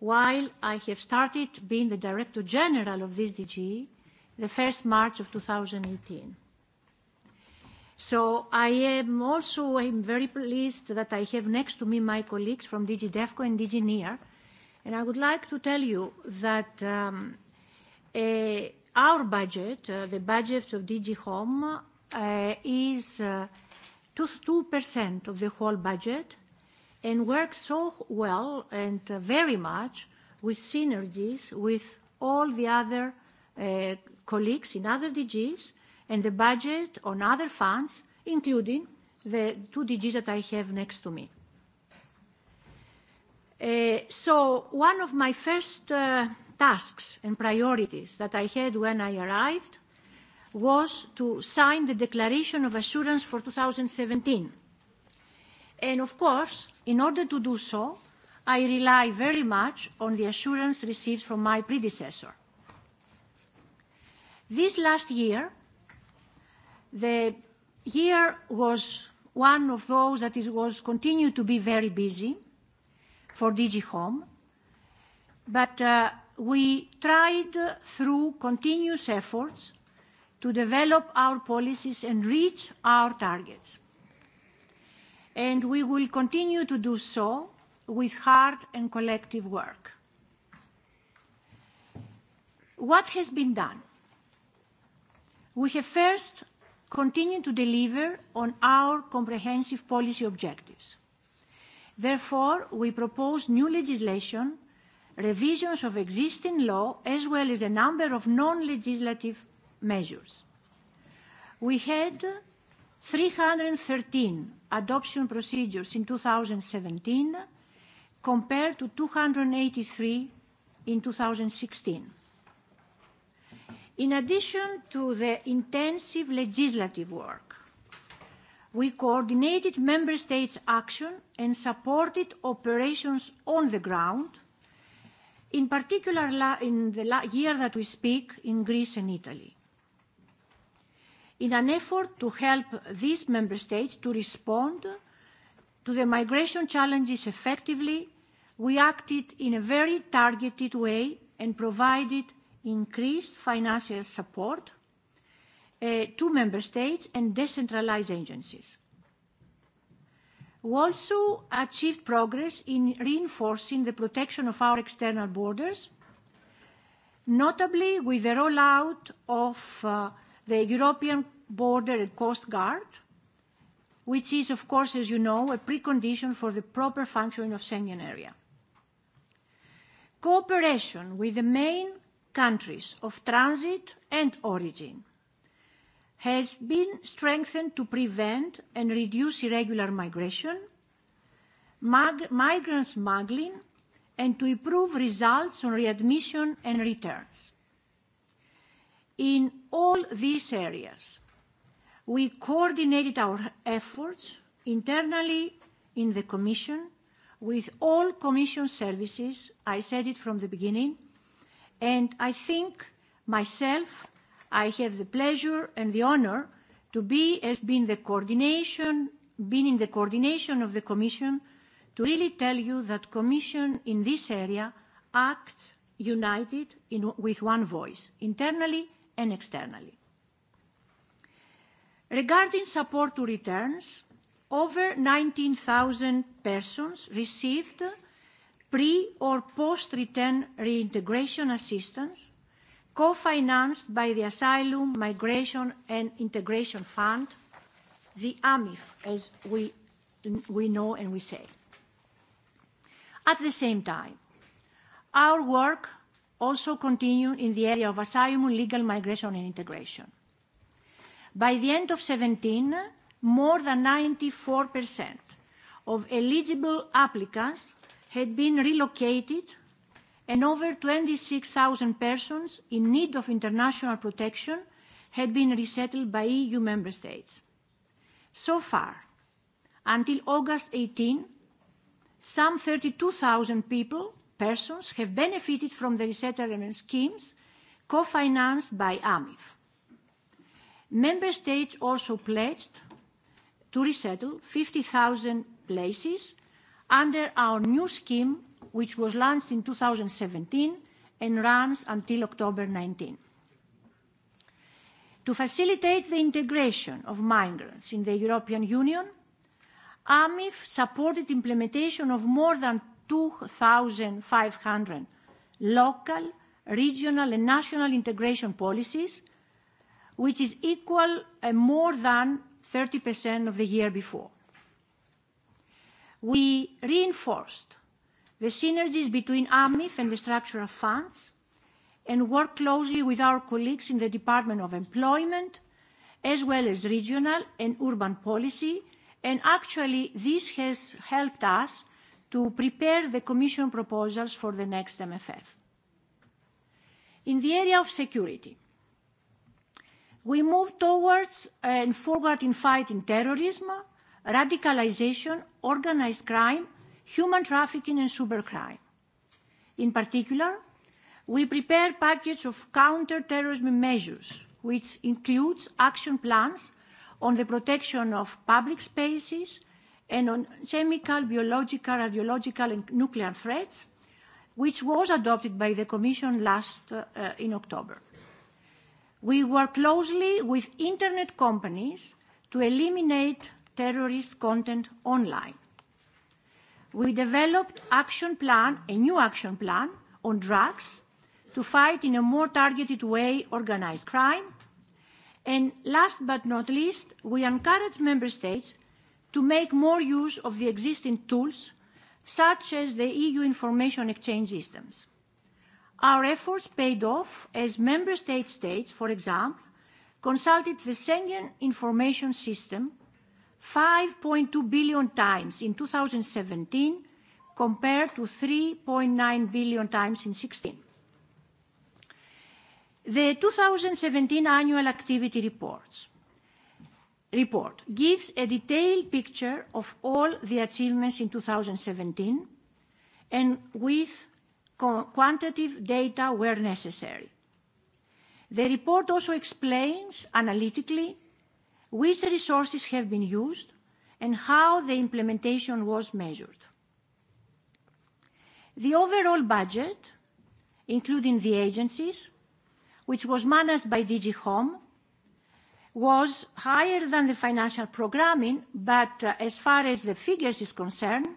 while I have started being the Director General of this DG, the first March of 2018. So I am also I'm very pleased that I have next to me my colleagues from DG DEFCO and DG NEAR, and I would like to tell you that um, uh, our budget, uh, the budget of DG Home, uh, is uh, 2% of the whole budget and works so well and uh, very much with synergies with all the other uh, colleagues in other DGs and the budget on other funds, including the two DGs that I have next to me. Uh, so one of my first uh, tasks and priorities that I had when I arrived was to sign the Declaration of Assurance for 2017. And of course, in order to do so, I rely very much on the assurance received from my predecessor. This last year, the year was one of those that it was continued to be very busy for DG Home, but uh, we tried through continuous efforts to develop our policies and reach our targets. And we will continue to do so with hard and collective work. What has been done? We have first continued to deliver on our comprehensive policy objectives. Therefore, we propose new legislation, revisions of existing law, as well as a number of non-legislative measures. We had 313 adoption procedures in 2017, compared to 283 in 2016. In addition to the intensive legislative work, we coordinated member states' action and supported operations on the ground, in particular in the year that we speak in Greece and Italy, in an effort to help these member states to respond to the migration challenges effectively, we acted in a very targeted way and provided increased financial support uh, to member states and decentralized agencies. We also achieved progress in reinforcing the protection of our external borders, notably with the rollout of uh, the European Border and Coast Guard, which is, of course, as you know, a precondition for the proper functioning of Schengen area. Cooperation with the main countries of transit and origin has been strengthened to prevent and reduce irregular migration, mag- migrant smuggling, and to improve results on readmission and returns. In all these areas, we coordinated our efforts internally in the Commission with all Commission services, I said it from the beginning, And I think myself, I have the pleasure and the honor to be as being the coordination, being in the coordination of the Commission to really tell you that Commission in this area acts united in, with one voice, internally and externally. Regarding support to returns, over 19,000 persons received pre or post-return reintegration assistance, co-financed by the Asylum, Migration and Integration Fund, the AMIF, as we, we know and we say. At the same time, our work also continued in the area of asylum, legal migration and integration. By the end of 2017, more than 94% of eligible applicants had been relocated and over 26,000 persons in need of international protection had been resettled by EU member states. So far, until August 18, some 32,000 people, persons, have benefited from the resettlement schemes co-financed by AMIF. Member states also pledged to resettle 50,000 places under our new scheme, which was launched in 2017 and runs until October 19. To facilitate the integration of migrants in the European Union, AMIF supported implementation of more than 2,500 local, regional and national integration policies, which is equal and more than 30% of the year before we reinforced the synergies between AMIF and the structural funds and work closely with our colleagues in the Department of Employment, as well as regional and urban policy. And actually, this has helped us to prepare the Commission proposals for the next MFF. In the area of security, we move towards and forward in fighting terrorism radicalization, organized crime, human trafficking and cybercrime. In particular, we prepare a package of counter-terrorism measures, which includes action plans on the protection of public spaces and on chemical, biological, radiological and nuclear threats, which was adopted by the Commission last uh, in October. We work closely with Internet companies to eliminate terrorist content online. We developed action plan, a new action plan on drugs to fight in a more targeted way organized crime. And last but not least, we encourage member states to make more use of the existing tools such as the EU information exchange systems. Our efforts paid off as member state states, for example, consulted the Schengen information system 5.2 billion times in 2017 compared to 3.9 billion times in 2016. The 2017 annual activity report gives a detailed picture of all the achievements in 2017 and with quantitative data where necessary. The report also explains analytically which resources have been used, and how the implementation was measured. The overall budget, including the agencies, which was managed by DG Home, was higher than the financial programming, but uh, as far as the figures is concerned,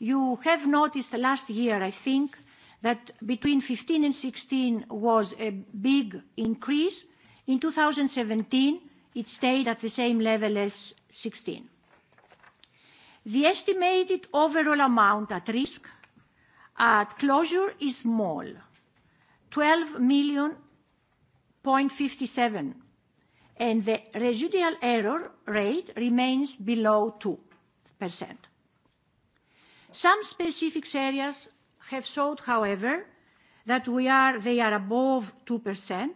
you have noticed last year, I think, that between 15 and 16 was a big increase. In 2017, it stayed at the same level as 16. The estimated overall amount at risk at closure is small, 12 million 0.57, and the residual error rate remains below 2%. Some specific areas have showed, however, that they are above 2%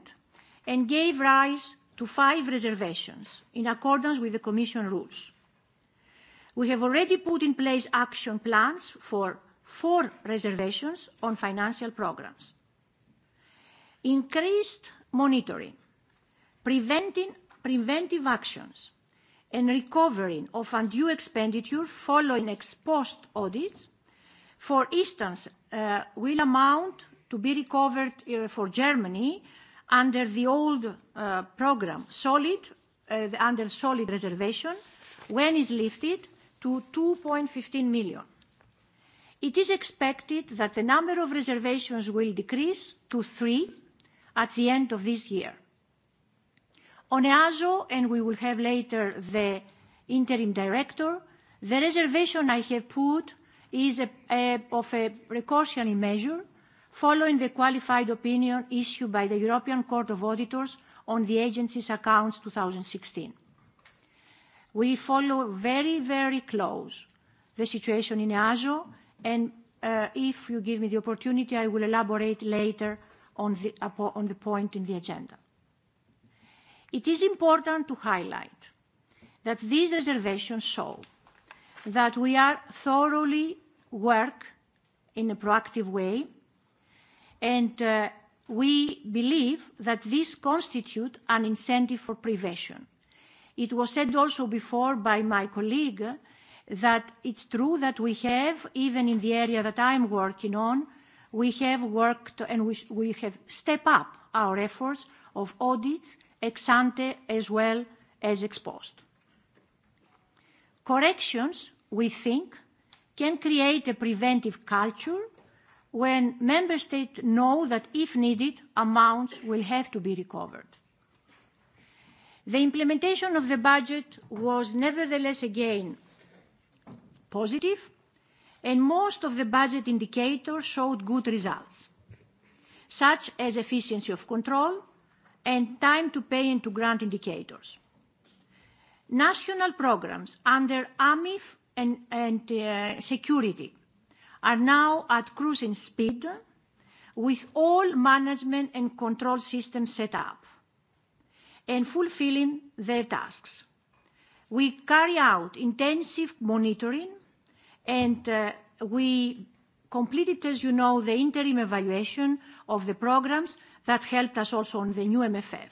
and gave rise to five reservations in accordance with the Commission rules. We have already put in place action plans for four reservations on financial programs. Increased monitoring, preventive actions, and recovering of undue expenditure following ex post audits, for instance, uh, will amount to be recovered uh, for Germany under the old uh, program, solid, uh, under solid reservation, when is lifted to 2.15 million. It is expected that the number of reservations will decrease to three at the end of this year. On EASO, and we will have later the interim director, the reservation I have put is a, a, of a precautionary measure following the qualified opinion issued by the European Court of Auditors on the agency's accounts 2016. We follow very, very close the situation in EASO, and uh, if you give me the opportunity, I will elaborate later on the, on the point in the agenda. It is important to highlight that these reservations show that we are thoroughly work in a proactive way And uh, we believe that this constitutes an incentive for prevention. It was said also before by my colleague that it's true that we have, even in the area that I'm working on, we have worked and we, we have stepped up our efforts of audits ex ante as well as ex post. Corrections, we think, can create a preventive culture when member states know that if needed, amounts will have to be recovered. The implementation of the budget was nevertheless again positive, and most of the budget indicators showed good results, such as efficiency of control and time to pay and to grant indicators. National programs under AMIF and, and uh, security are now at cruising speed with all management and control systems set up and fulfilling their tasks. We carry out intensive monitoring and uh, we completed, as you know, the interim evaluation of the programs that helped us also on the new MFF.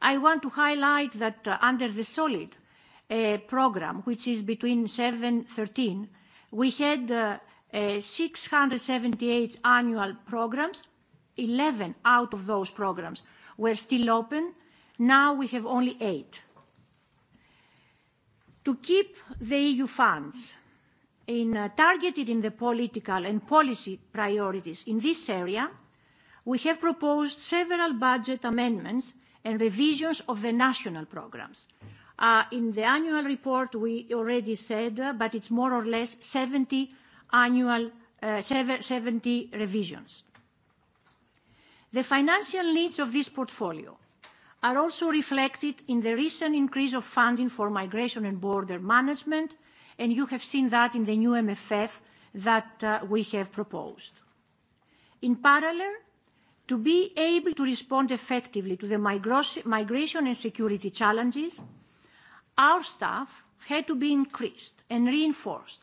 I want to highlight that uh, under the SOLID uh, program, which is between 7 and 13, we had 678 eh, annual programs, 11 out of those programs were still open. Now we have only eight. To keep the EU funds in, uh, targeted in the political and policy priorities in this area, we have proposed several budget amendments and revisions of the national programs. Uh, in the annual report, we already said, uh, but it's more or less 70 annual 70 uh, revisions. The financial needs of this portfolio are also reflected in the recent increase of funding for migration and border management, and you have seen that in the new MFF that uh, we have proposed. In parallel, to be able to respond effectively to the migration and security challenges, our staff had to be increased and reinforced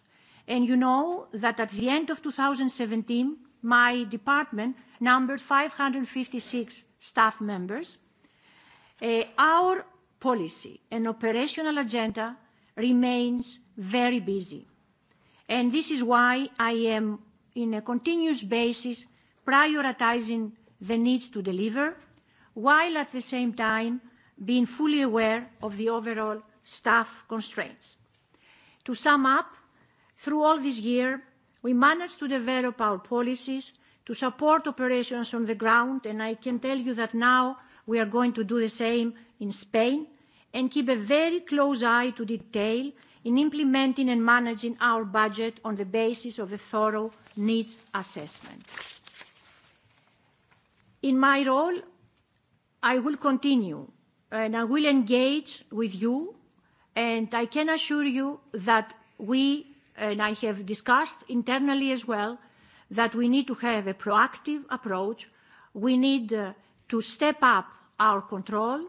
And you know that at the end of 2017, my department numbered 556 staff members. Uh, our policy and operational agenda remains very busy. And this is why I am, in a continuous basis, prioritizing the needs to deliver, while at the same time being fully aware of the overall staff constraints. To sum up, Through all this year, we managed to develop our policies to support operations on the ground, and I can tell you that now we are going to do the same in Spain and keep a very close eye to detail in implementing and managing our budget on the basis of a thorough needs assessment. In my role, I will continue, and I will engage with you, and I can assure you that we and I have discussed internally as well, that we need to have a proactive approach. We need uh, to step up our control.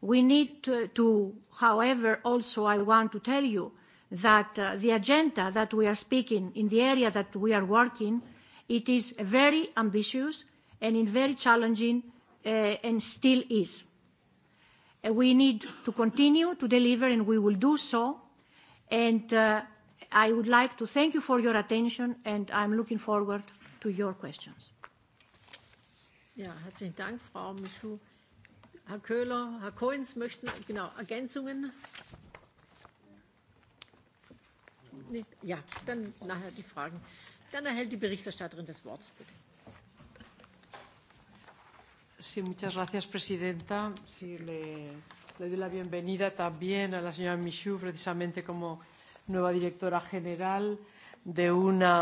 We need to, however, also I want to tell you that uh, the agenda that we are speaking in the area that we are working, it is very ambitious and in very challenging uh, and still is. we need to continue to deliver and we will do so. And I would like to thank you for your attention and I'm looking forward to your questions. Ja, herzlichen Dank, Frau Michu. Herr Köhler, Herr Koins möchten genau Ergänzungen. Nee, ja, dann nachher die Fragen. Dann erhält die Berichterstatterin das Wort, bitte. Sí, muchas gracias, Presidenta. Sí, le, le doy la bienvenida también a la señora Michu, precisamente como nueva directora general de una,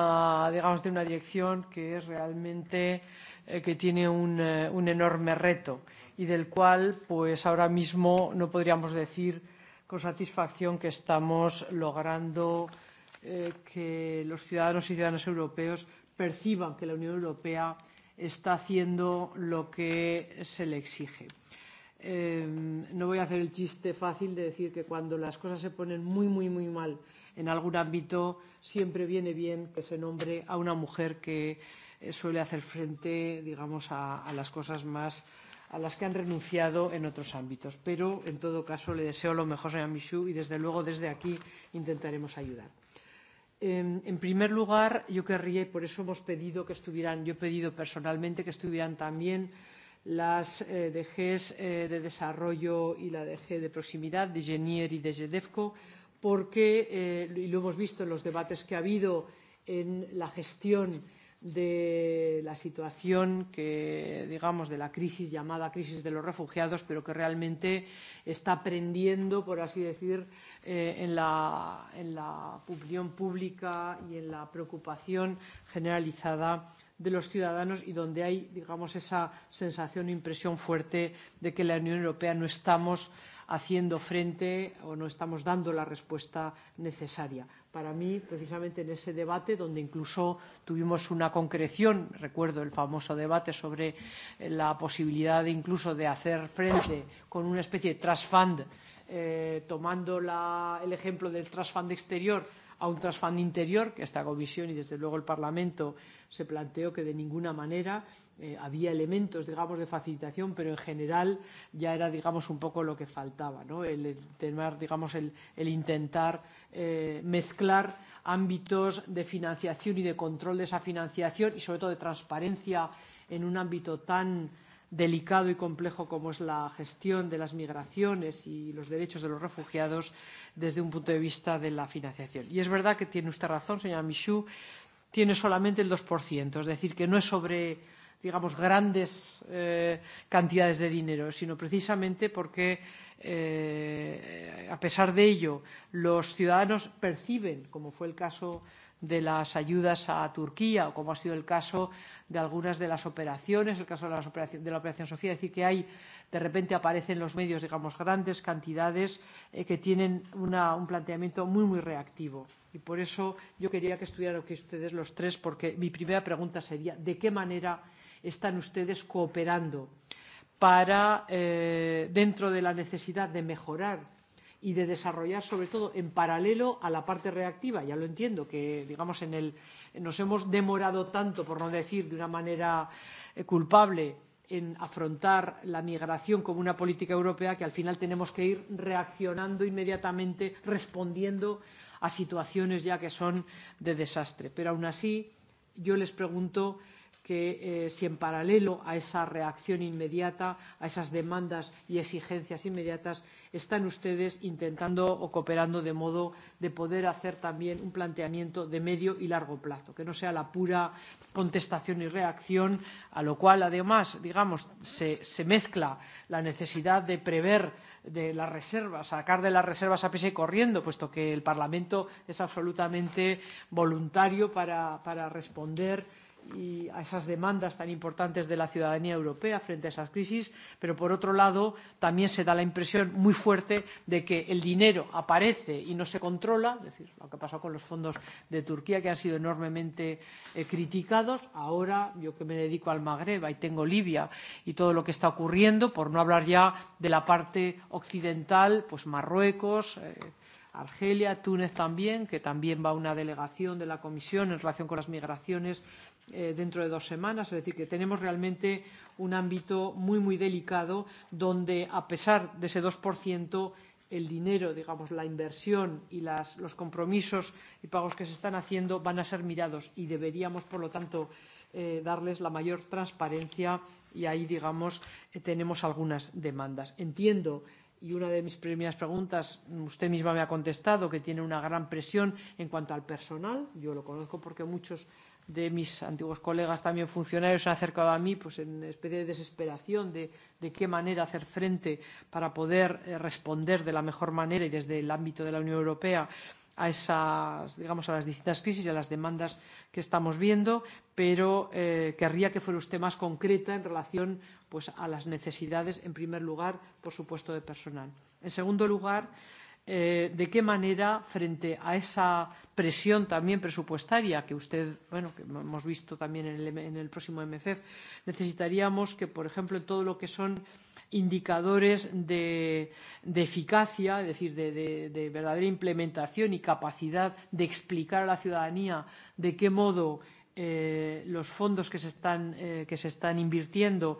digamos, de una dirección que es realmente eh, que tiene un, eh, un enorme reto y del cual, pues ahora mismo no podríamos decir con satisfacción que estamos logrando eh, que los ciudadanos y ciudadanas europeos perciban que la Unión Europea está haciendo lo que se le exige. Eh, no voy a hacer el chiste fácil de decir que cuando las cosas se ponen muy, muy, muy mal en algún ámbito, siempre viene bien que se nombre a una mujer que eh, suele hacer frente, digamos, a, a las cosas más a las que han renunciado en otros ámbitos. Pero, en todo caso, le deseo lo mejor a Michu y, desde luego, desde aquí intentaremos ayudar. En, en primer lugar, yo querría, y por eso hemos pedido que estuvieran, yo he pedido personalmente que estuvieran también eh, las eh, DGs eh, de desarrollo y la DG de proximidad, de Genier y de GEDEFCO, porque, eh, y lo hemos visto en los debates que ha habido en la gestión de la situación que, digamos, de la crisis llamada crisis de los refugiados, pero que realmente está prendiendo, por así decir, eh, en, la, en la opinión pública y en la preocupación generalizada de los ciudadanos y donde hay, digamos, esa sensación o impresión fuerte de que la Unión Europea no estamos haciendo frente o no estamos dando la respuesta necesaria. Para mí, precisamente en ese debate, donde incluso tuvimos una concreción, recuerdo el famoso debate sobre la posibilidad de incluso de hacer frente con una especie de trust fund, eh, tomando la, el ejemplo del trust fund exterior, a un trasfondo interior que esta comisión y desde luego el Parlamento se planteó que de ninguna manera eh, había elementos, digamos, de facilitación, pero en general ya era, digamos, un poco lo que faltaba, ¿no? El, el tener, digamos, el, el intentar eh, mezclar ámbitos de financiación y de control de esa financiación y sobre todo de transparencia en un ámbito tan delicado y complejo como es la gestión de las migraciones y los derechos de los refugiados desde un punto de vista de la financiación. Y es verdad que tiene usted razón, señora Michoud, tiene solamente el 2%, es decir, que no es sobre digamos, grandes eh, cantidades de dinero, sino precisamente porque, eh, a pesar de ello, los ciudadanos perciben, como fue el caso eh, de las ayudas a Turquía o como ha sido el caso de algunas de las operaciones, el caso de, las de la operación Sofía. Es decir, que hay, de repente aparecen en los medios, digamos, grandes cantidades eh, que tienen una, un planteamiento muy, muy reactivo. Y por eso yo quería que estudiaran aquí ustedes los tres, porque mi primera pregunta sería, ¿de qué manera están ustedes cooperando para, eh, dentro de la necesidad de mejorar y de desarrollar sobre todo en paralelo a la parte reactiva. Ya lo entiendo que, digamos, en el, nos hemos demorado tanto, por no decir de una manera eh, culpable, en afrontar la migración como una política europea que al final tenemos que ir reaccionando inmediatamente, respondiendo a situaciones ya que son de desastre. Pero aún así, yo les pregunto que eh, si en paralelo a esa reacción inmediata, a esas demandas y exigencias inmediatas, están ustedes intentando o cooperando de modo de poder hacer también un planteamiento de medio y largo plazo, que no sea la pura contestación y reacción, a lo cual además, digamos, se, se mezcla la necesidad de prever de las reservas, sacar de las reservas a pese corriendo, puesto que el Parlamento es absolutamente voluntario para, para responder y a esas demandas tan importantes de la ciudadanía europea frente a esas crisis, pero por otro lado también se da la impresión muy fuerte de que el dinero aparece y no se controla, es decir, lo que pasó con los fondos de Turquía que han sido enormemente eh, criticados. Ahora yo que me dedico al Magreb, ahí tengo Libia y todo lo que está ocurriendo, por no hablar ya de la parte occidental, pues Marruecos. Eh, Argelia, Túnez también, que también va una delegación de la Comisión en relación con las migraciones eh, dentro de dos semanas. Es decir, que tenemos realmente un ámbito muy, muy delicado donde, a pesar de ese 2%, el dinero, digamos, la inversión y las, los compromisos y pagos que se están haciendo van a ser mirados y deberíamos, por lo tanto, eh, darles la mayor transparencia y ahí, digamos, eh, tenemos algunas demandas. Entiendo y una de mis primeras preguntas, mm, usted misma me ha contestado que tiene una gran presión en cuanto al personal. Yo lo conozco porque muchos de mis antiguos colegas también funcionarios se han acercado a mí pues en especie de desesperación de, de qué manera hacer frente para poder eh, responder de la mejor manera y desde el ámbito de la Unión Europea a esas, digamos, a las distintas crisis y a las demandas que estamos viendo, pero eh, querría que fuera usted más concreta en relación pues, a las necesidades, en primer lugar, por supuesto, de personal. En segundo lugar, eh, eh, de qué manera, frente a esa presión también presupuestaria que usted, bueno, que hemos visto también en el, en el próximo MFF, e necesitaríamos que, por ejemplo, en todo lo que son indicadores de, de eficacia, es decir, de, de, de verdadera implementación y capacidad de explicar a la ciudadanía de qué modo eh, los fondos que se están, eh, que se están invirtiendo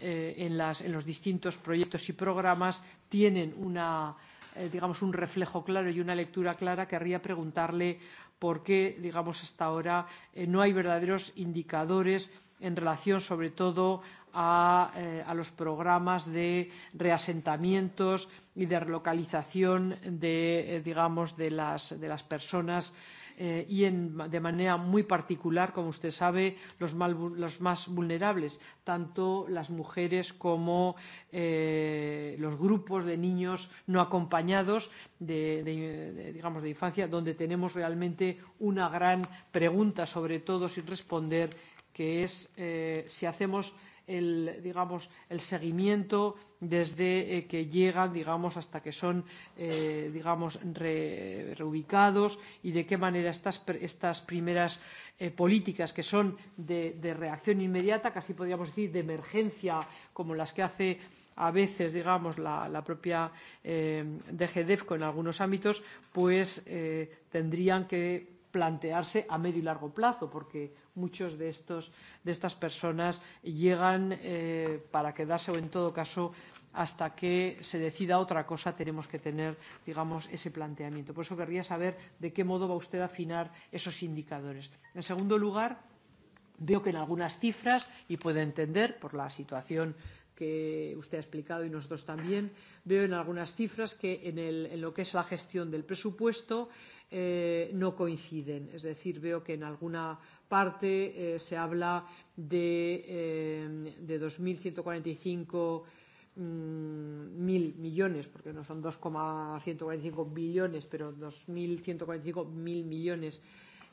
eh, en, las, en los distintos proyectos y programas tienen una, eh, digamos, un reflejo claro y una lectura clara, querría preguntarle por qué, digamos, hasta ahora eh, no hay verdaderos indicadores en relación, sobre todo, a, eh, a los programas de reasentamientos y de relocalización de, eh, digamos, de las, de las personas eh, eh, y en, de manera muy particular, como usted sabe, los, mal, los más vulnerables, tanto las mujeres como eh, los grupos de niños no acompañados de, de, de, digamos, de infancia, donde tenemos realmente una gran pregunta, sobre todo sin responder, que es eh, si hacemos el, digamos, el seguimiento desde eh, que llegan, digamos, hasta que son, eh, digamos, re, reubicados y de qué manera estas, estas primeras eh, políticas que son de, de reacción inmediata, casi podríamos decir de emergencia, como las que hace a veces, digamos, la, la propia eh, DGDEFCO en algunos ámbitos, pues eh, tendrían que plantearse a medio y largo plazo, porque muchos de estos de estas personas llegan eh, para quedarse o en todo caso hasta que se decida otra cosa tenemos que tener digamos ese planteamiento por eso querría saber de qué modo va usted a afinar esos indicadores en segundo lugar veo que en algunas cifras y puedo entender por la situación que usted ha explicado y nosotros también veo en algunas cifras que en, el, en lo que es la gestión del presupuesto eh, no coinciden. Es decir, veo que en alguna parte eh, se habla de, eh, de 2.145 mm, mil millones, porque no son 2,145 billones, pero 2.145 mil millones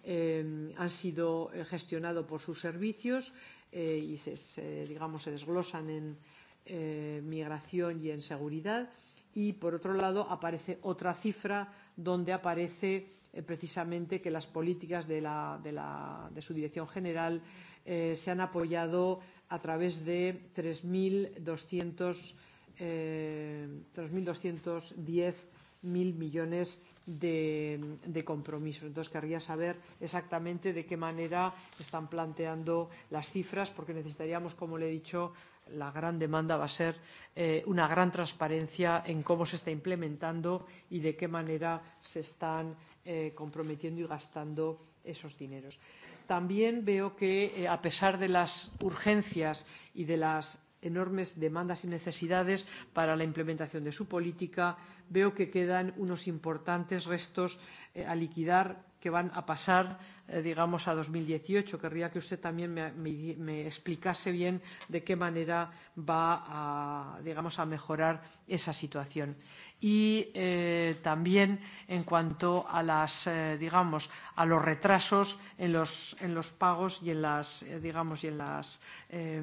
eh, han sido eh, gestionados por sus servicios eh, y se, se, digamos, se desglosan en eh, migración y en seguridad. Y, por otro lado, aparece otra cifra donde aparece eh, precisamente que las políticas de, la, de, la, de su dirección general eh, se han apoyado a través de 3.210 eh, mil millones de, de compromisos. Entonces, querría saber exactamente de qué manera están planteando las cifras, porque necesitaríamos, como le he dicho, la gran demanda va a ser eh, una gran transparencia en cómo se está implementando y de qué manera se están eh, comprometiendo y gastando esos dineros. También veo que, eh, a pesar de las urgencias y de las enormes demandas y necesidades para la implementación de su política. Veo que quedan unos importantes restos eh, a liquidar que van a pasar, eh, digamos, a 2018. Querría que usted también me, me, me explicase bien de qué manera va a, digamos, a mejorar esa situación y eh, también en cuanto a las eh, digamos a los retrasos en los en los pagos y en las eh, digamos y en las eh,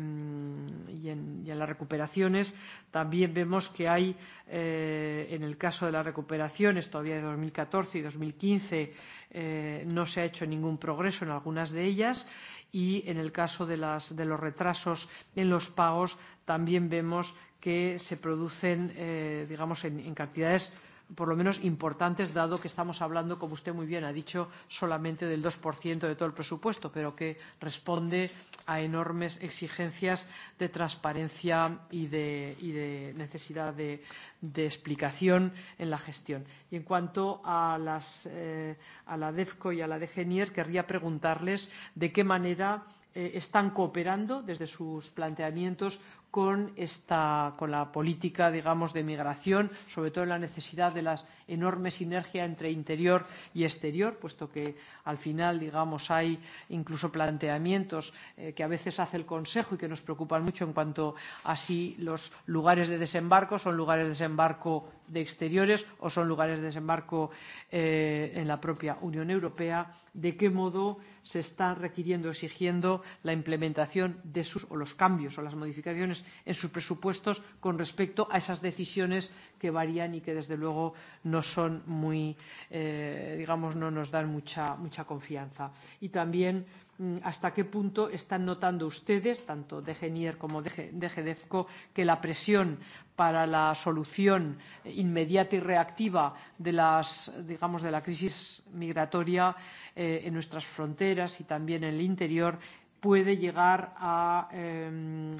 y, en, y en las recuperaciones también vemos que hay eh, en el caso de las recuperaciones todavía de 2014 y 2015 eh, no se ha hecho ningún progreso en algunas de ellas y en el caso de, las, de los retrasos en los pagos también vemos que se producen, eh, digamos, en, en cantidades por lo menos importantes, dado que estamos hablando, como usted muy bien ha dicho, solamente del 2% de todo el presupuesto, pero que responde a enormes exigencias de transparencia y de, y de necesidad de, de explicación en la gestión. Y en cuanto a, las, eh, a la DEFCO y a la DGNIER, querría preguntarles de qué manera eh, están cooperando desde sus planteamientos con, esta, con la política, digamos, de migración, sobre todo en la necesidad de la enorme sinergia entre interior y exterior, puesto que al final, digamos, hay incluso planteamientos eh, que a veces hace el Consejo y que nos preocupan mucho en cuanto a si los lugares de desembarco son lugares de desembarco de exteriores o son lugares de desembarco eh, en la propia Unión Europea, de qué modo se está requiriendo, exigiendo la implementación de sus o los cambios o las modificaciones variaciones en sus presupuestos con respecto a esas decisiones que varían y que, desde luego, no son muy, eh, digamos, no nos dan mucha, mucha confianza. Y también mm, hasta qué punto están notando ustedes, tanto de Genier como de, de GEDEFCO, que la presión para la solución inmediata y reactiva de, las, digamos, de la crisis migratoria eh, en nuestras fronteras y también en el interior puede llegar a, eh,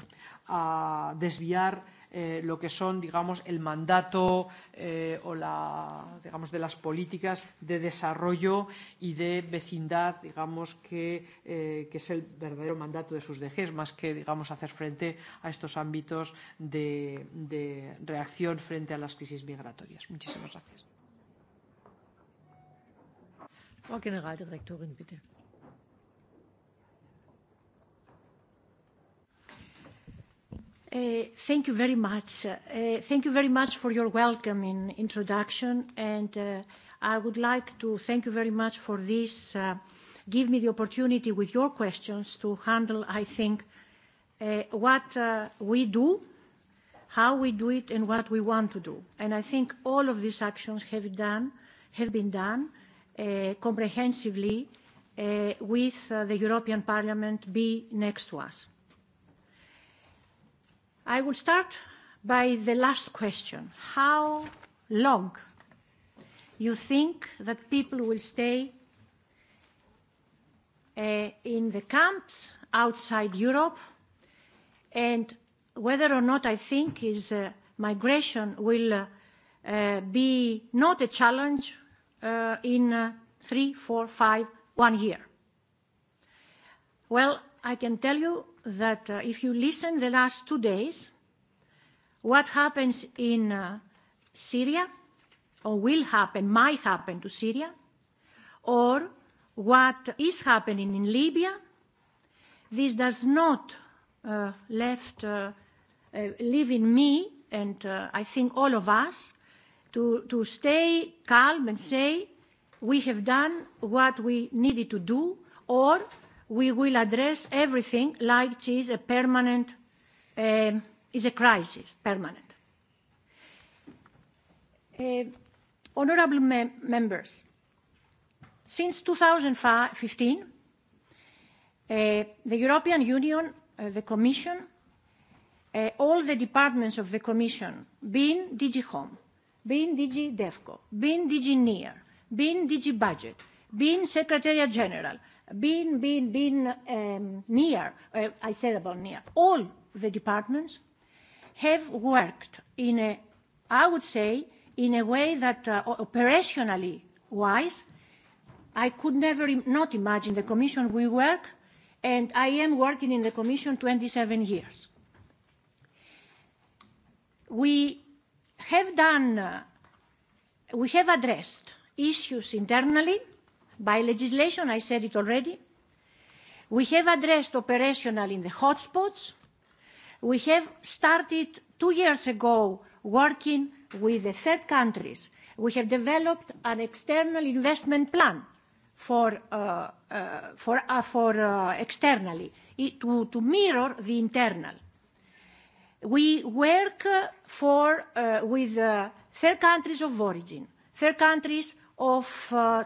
a desviar eh, lo que son, digamos, el mandato eh, o la, digamos, de las políticas de desarrollo y de vecindad, digamos, que, eh, que es el verdadero mandato de sus DGs, más que, digamos, hacer frente a estos ámbitos de, de reacción frente a las crisis migratorias. Muchísimas gracias. Frau Generaldirektorin, bitte. Uh, thank you very much. Uh, thank you very much for your welcoming introduction, and uh, I would like to thank you very much for this. give me the opportunity with your questions to handle, I think, what we do, how we do it, and what we want to do. And I think all of these actions have, been done comprehensively with the European Parliament be next to us. I will start by the last question. How long you think that people will stay uh, in the camps outside Europe and whether or not I think is uh, migration will uh, uh, be not a challenge uh, in uh, three, four, five, one year. Well, I can tell you that uh, if you listen the last two days, what happens in uh, Syria, or will happen, might happen to Syria, or what is happening in Libya, this does not uh, left uh, uh, leave in me and uh, I think all of us to, to stay calm and say we have done what we needed to do or we will address everything like it is a permanent, uh, is a crisis, permanent. Uh, honorable me members, since 2015, uh, the European Union, uh, the Commission, uh, all the departments of the Commission, being DG Home, being DG DEFCO, being DG NEAR, being DG Budget, being Secretary General, been, been, been um, near, uh, I said about near, all the departments have worked in a, I would say, in a way that uh, operationally wise, I could never Im not imagine the Commission we work, and I am working in the Commission 27 years. We have done, uh, we have addressed issues internally By legislation, I said it already, we have addressed operational in the hotspots. We have started two years ago working with the third countries. We have developed an external investment plan for, uh, uh, for, uh, uh externally to, to mirror the internal. We work uh, for, uh, with third countries of origin, third countries of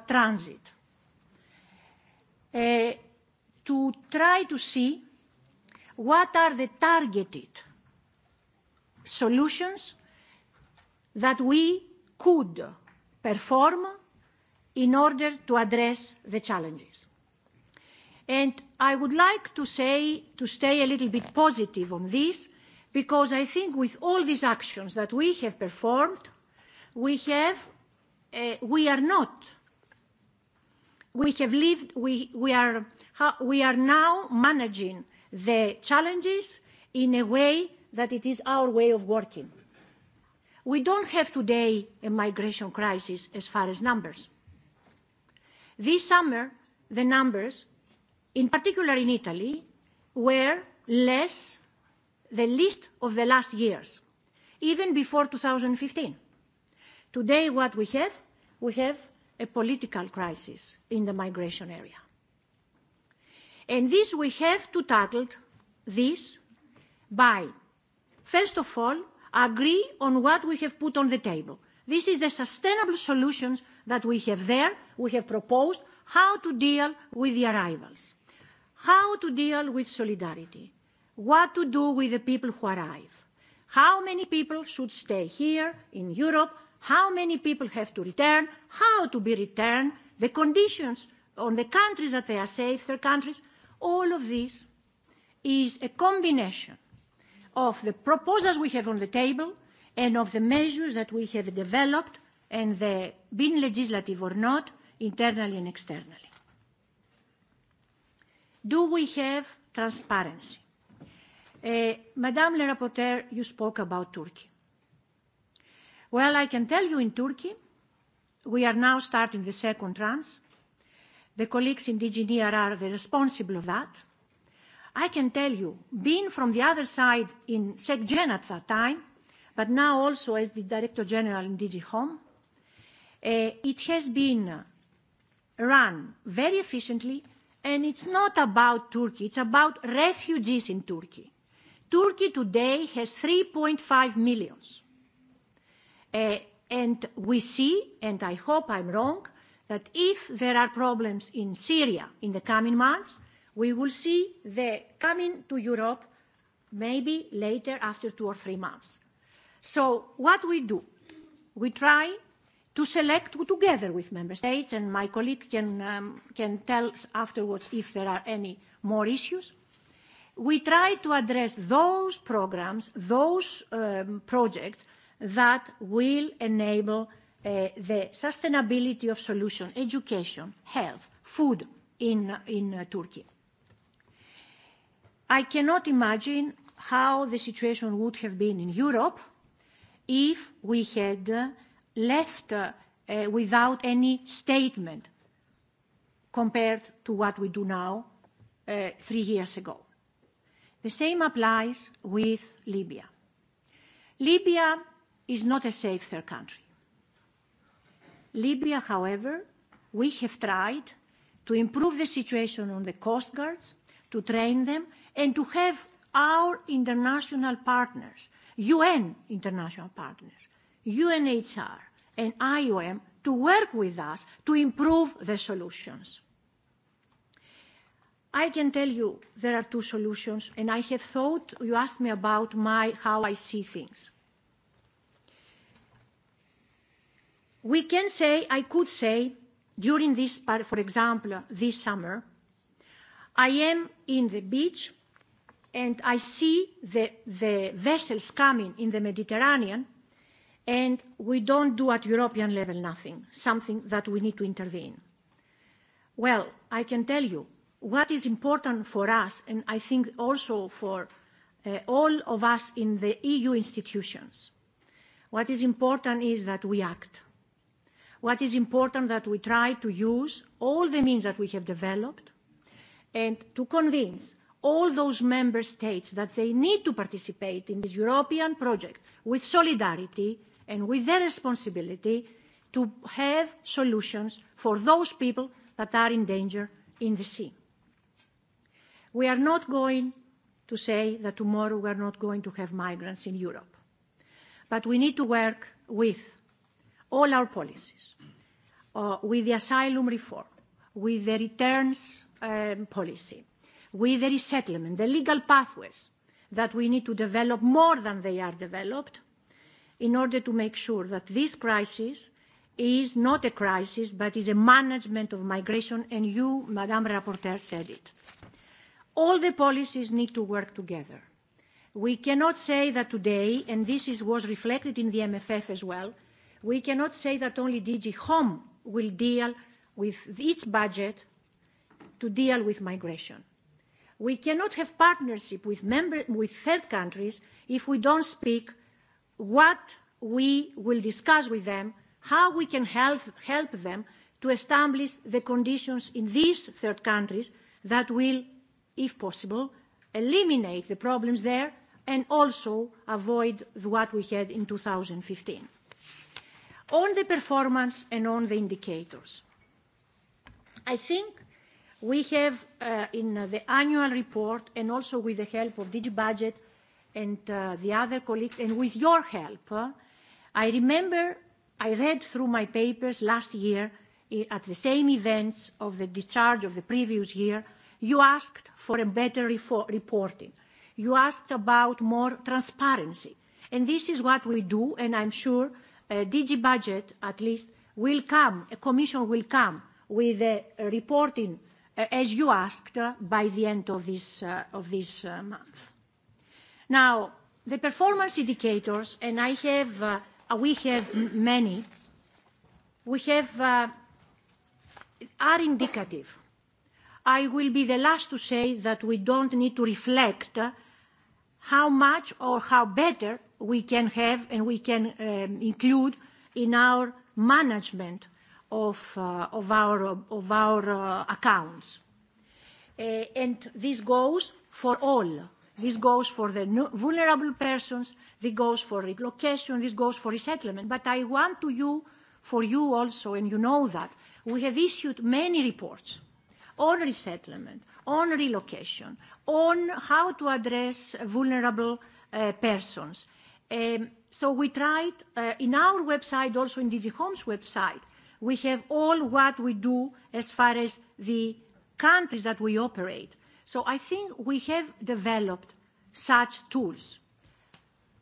transit Eh, to try to see what are the targeted solutions that we could perform in order to address the challenges. And I would like to say, to stay a little bit positive on this, because I think with all these actions that we have performed, we have, uh, we are not we have lived, we, we, are, we are now managing the challenges in a way that it is our way of working. We don't have today a migration crisis as far as numbers. This summer, the numbers, in particular in Italy, were less, the least of the last years, even before 2015. Today, what we have? We have a political crisis in the migration area. And this we have to tackle this by, first of all, agree on what we have put on the table. This is the sustainable solutions that we have there. We have proposed how to deal with the arrivals, how to deal with solidarity, what to do with the people who arrive, how many people should stay here in Europe, how many people have to return, how to be returned, the conditions on the countries that they are safe, their countries, all of this is a combination of the proposals we have on the table and of the measures that we have developed and the being legislative or not, internally and externally. Do we have transparency? Uh, Madame le Rapporteur, you spoke about Turkey. Well, I can tell you in Turkey, we are now starting the second rounds. The colleagues in DG NEAR are the responsible of that. I can tell you, being from the other side in SecGen at that time, but now also as the Director General in DG Home, Uh, it has been run very efficiently, and it's not about Turkey, it's about refugees in Turkey. Turkey today has 3.5 million. Eh, and we see, and I hope I'm wrong, that if there are problems in Syria in the coming months, we will see the coming to Europe maybe later after two or three months. So what we do, we try to select together with member states, and my colleague can, um, can tell us afterwards if there are any more issues. We try to address those programs, those um, projects that will enable uh, the sustainability of solution, education, health, food in, in uh, Turkey. I cannot imagine how the situation would have been in Europe if we had uh, left uh, uh, without any statement compared to what we do now uh, three years ago. The same applies with Libya. Libya is not a safe third country. Libya, however, we have tried to improve the situation on the coast guards, to train them, and to have our international partners, UN international partners, UNHR and IOM, to work with us to improve the solutions. I can tell you there are two solutions, and I have thought, you asked me about my, how I see things. we can say, I could say, during this part, for example, this summer, I am in the beach and I see the, vessels coming in the Mediterranean and we don't do at European level nothing, something that we need to intervene. Well, I can tell you what is important for us and I think also for uh, all of us in the EU institutions. What is important is that we act What is important that we try to use all the means that we have developed and to convince all those member states that they need to participate in this European project with solidarity and with their responsibility to have solutions for those people that are in danger in the sea. We are not going to say that tomorrow we are not going to have migrants in Europe, but we need to work with all our policies, uh, with the asylum reform, with the returns um, policy, with the resettlement, the legal pathways that we need to develop more than they are developed in order to make sure that this crisis is not a crisis but is a management of migration and you, Madame Rapporteur, said it. All the policies need to work together. We cannot say that today, and this is, was reflected in the MFF as well, We cannot say that only DG Home will deal with its budget to deal with migration. We cannot have partnership with, member, with third countries if we don't speak what we will discuss with them, how we can help, help them to establish the conditions in these third countries that will, if possible, eliminate the problems there and also avoid what we had in 2015 on the performance and on the indicators. I think we have uh, in uh, the annual report and also with the help of DigiBudget and uh, the other colleagues and with your help, uh, I remember I read through my papers last year at the same events of the discharge of the previous year, you asked for a better reporting. You asked about more transparency. And this is what we do, and I'm sure DG budget, at least, will come, a commission will come with a reporting, uh, as you asked, uh, by the end of this, uh, of this uh, month. Now, the performance indicators, and I have, uh, we have many, we have, uh, are indicative. I will be the last to say that we don't need to reflect uh, how much or how better we can have and we can um, include in our management of, uh, of our, of our uh, accounts. Uh, and this goes for all. This goes for the vulnerable persons, this goes for relocation, this goes for resettlement. But I want to you, for you also, and you know that, we have issued many reports on resettlement, on relocation, on how to address vulnerable uh, persons. Um, so we tried uh, in our website, also in DG Home's website, we have all what we do as far as the countries that we operate. So I think we have developed such tools.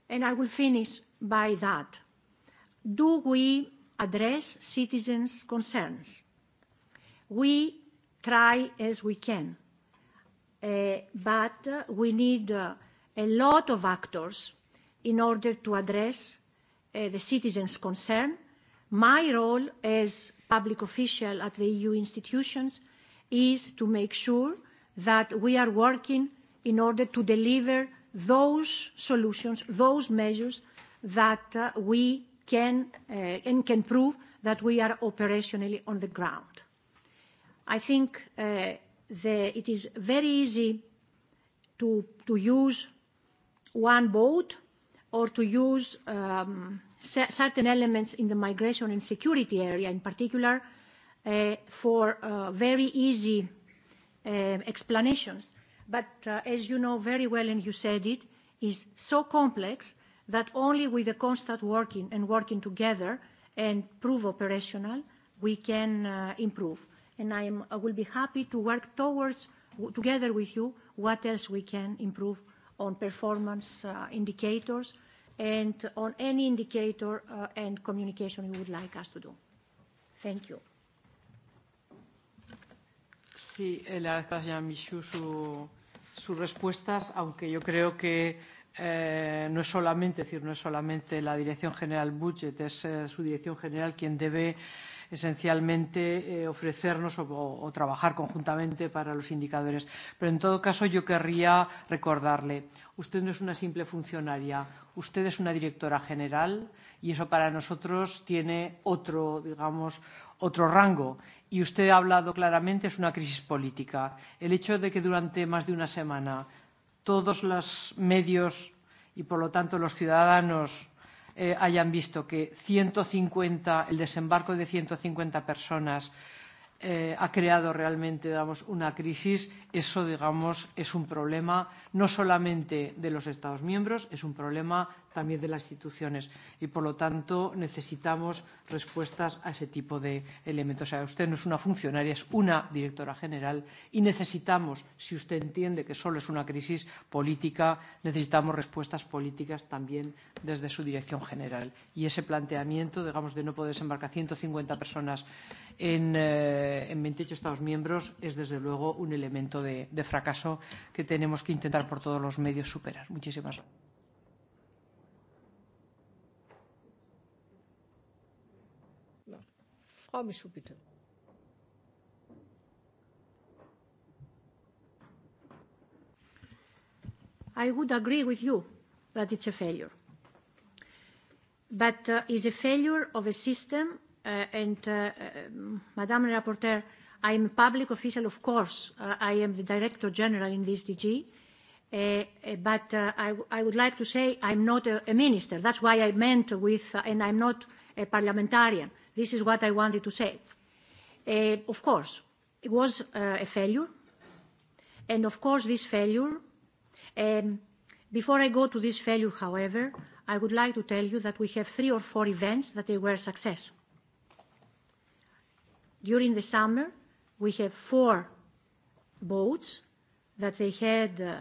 And I will finish by that. Do we address citizens' concerns? We try as we can, uh, but uh, we need uh, a lot of actors in order to address uh, the citizens' concern. My role as public official at the EU institutions is to make sure that we are working in order to deliver those solutions, those measures that uh, we can uh, and can prove that we are operationally on the ground. I think uh, the, it is very easy to, to use one boat or to use um, certain elements in the migration and security area in particular uh, for uh, very easy uh, explanations. But uh, as you know very well, and you said it, is so complex that only with the constant working and working together and prove operational, we can uh, improve. And I, am, I will be happy to work towards, together with you, what else we can improve on performance uh, indicators, and on any indicator uh, and communication you would like us to do. Thank you. Sí, le agradezco a Michu sus respuestas, aunque yo creo que eh, no es solamente, es decir, no es solamente la Dirección General Budget, es eh, su Dirección General quien debe esencialmente eh, ofrecernos o, o, o trabajar conjuntamente para los indicadores. Pero en todo caso yo querría recordarle, usted no es una simple funcionaria, usted es una directora general y eso para nosotros tiene otro, digamos, otro rango. Y usted ha hablado claramente, es una crisis política. El hecho de que durante más de una semana todos los medios y, por lo tanto, los ciudadanos eh, hayan visto que 150, el desembarco de 150 personas eh, ha creado realmente digamos, una crisis, eso digamos, es un problema no solamente de los Estados miembros, es un problema también de las instituciones. Y, por lo tanto, necesitamos respuestas a ese tipo de elementos. O sea, usted no es una funcionaria, es una directora general y necesitamos, si usted entiende que solo es una crisis política, necesitamos respuestas políticas también desde su dirección general. Y ese planteamiento, digamos, de no poder desembarcar 150 personas en, eh, en 28 Estados miembros es desde luego un elemento de, de fracaso que tenemos que intentar por todos los medios superar. Muchísimas gracias. Frau Michu, bitte. I would agree with you that it's a failure. But uh, it's a failure of a system Uh, and uh, uh Madam Rapporteur, I am a public official, of course. Uh, I am the Director General in this DG. Uh, uh, but uh, I, I would like to say I'm not a, a minister. That's why I meant with, uh, and I'm not a parliamentarian. This is what I wanted to say. Uh, of course, it was uh, a failure. And of course, this failure, um, before I go to this failure, however, I would like to tell you that we have three or four events that they were a success. During the summer, we have four boats that they had uh,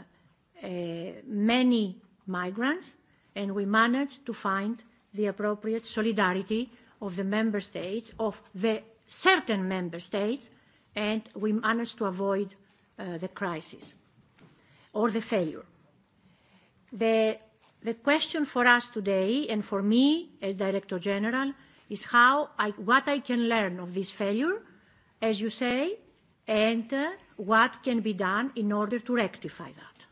uh, many migrants, and we managed to find the appropriate solidarity of the member states, of the certain member states, and we managed to avoid uh, the crisis or the failure. The, the question for us today, and for me as Director General, is how I, what I can learn of this failure, as you say, and uh, what can be done in order to rectify that.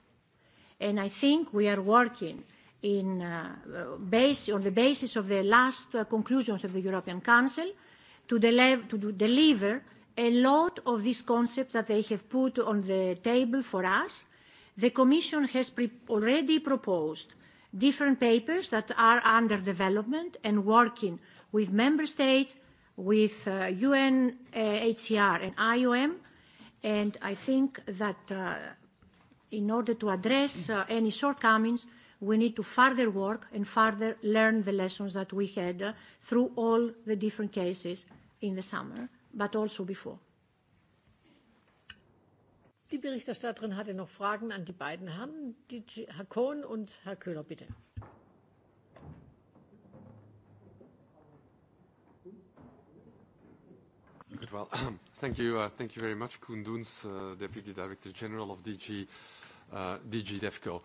And I think we are working in, uh, base, on the basis of the last uh, conclusions of the European Council to, deliver, to deliver a lot of these concepts that they have put on the table for us. The Commission has pre already proposed different papers that are under development and working with member states, with uh, UNHCR uh, and IOM, and I think that uh, in order to address uh, any shortcomings, we need to further work and further learn the lessons that we had uh, through all the different cases in the summer, but also before. Die Berichterstatterin hatte noch Fragen an die beiden Herren, die, Herr Kohn und Herr Köhler, bitte. Well, thank you. Uh, thank you very much, Koen Doens, uh, Deputy Director General of DG, uh, DG DevCo.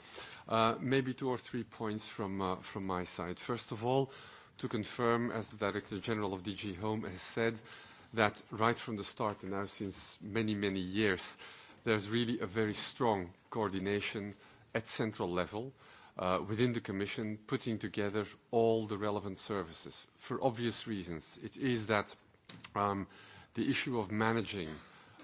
Uh, maybe two or three points from, uh, from my side. First of all, to confirm, as the Director General of DG Home has said, that right from the start, and now since many, many years, there's really a very strong coordination at central level uh, within the Commission, putting together all the relevant services for obvious reasons. It is that um, the issue of managing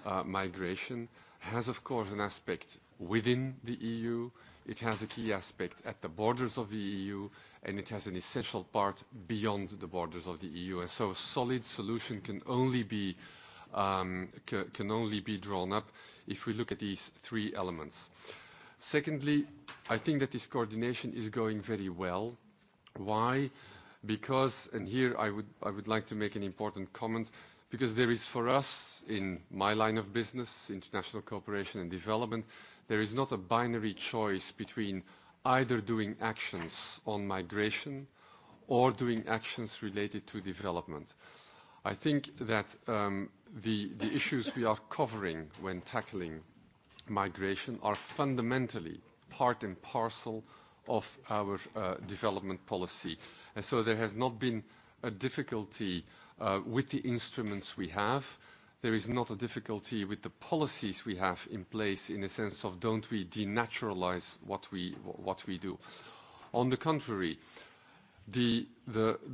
uh, migration has, of course, an aspect within the EU, it has a key aspect at the borders of the EU, and it has an essential part beyond the borders of the EU. And so a solid solution can only be, um, ca can only be drawn up if we look at these three elements. Secondly, I think that this coordination is going very well. Why? Because, and here I would, I would like to make an important comment, because there is for us, in my line of business, international cooperation and development, there is not a binary choice between either doing actions on migration or doing actions related to development. I think that um, the, issues we are covering when tackling migration are fundamentally part and parcel of our uh, development policy. And so there has not been a difficulty Uh, with the instruments we have. There is not a difficulty with the policies we have in place in a sense of don't we denaturalize what we, do. On the contrary, the,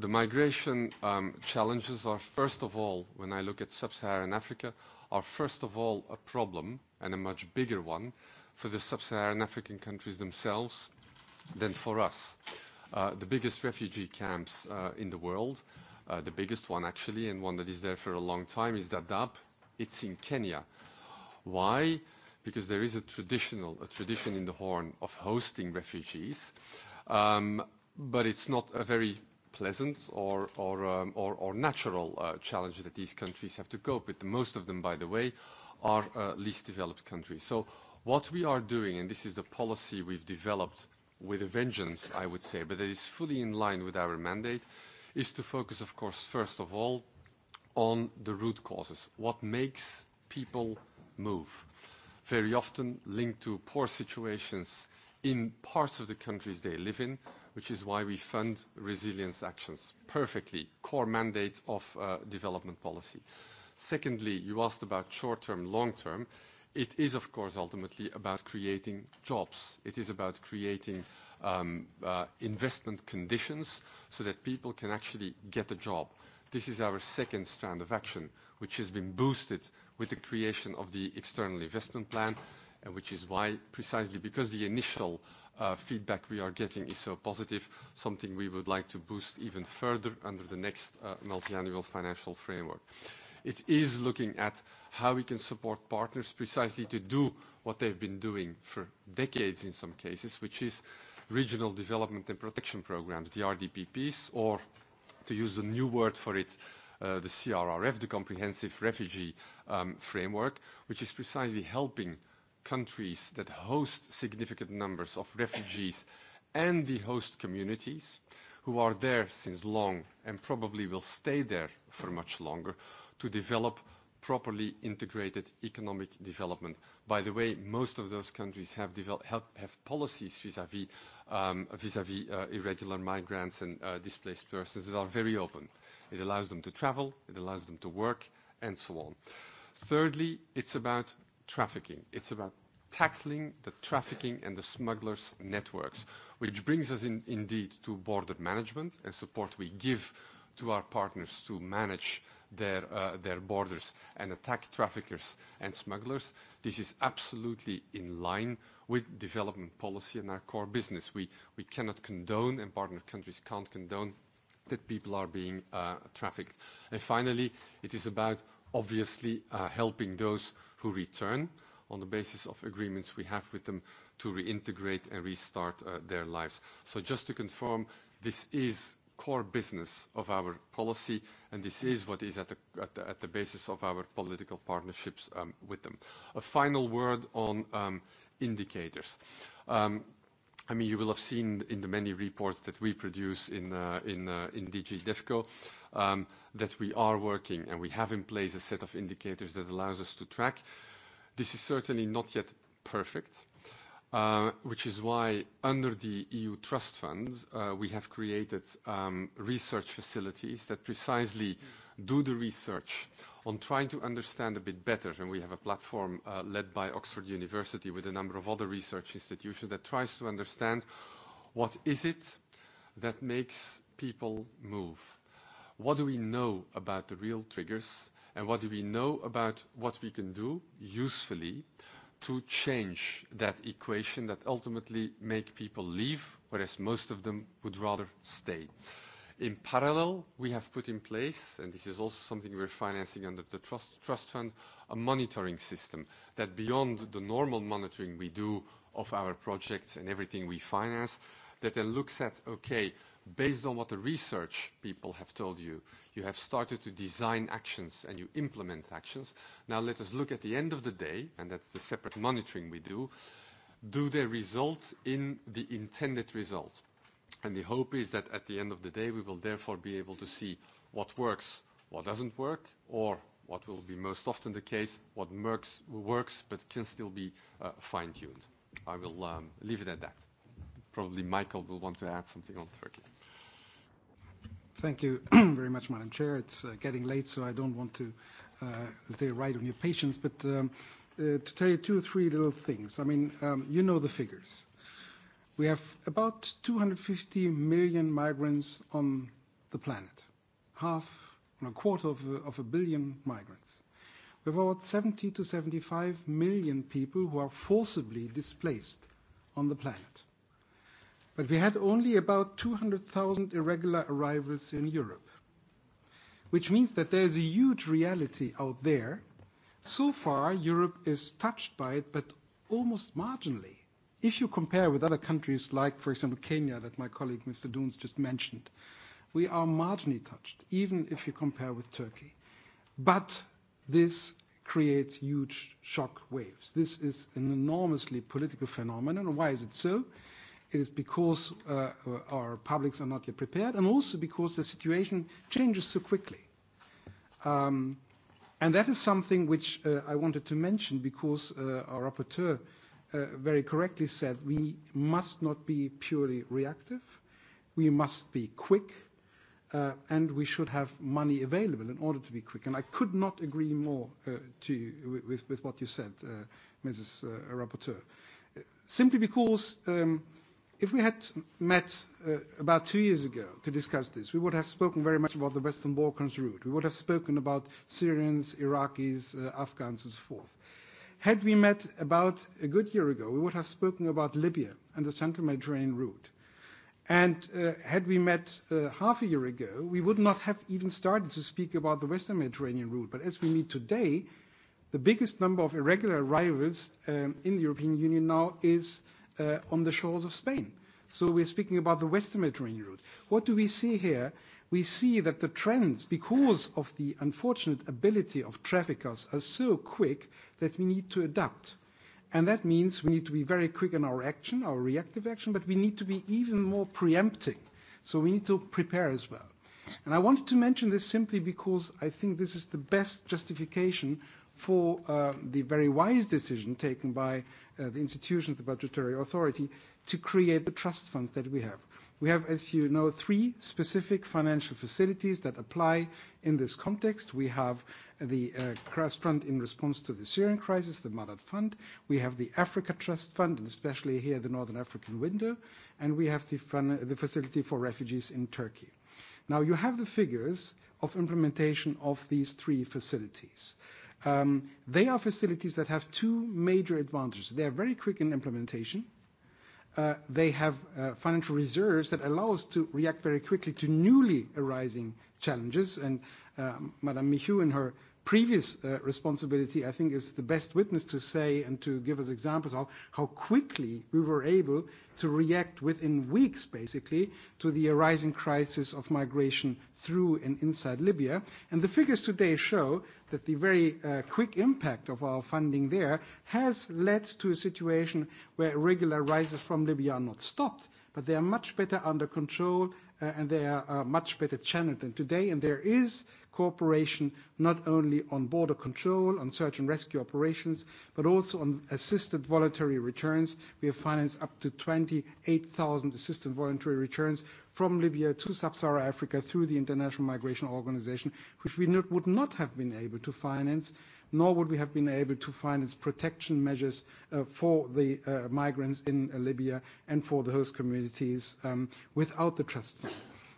migration um, challenges are, first of all, when I look at sub-Saharan Africa, are first of all a problem, and a much bigger one, for the sub-Saharan African countries themselves than for us. Uh, the biggest refugee camps uh, in the world, Uh, the biggest one actually, and one that is there for a long time, is Dadaab. It's in Kenya. Why? Because there is a traditional a tradition in the Horn of hosting refugees, um, but it's not a very pleasant or, or, um, or, or natural uh, challenge that these countries have to cope with. Most of them, by the way, are uh, least developed countries. So what we are doing, and this is the policy we've developed with a vengeance, I would say, but it is fully in line with our mandate, is to focus, of course, first of all, on the root causes. What makes people move? Very often linked to poor situations in parts of the countries they live in, which is why we fund resilience actions. Perfectly, core mandate of uh, development policy. Secondly, you asked about short-term, long-term. It is, of course, ultimately about creating jobs. It is about creating Um, uh, investment conditions so that people can actually get a job. This is our second strand of action, which has been boosted with the creation of the external investment plan, and uh, which is why, precisely because the initial uh, feedback we are getting is so positive, something we would like to boost even further under the next multi-annual financial framework. It is looking at how we can support partners precisely to do what they've been doing for decades in some cases, which is regional development and protection programs, the RDPPs, or to use a new word for it, uh, the CRRF, the Comprehensive Refugee um, Framework, which is precisely helping countries that host significant numbers of refugees and the host communities who are there since long and probably will stay there for much longer to develop properly integrated economic development. By the way, most of those countries have, policies vis-à-vis um, uh, irregular migrants and uh, displaced persons that are very open. It allows them to travel, it allows them to work, and so on. Thirdly, it's about trafficking. It's about tackling the trafficking and the smugglers' networks, which brings us indeed to border management and support we give to our partners to manage their, uh, their borders and attack traffickers and smugglers. This is absolutely in line with development policy and our core business. We, we cannot condone, and partner countries can't condone, that people are being uh, trafficked. And finally, it is about obviously uh, helping those who return on the basis of agreements we have with them to reintegrate and restart uh, their lives. So just to confirm, this is core business of our policy, and this is what is at the, at the, at the basis of our political partnerships um, with them. A final word on um, indicators. Um, I mean, you will have seen in the many reports that we produce in, uh, in, uh, in DG DevCo um, that we are working and we have in place a set of indicators that allows us to track. This is certainly not yet perfect. Uh, which is why under the EU Trust Fund, uh, we have created um, research facilities that precisely do the research on trying to understand a bit better. And we have a platform uh, led by Oxford University with a number of other research institutions that tries to understand what is it that makes people move? What do we know about the real triggers? And what do we know about what we can do usefully to change that equation that ultimately make people leave, whereas most of them would rather stay. In parallel, we have put in place, and this is also something we're financing under the trust, trust fund, a monitoring system that beyond the normal monitoring we do of our projects and everything we finance, that then looks at, okay, based on what the research people have told you, You have started to design actions and you implement actions. Now let us look at the end of the day, and that's the separate monitoring we do, do they result in the intended result? And the hope is that at the end of the day, we will therefore be able to see what works, what doesn't work, or what will be most often the case, what works, works but can still be uh, fine-tuned. I will um, leave it at that. Probably Michael will want to add something on Turkey. Thank you very much, Madam Chair. It's uh, getting late, so I don't want to uh, say right on your patience, but um, uh, to tell you two or three little things. I mean, um, you know the figures. We have about 250 million migrants on the planet, half and a quarter of a, uh, of a billion migrants. We have about 70 to 75 million people who are forcibly displaced on the planet. But we had only about 200,000 irregular arrivals in Europe, which means that there is a huge reality out there. So far, Europe is touched by it, but almost marginally. If you compare with other countries like, for example, Kenya, that my colleague Mr. Dunes just mentioned, we are marginally touched, even if you compare with Turkey. But this creates huge shock waves. This is an enormously political phenomenon. Why is it so? it is because uh, our publics are not yet prepared, and also because the situation changes so quickly. Um, and that is something which uh, I wanted to mention because uh, our rapporteur uh, very correctly said we must not be purely reactive, we must be quick, uh, and we should have money available in order to be quick. And I could not agree more uh, to you with, with what you said, Mrs. Rapporteur, simply because um, – If we had met uh, about two years ago to discuss this, we would have spoken very much about the Western Balkans route. We would have spoken about Syrians, Iraqis, uh, Afghans, and so forth. Had we met about a good year ago, we would have spoken about Libya and the Central Mediterranean route. And uh, had we met uh, half a year ago, we would not have even started to speak about the Western Mediterranean route. But as we meet today, the biggest number of irregular arrivals um, in the European Union now is Uh, on the shores of Spain. So we're speaking about the Western Mediterranean route. What do we see here? We see that the trends, because of the unfortunate ability of traffickers, are so quick that we need to adapt. And that means we need to be very quick in our action, our reactive action, but we need to be even more preempting. So we need to prepare as well. And I wanted to mention this simply because I think this is the best justification for uh, the very wise decision taken by Uh, the institutions, the budgetary authority, to create the trust funds that we have. We have, as you know, three specific financial facilities that apply in this context. We have the Trust uh, Fund in response to the Syrian crisis, the Madad Fund. We have the Africa Trust Fund, and especially here the Northern African Window. And we have the, uh, Facility for Refugees in Turkey. Now, you have the figures of implementation of these three facilities. Um, they are facilities that have two major advantages. They are very quick in implementation. Uh, they have uh, financial reserves that allow us to react very quickly to newly arising challenges. And um, Madame Michu in her previous uh, responsibility, I think, is the best witness to say and to give us examples of how quickly we were able to react within weeks, basically, to the arising crisis of migration through and inside Libya. And the figures today show that the very uh, quick impact of our funding there has led to a situation where irregular rises from Libya are not stopped, but they are much better under control uh, and they are uh, much better channeled than today. And there is cooperation not only on border control, on search and rescue operations, but also on assisted voluntary returns. We have financed up to 28,000 assisted voluntary returns from Libya to sub-Saharan Africa through the International Migration Organization, which we not, would not have been able to finance, nor would we have been able to finance protection measures uh, for the uh, migrants in uh, Libya and for the host communities um, without the trust fund.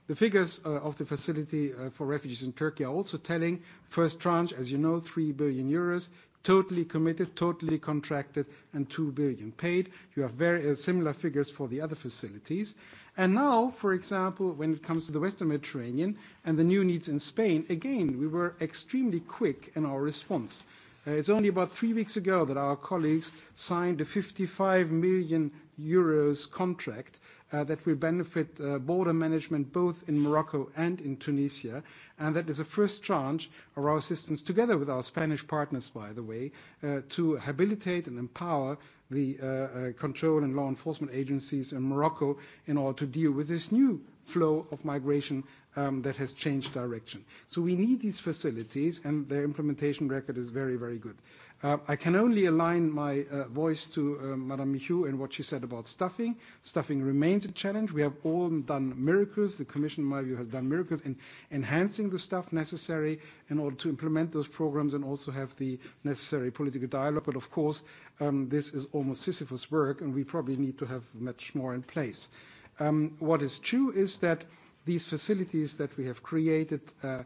The figures uh, of the facility uh, for refugees in Turkey are also telling. First tranche, as you know, 3 billion euros, totally committed, totally contracted, and 2 billion paid. You have very uh, similar figures for the other facilities. And now, for example, when it comes to the Western Mediterranean and the new needs in Spain, again, we were extremely quick in our response. it's only about three weeks ago that our colleagues signed a 55 million euros contract Uh, that will benefit uh, border management both in Morocco and in Tunisia. And that is a first tranche of our assistance, together with our Spanish partners, by the way, uh, to habilitate and empower the control and law enforcement agencies in Morocco in order to deal with this new flow of migration um, that has changed direction. So we need these facilities, and their implementation record is very, very good. Um, I can only align my uh, voice to uh, Madame Michaud and what she said about staffing. Staffing remains a challenge. We have all done miracles. The Commission, in my view, has done miracles in enhancing the staff necessary in order to implement those programs and also have the necessary political dialogue. But of course, um, this is almost Sisyphus work, and we probably need to have much more in place. Um, what is true is that these facilities that we have created uh,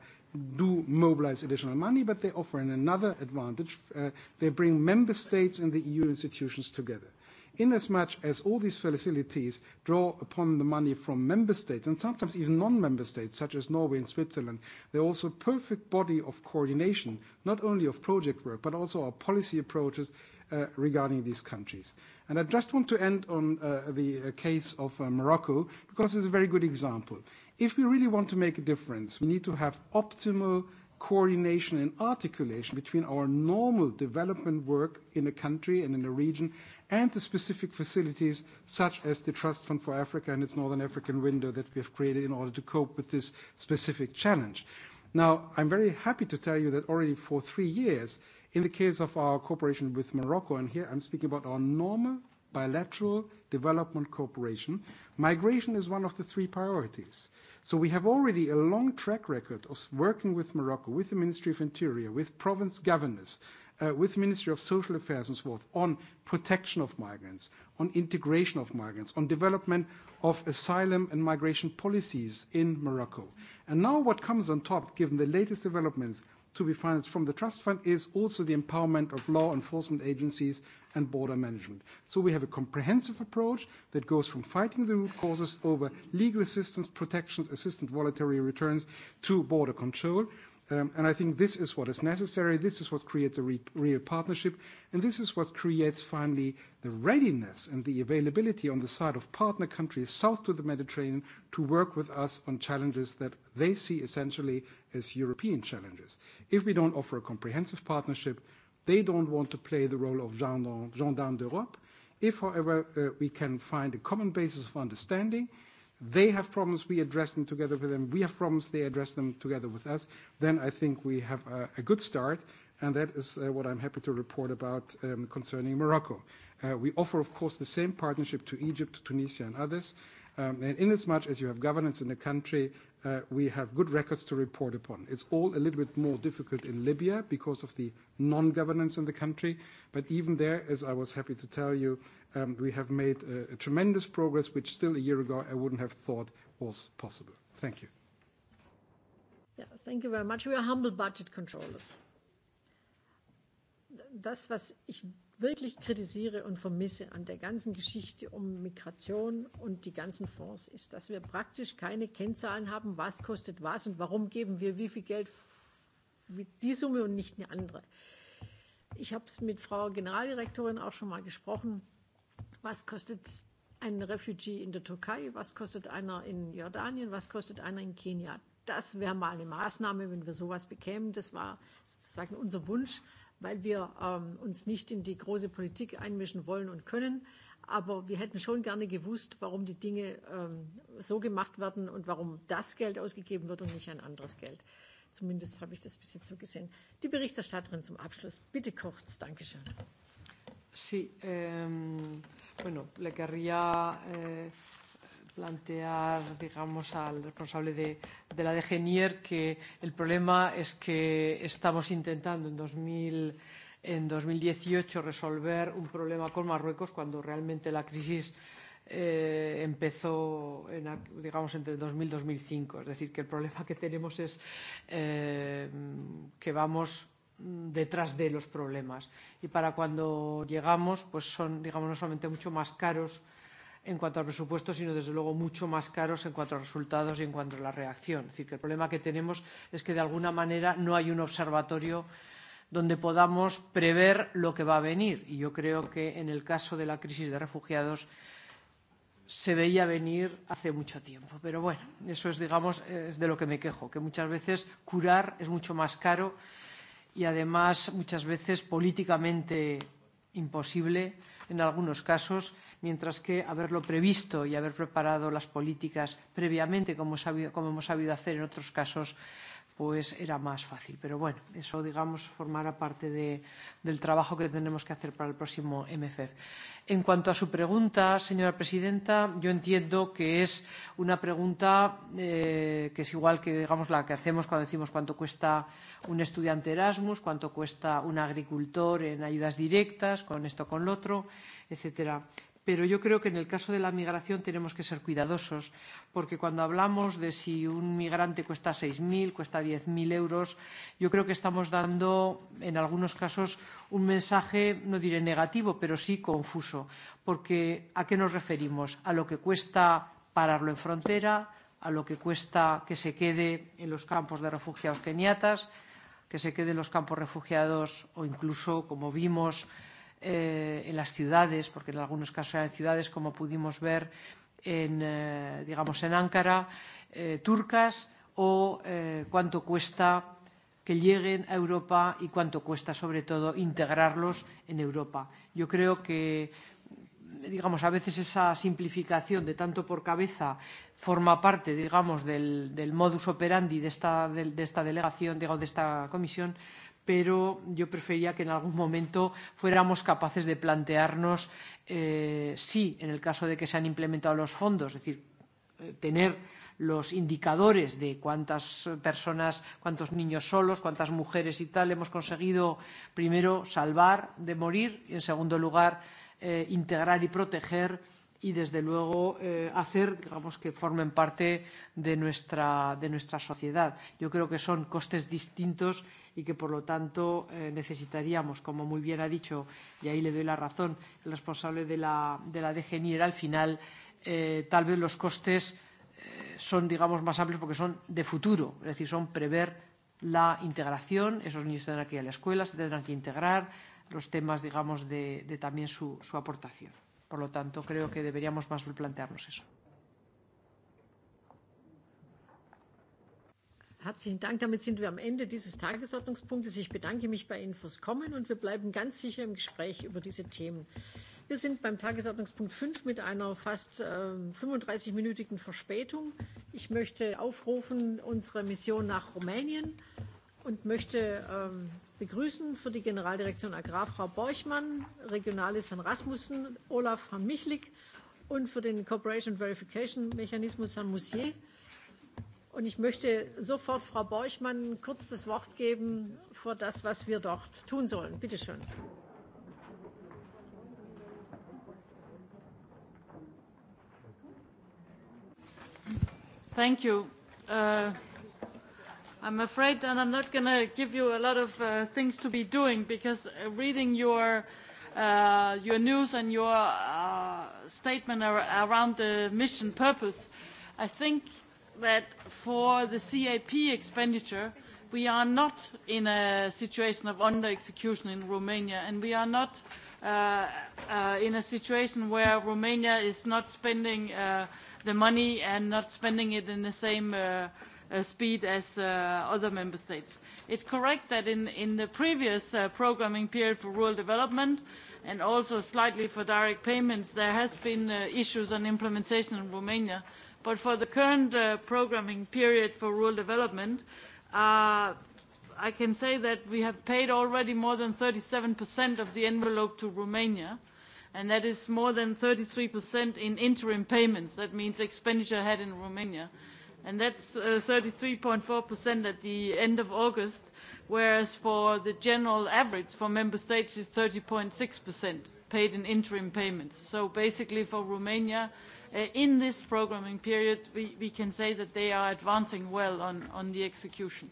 do mobilize additional money, but they offer another advantage. Uh, they bring member states and the EU institutions together. Inasmuch as all these facilities draw upon the money from member states and sometimes even non-member states such as Norway and Switzerland, they're also a perfect body of coordination, not only of project work, but also our policy approaches uh, regarding these countries. And I just want to end on uh, the uh, case of uh, Morocco because it's a very good example if we really want to make a difference, we need to have optimal coordination and articulation between our normal development work in a country and in a region and the specific facilities such as the Trust Fund for Africa and its Northern African window that we have created in order to cope with this specific challenge. Now, I'm very happy to tell you that already for three years, in the case of our cooperation with Morocco, and here I'm speaking about our normal bilateral development cooperation, migration is one of the three priorities. So we have already a long track record of working with Morocco, with the Ministry of Interior, with province governors, uh, with Ministry of Social Affairs and so forth on protection of migrants, on integration of migrants, on development of asylum and migration policies in Morocco. And now what comes on top, given the latest developments, to be financed from the trust fund is also the empowerment of law enforcement agencies and border management. So we have a comprehensive approach that goes from fighting the root causes over legal assistance, protections, assistant voluntary returns to border control. Um, and I think this is what is necessary. This is what creates a real partnership. And this is what creates finally the readiness and the availability on the side of partner countries south to the Mediterranean to work with us on challenges that they see essentially as European challenges. If we don't offer a comprehensive partnership, they don't want to play the role of gendarme d'Europe. If, however, uh, we can find a common basis of understanding, They have problems, we address them together with them. We have problems, they address them together with us. Then I think we have a, a good start, and that is uh, what I'm happy to report about um, concerning Morocco. Uh, we offer, of course, the same partnership to Egypt, to Tunisia, and others. Um, and inasmuch as you have governance in the country, uh, we have good records to report upon. It's all a little bit more difficult in Libya because of the non-governance in the country, but even there, as I was happy to tell you, um, we have made a, uh, a tremendous progress, which still a year ago I wouldn't have thought was possible. Thank you. Yeah. thank you very much. We are humble budget controllers. Das, was ich wirklich kritisiere und vermisse an der ganzen Geschichte um Migration und die ganzen Fonds, ist, dass wir praktisch keine Kennzahlen haben, was kostet was und warum geben wir wie viel Geld wie die Summe und nicht eine andere. Ich habe es mit Frau Generaldirektorin auch schon mal gesprochen. Was kostet ein Refugee in der Türkei? Was kostet einer in Jordanien? Was kostet einer in Kenia? Das wäre mal eine Maßnahme, wenn wir sowas bekämen. Das war sozusagen unser Wunsch weil wir ähm, uns nicht in die große Politik einmischen wollen und können. Aber wir hätten schon gerne gewusst, warum die Dinge ähm, so gemacht werden und warum das Geld ausgegeben wird und nicht ein anderes Geld. Zumindest habe ich das bis jetzt so gesehen. Die Berichterstatterin zum Abschluss. Bitte kurz. Dankeschön. Sí, eh, bueno, le querría eh, plantear, digamos, al responsable de, de la DG NIER que el problema es que estamos intentando en 2000 en 2018 resolver un problema con Marruecos cuando realmente la crisis eh, empezó, en, digamos, entre 2000 y 2005. Es decir, que el problema que tenemos es eh, que vamos detrás de los problemas. Y para cuando llegamos, pues son, digamos, no solamente mucho más caros, eh, en cuanto a presupuestos, sino desde luego mucho más caros en cuanto a resultados y en cuanto a la reacción. Es decir, que el problema que tenemos es que de alguna manera no hay un observatorio donde podamos prever lo que va a venir. Y yo creo que en el caso de la crisis de refugiados se veía venir hace mucho tiempo. Pero bueno, eso es, digamos, es de lo que me quejo, que muchas veces curar es mucho más caro y además muchas veces políticamente imposible en algunos casos mientras que haberlo previsto y haber preparado las políticas previamente, como, sabido, como hemos sabido hacer en otros casos, pues era más fácil. Pero bueno, eso, digamos, formará parte de, del trabajo que tenemos que hacer para el próximo MFF. E. En cuanto a su pregunta, señora presidenta, yo entiendo que es una pregunta eh, que es igual que, digamos, la que hacemos cuando decimos cuánto cuesta un estudiante Erasmus, cuánto cuesta un agricultor en ayudas directas, con esto, con lo otro, etcétera pero yo creo que en el caso de la migración tenemos que ser cuidadosos, porque cuando hablamos de si un migrante cuesta 6.000, cuesta 10.000 euros, yo creo que estamos dando, en algunos casos, un mensaje, no diré negativo, pero sí confuso, porque ¿a qué nos referimos? ¿A lo que cuesta pararlo en frontera? ¿A lo que cuesta que se quede en los campos de refugiados keniatas? ¿Que se quede en los campos refugiados o incluso, como vimos, eh, en las ciudades, porque en algunos casos eran ciudades, como pudimos ver en, eh, digamos, en Áncara, eh, turcas, o eh, cuánto cuesta que lleguen a Europa y cuánto cuesta, sobre todo, integrarlos en Europa. Yo creo que, digamos, a veces esa simplificación de tanto por cabeza forma parte, digamos, del, del modus operandi de esta, de, de esta delegación, digo, de esta comisión, pero yo prefería que en algún momento fuéramos capaces de plantearnos eh, si, en el caso de que se han implementado los fondos, es decir, eh, tener los indicadores de cuántas personas, cuántos niños solos, cuántas mujeres y tal hemos conseguido, primero, salvar de morir y, en segundo lugar, eh, integrar y proteger eh, y desde luego eh, hacer digamos que formen parte de nuestra de nuestra sociedad. Yo creo que son costes distintos y que por lo tanto eh, necesitaríamos, como muy bien ha dicho y ahí le doy la razón el responsable de la de la DGNIR al final eh, tal vez los costes eh, son digamos más amplios porque son de futuro, es decir, son prever la integración, esos niños tendrán que ir a la escuela, se tendrán que integrar, los temas digamos de, de también su, su aportación. Por lo tanto, creo que deberíamos más plantearnos eso. Herzlichen Dank. Damit sind wir am Ende dieses Tagesordnungspunktes. Ich bedanke mich bei Ihnen fürs Kommen und wir bleiben ganz sicher im Gespräch über diese Themen. Wir sind beim Tagesordnungspunkt 5 mit einer fast äh, 35-minütigen Verspätung. Ich möchte aufrufen unsere Mission nach Rumänien und möchte ähm, begrüßen für die Generaldirektion Agrar Frau Borchmann, Regionales Herrn Rasmussen, Olaf Herrn Michlik und für den Corporation Verification Mechanismus Herrn Moussier. Und ich möchte sofort Frau Borchmann kurz das Wort geben für das, was wir dort tun sollen. Bitte schön. Thank you. Uh, I'm afraid that I'm not going to give you a lot of uh, things to be doing because uh, reading your uh, your news and your uh, statement ar around the mission purpose, I think that for the CAP expenditure, we are not in a situation of under execution in Romania, and we are not uh, uh, in a situation where Romania is not spending uh, the money and not spending it in the same. Uh, Uh, speed as uh, other member states. It's correct that in, in the previous uh, programming period for rural development and also slightly for direct payments, there has been uh, issues on implementation in Romania. But for the current uh, programming period for rural development, uh, I can say that we have paid already more than 37% of the envelope to Romania, and that is more than 33% in interim payments. That means expenditure had in Romania and that's uh, 33.4% at the end of August, whereas for the general average for member states is 30.6% paid in interim payments. So basically for Romania, uh, in this programming period, we, we can say that they are advancing well on, on the execution.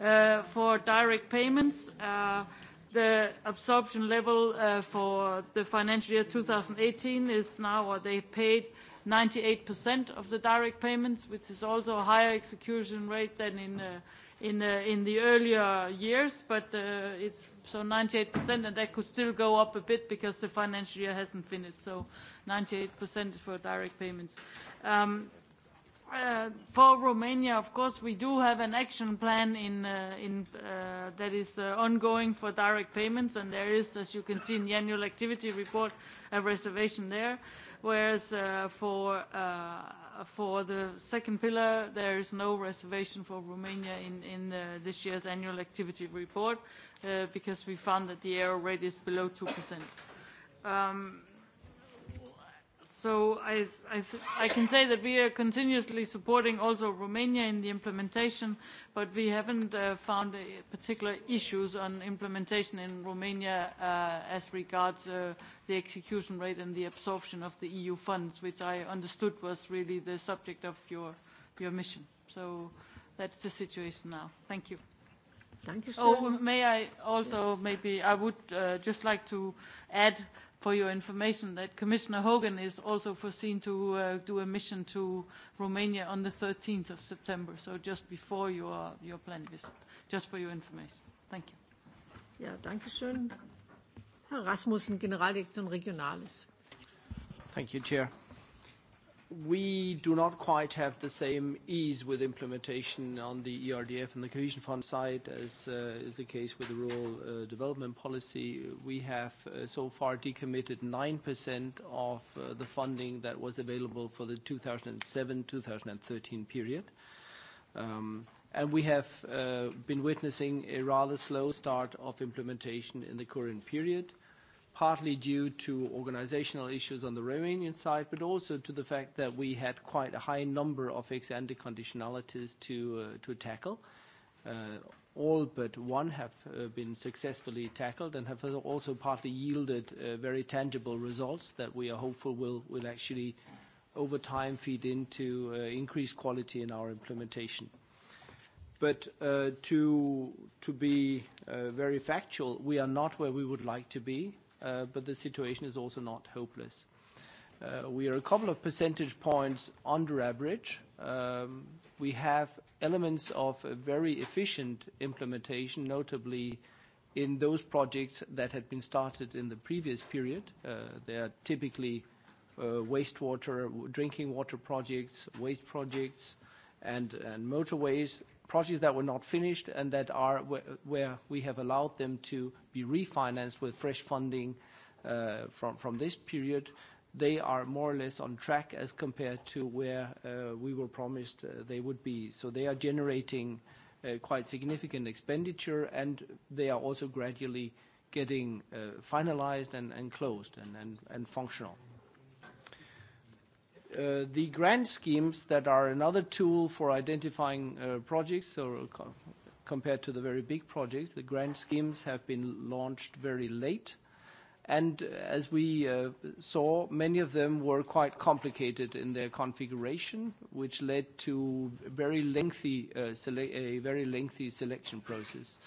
Uh, for direct payments, uh, the absorption level uh, for the financial year 2018 is now, or they've paid 98% of the direct payments, which is also a higher execution rate than in, uh, the earlier years. But uh, it's so 98%, and that could still go up a bit because the financial year hasn't finished. So 98% for direct payments. Um, uh, for Romania, of course, we do have an action plan in, uh, that is ongoing for direct payments, and there is, as you can see in the annual activity report, a reservation there whereas uh, for uh, for the second pillar, there is no reservation for Romania in, in uh, this year's annual activity report uh, because we found that the error rate is below 2%. Um, So I, I, I can say that we are continuously supporting also Romania in the implementation, but we haven't uh, found uh, particular issues on implementation in Romania uh, as regards uh, the execution rate and the absorption of the EU funds, which I understood was really the subject of your, your mission. So that's the situation now. Thank you. Thank you, oh, sir. Oh, may I also maybe I would uh, just like to add for your information that Commissioner Hogan is also foreseen to uh, do a mission to Romania on the 13th of September, so just before your, your planned visit, just for your information. Thank you. Ja, danke schön. Herr Rasmussen, Generaldirektion Regionales. Thank you, Chair. We do not quite have the same ease with implementation on the ERDF and the cohesion fund side as uh, is the case with the rural uh, development policy. We have uh, so far decommitted 9% of the funding that was available for the 2007-2013 period. Um, and we have been witnessing a rather slow start of implementation in the current period partly due to organizational issues on the Romanian side, but also to the fact that we had quite a high number of ex-ante conditionalities to, uh, tackle. Uh, all but one have uh, been successfully tackled and have also partly yielded very tangible results that we are hopeful will, actually over time feed into increased quality in our implementation. But to, be very factual, we are not where we would like to be. Uh, but the situation is also not hopeless. Uh, we are a couple of percentage points under average. Um, we have elements of a very efficient implementation, notably in those projects that had been started in the previous period. Uh, they are typically wastewater, drinking water projects, waste projects, and motorways projects that were not finished and that are where we have allowed them to be refinanced with fresh funding uh, from, this period, they are more or less on track as compared to where uh, we were promised uh, they would be. So they are generating quite significant expenditure, and they are also gradually getting finalized and, closed and functional. Uh, the grant schemes that are another tool for identifying uh, projects compared to the very big projects, the grant schemes have been launched very late. And uh, as we saw, many of them were quite complicated in their configuration, which led to a very lengthy selection process.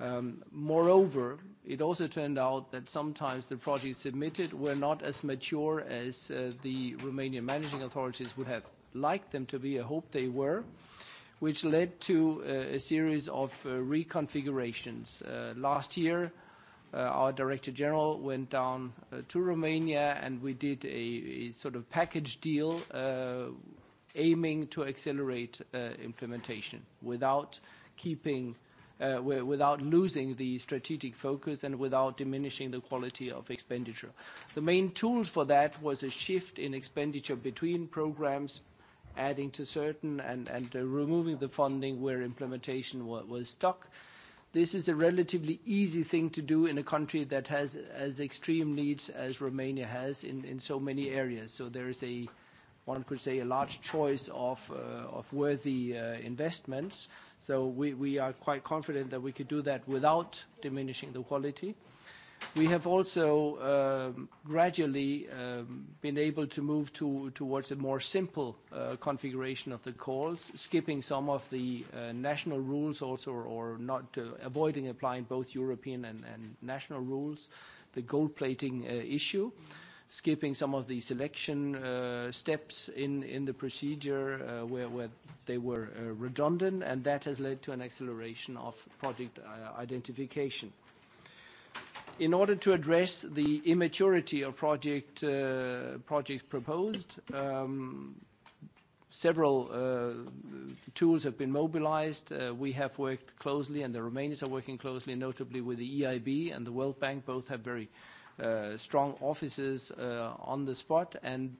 Um, moreover, it also turned out that sometimes the projects submitted were not as mature as uh, the Romanian managing authorities would have liked them to be. I hope they were, which led to uh, a series of uh, reconfigurations. Last year, our director general went down to Romania, and we did a sort of package deal aiming to accelerate implementation without keeping Uh, without losing the strategic focus and without diminishing the quality of expenditure. The main tools for that was a shift in expenditure between programs, adding to certain and, and uh, removing the funding where implementation was stuck. This is a relatively easy thing to do in a country that has as extreme needs as Romania has in, in so many areas. So there is a one could say, a large choice of, uh, worthy uh, investments. So we, are quite confident that we could do that without diminishing the quality. We have also um, gradually um, been able to move towards a more simple uh, configuration of the calls, skipping some of the national rules also, or not avoiding applying both European and, national rules, the gold plating issue skipping some of the selection uh, steps in, in the procedure uh, where, where they were uh, redundant, and that has led to an acceleration of project identification. In order to address the immaturity of project, projects proposed, um, several tools have been mobilized. We have worked closely, and the Romanians are working closely, notably with the EIB and the World Bank. Both have very Uh, strong offices uh, on the spot. And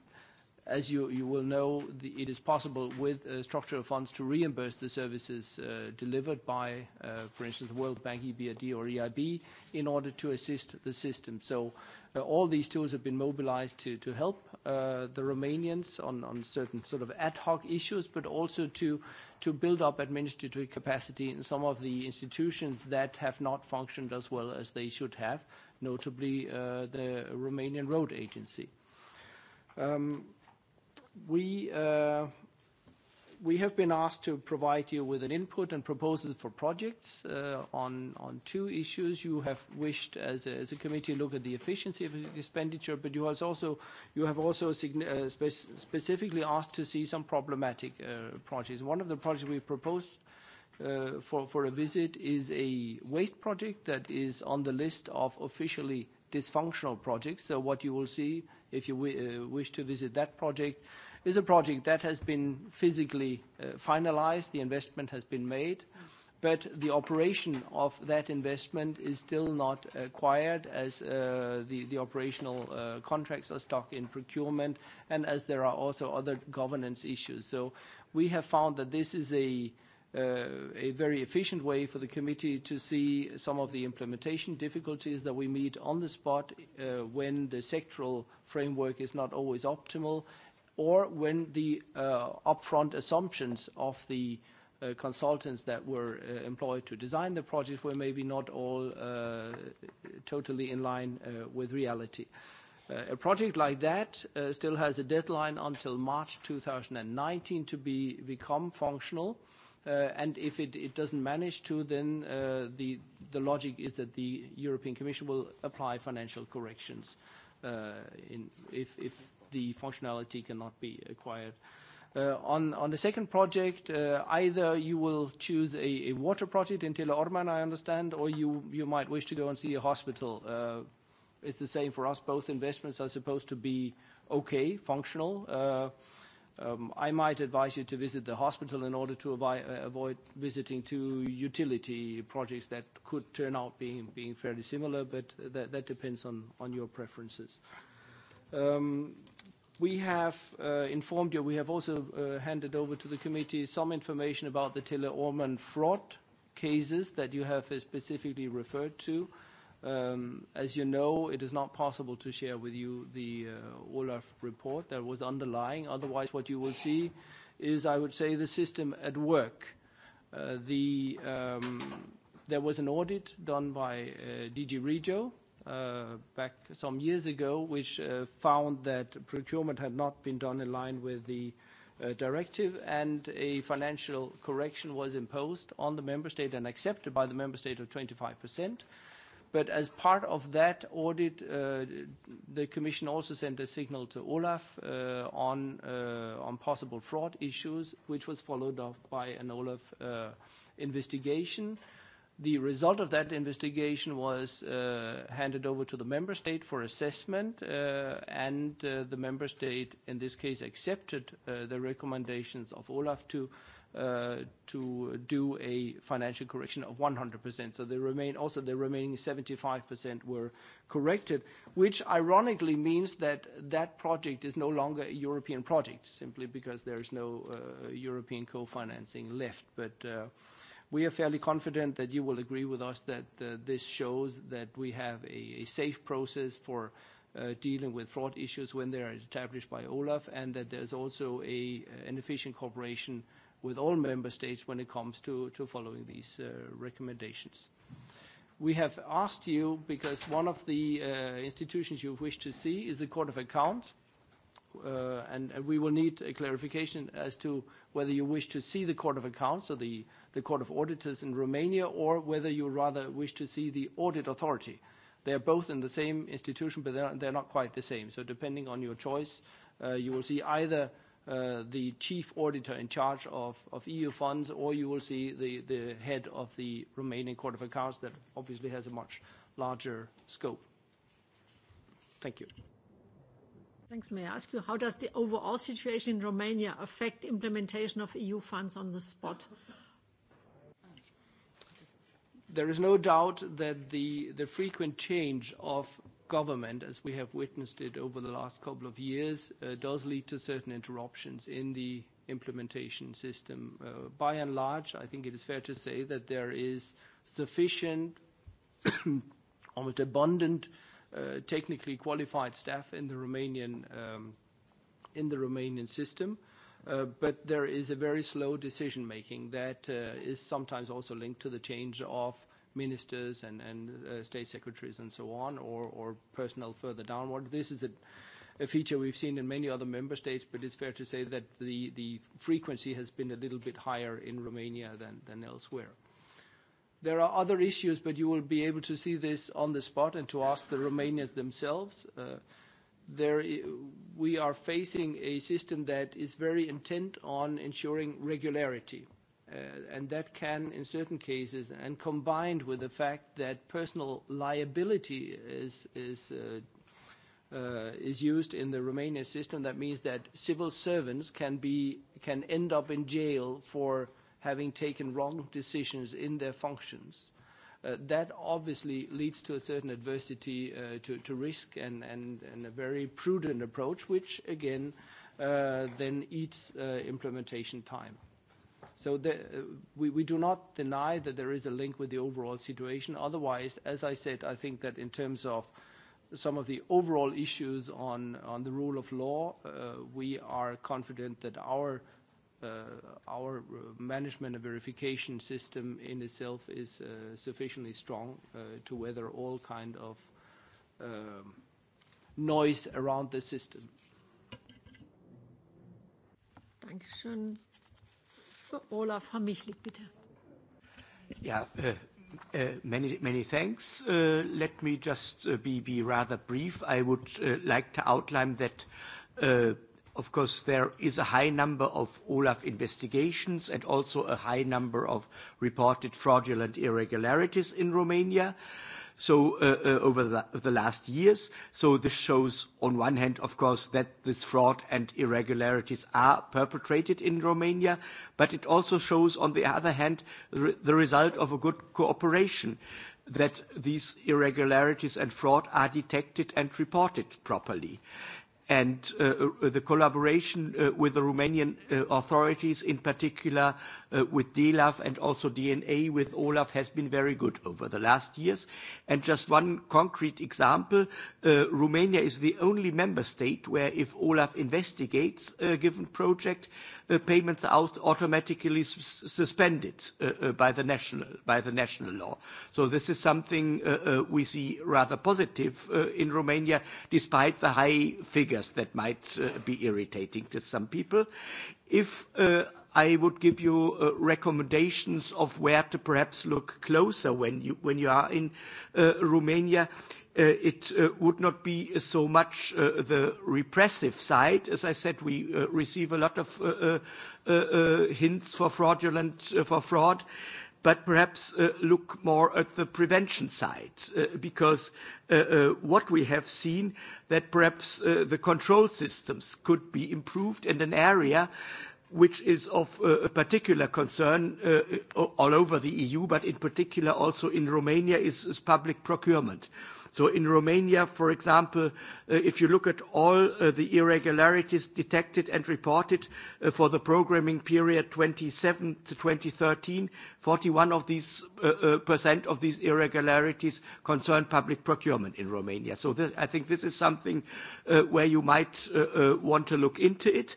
as you, you will know, it is possible with structural funds to reimburse the services uh, delivered by, for instance, the World Bank, EBRD, or EIB in order to assist the system. So all these tools have been mobilized to, to help the Romanians on, on certain sort of ad hoc issues, but also to to build up administrative capacity in some of the institutions that have not functioned as well as they should have, notably uh, the Romanian Road Agency. Um, we, uh, we have been asked to provide you with an input and proposals for projects uh, on, on two issues. You have wished, as a, as a committee, look at the efficiency of expenditure, but you, has also, you have also uh, spe specifically asked to see some problematic uh, projects. One of the projects we proposed Uh, for, for a visit is a waste project that is on the list of officially dysfunctional projects. So what you will see if you uh, wish to visit that project is a project that has been physically uh, finalized, the investment has been made, but the operation of that investment is still not acquired as uh, the, the operational uh, contracts are stuck in procurement and as there are also other governance issues. So we have found that this is a uh, Uh, a very efficient way for the committee to see some of the implementation difficulties that we meet on the spot uh, when the sectoral framework is not always optimal or when the uh, upfront assumptions of the uh, consultants that were uh, employed to design the project were maybe not all uh, totally in line uh, with reality. Uh, a project like that uh, still has a deadline until March 2019 to be, become functional. Uh, Uh, and if it, doesn't manage to, then uh, the, logic is that the European Commission will apply financial corrections uh, if, the functionality cannot be acquired. on, the second project, either you will choose a, water project in Tele Orman, I understand, or you, might wish to go and see a hospital. it's the same for us. Both investments are supposed to be okay, functional. Um, I might advise you to visit the hospital in order to uh, avoid visiting two utility projects that could turn out being, being fairly similar, but that, that depends on, on your preferences. Um, we have uh, informed you, we have also uh, handed over to the committee some information about the Tele-Orman fraud cases that you have specifically referred to. Uh, Um, as you know, it is not possible to share with you the uh, Olaf report that was underlying. Otherwise, what you will see is, I would say, the system at work. Uh, um, there was an audit done by uh, DG Regio back some years ago, which found that procurement had not been done in line with the directive, and a financial correction was imposed on the member state and accepted by the member state of 25%. But as part of that audit, uh, the Commission also sent a signal to Olaf uh, uh, on, possible fraud issues, which was followed up by an Olaf investigation. The result of that investigation was handed over to the member state for assessment, and the member state, in this case, accepted the recommendations of Olaf to Uh, to do a financial correction of 100%. So they remain also the remaining 75% were corrected, which ironically means that that project is no longer a European project, simply because there is no uh, European co-financing left. But uh, we are fairly confident that you will agree with us that this shows that we have a, safe process for dealing with fraud issues when they are established by Olaf, and that there's also a, an efficient cooperation with all member states when it comes to, to following these uh, recommendations. We have asked you, because one of the uh, institutions you wish to see is the Court of Accounts, Uh, and, and we will need a clarification as to whether you wish to see the Court of Accounts or the, the Court of Auditors in Romania, or whether you rather wish to see the Audit Authority. They are both in the same institution, but they're, they're not quite the same. So depending on your choice, uh, you will see either Uh, the chief auditor in charge of, of EU funds, or you will see the, the head of the Romanian Court of Accounts that obviously has a much larger scope. Thank you. Thanks. May I ask you, how does the overall situation in Romania affect implementation of EU funds on the spot? There is no doubt that the, the frequent change of government, as we have witnessed it over the last couple of years, uh, does lead to certain interruptions in the implementation system. Uh, by and large, I think it is fair to say that there is sufficient, almost abundant, uh, technically qualified staff in the Romanian um, in the Romanian system. Uh, but there is a very slow decision-making that uh, is sometimes also linked to the change of ministers and, and uh, state secretaries and so on, or, or personnel further downward. This is a, a feature we've seen in many other member states, but it's fair to say that the, the frequency has been a little bit higher in Romania than, than elsewhere. There are other issues, but you will be able to see this on the spot and to ask the Romanians themselves. Uh, there, we are facing a system that is very intent on ensuring regularity Uh, and that can, in certain cases, and combined with the fact that personal liability is, uh, uh, used in the Romanian system, that means that civil servants can, end up in jail for having taken wrong decisions in their functions. that obviously leads to a certain adversity to, risk and, a very prudent approach, which again then eats implementation time. So uh, we, do not deny that there is a link with the overall situation. Otherwise, as I said, I think that in terms of some of the overall issues on, the rule of law, uh, we are confident that our uh, our management and verification system in itself is sufficiently strong to weather all kind of um, noise around the system. Dankeschön für Olaf Hamichlik, bitte. Ja, uh, Uh, many, many thanks. Uh, let me just uh, be, be rather brief. I would uh, like to outline that, uh, of course, there is a high number of Olaf investigations and also a high number of reported fraudulent irregularities in Romania. Uh, so uh, uh, over the, last years. So this shows, on one hand, of course, that this fraud and irregularities are perpetrated in Romania, but it also shows, on the other hand, the result of a good cooperation that these irregularities and fraud are detected and reported properly and uh, the collaboration uh, with the Romanian uh, authorities, in particular with DELAF and also DNA with OLAF, has been very good over the last years. And just one concrete example, Romania is the only member state where if OLAF investigates a given project, payments are automatically suspended by the, national, by the national law. So this is something we see rather positive in Romania, despite the high figure figures that might uh, be irritating to some people. If uh, I would give you uh, recommendations of where to perhaps look closer when you, are in Romania, it would not be so much the repressive side. As I said, we receive a lot of hints for fraudulent for fraud but perhaps uh, look more at the prevention side, uh, because uh, uh what we have seen that perhaps uh, the control systems could be improved in an area which is of uh, particular concern uh, all over the EU, but in particular also in Romania is, is public procurement. Uh, So in Romania, for example, uh, if you look at all uh, the irregularities detected and reported uh, for the programming period 27 to 2013, 41 of these irregularities concern public procurement in Romania. So I think this is something where you might want to look into it.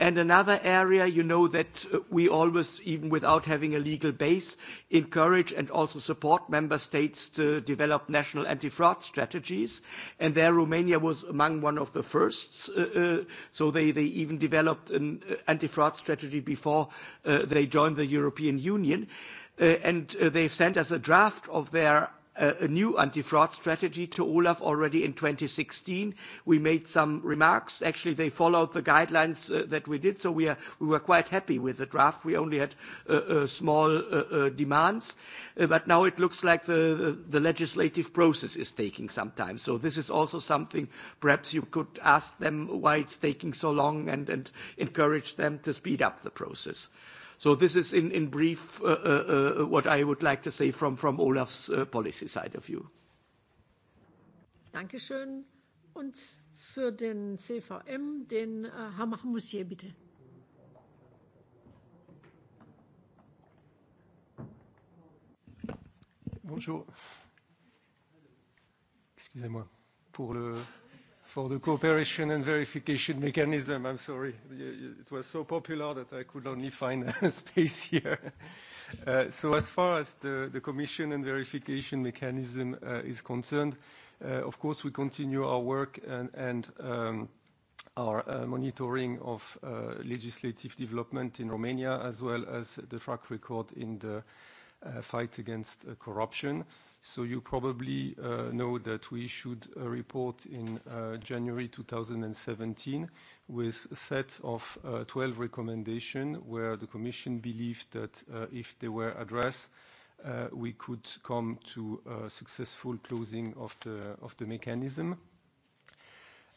And another area, you know, that uh, we always, even without having a legal base, encourage and also support member states to develop national anti-fraud strategies. And there Romania was among one of the firsts. Uh, uh, so they, even developed an anti-fraud strategy before they joined the European Union. and they've sent us a draft of their a new anti-fraud strategy to Olaf already in 2016. We made some remarks. Actually, they followed the guidelines uh, that we did, so we, were quite happy with the draft. We only had uh, uh, small demands, but now it looks like the, legislative process is taking some time. So this is also something perhaps you could ask them why it's taking so long and, encourage them to speed up the process. So this is in, brief uh, uh, uh, what I would like to say from, Olaf's policy side of view. Dankeschön. Und für den CVM, den äh, Herr Mahmoussier, bitte. Bonjour. Excusez-moi. Pour le for the cooperation and verification mechanism. I'm sorry. It was so popular that I could only find a space here. Uh, so as far as the, the commission and verification mechanism uh, is concerned, uh, of course, we continue our work and, and um, our uh, monitoring of uh, legislative development in Romania, as well as the track record in the uh, fight against corruption. So you probably uh, know that we issued a report in uh, January 2017 with a set of 12 uh, recommendations where the Commission believed that if they were addressed, we could come to a successful closing of the, of the mechanism.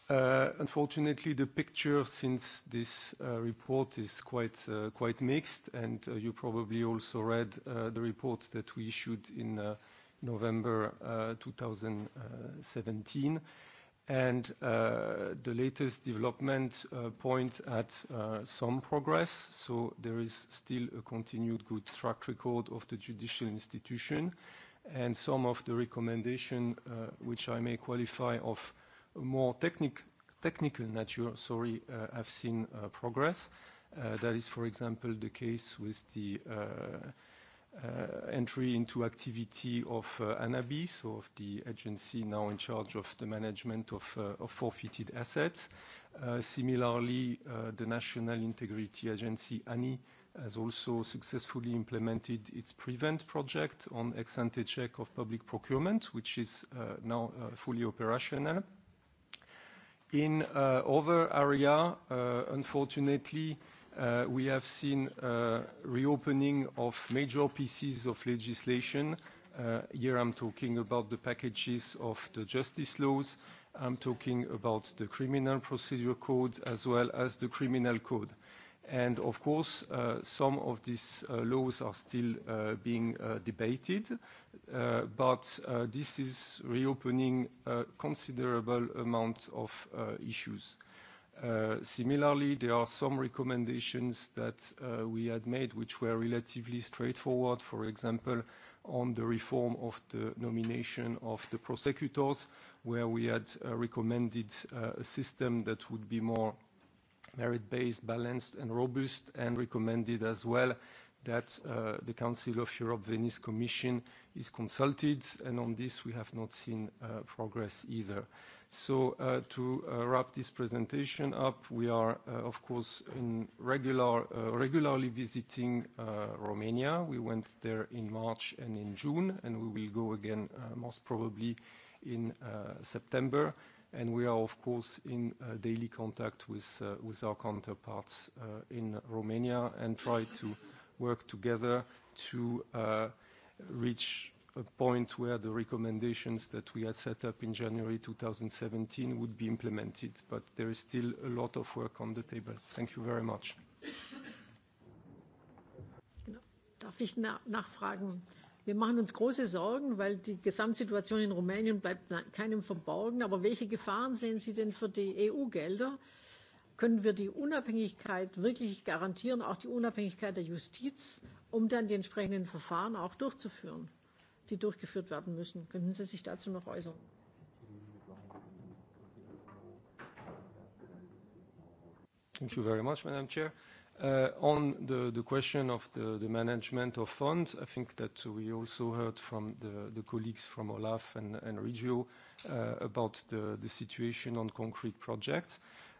Unfortunately, the picture since this report is quite, quite mixed, and you probably also read the report that we issued in November uh, 2017. And uh, the latest development uh, points at uh, some progress, so there is still a continued good track record of the judicial institution, and some of the recommendation, uh, which I may qualify of a more technic technical nature, sorry, uh, have seen uh, progress. Uh, that is, for example, the case with the uh, Uh, entry into activity of uh, ANABI, so of the agency now in charge of the management of, uh, forfeited assets. Uh, similarly, the National Integrity Agency, ANI, has also successfully implemented its PREVENT project on ex-ante check of public procurement, which is now fully operational. In other area, unfortunately, Uh, we have seen uh, reopening of major pieces of legislation. Uh, here I'm talking about the packages of the justice laws. I'm talking about the criminal procedure code as well as the criminal code. And of course, some of these laws are still being debated, but this is reopening a considerable amount of issues. Uh, similarly, there are some recommendations that uh, we had made which were relatively straightforward, for example, on the reform of the nomination of the prosecutors, where we had uh, recommended a system that would be more merit-based, balanced, and robust, and recommended as well that the Council of Europe Venice Commission is consulted, and on this we have not seen progress either. So uh, to uh, wrap this presentation up, we are, uh, of course, in regular, regularly visiting Romania. We went there in March and in June, and we will go again, most probably in September. And we are, of course, in daily contact with, with our counterparts in Romania and try to work together to reach a point where the recommendations that we had set up in January 2017 would be implemented, but there is still a lot of work on the table. Thank you very much. Darf ich nachfragen? Wir machen uns große Sorgen, weil die Gesamtsituation in Rumänien bleibt keinem verborgen. Aber welche Gefahren sehen Sie denn für die EU-Gelder? Können wir die Unabhängigkeit wirklich garantieren, auch die Unabhängigkeit der Justiz, um dann die entsprechenden Verfahren auch durchzuführen? die durchgeführt werden müssen. Könnten Sie sich dazu noch äußern? Thank you very much, Madam Chair. Uh, on the, the question of the, the management of funds, I think that we also heard from the, the colleagues from Olaf and, and Regio uh, about the, the situation on concrete projects.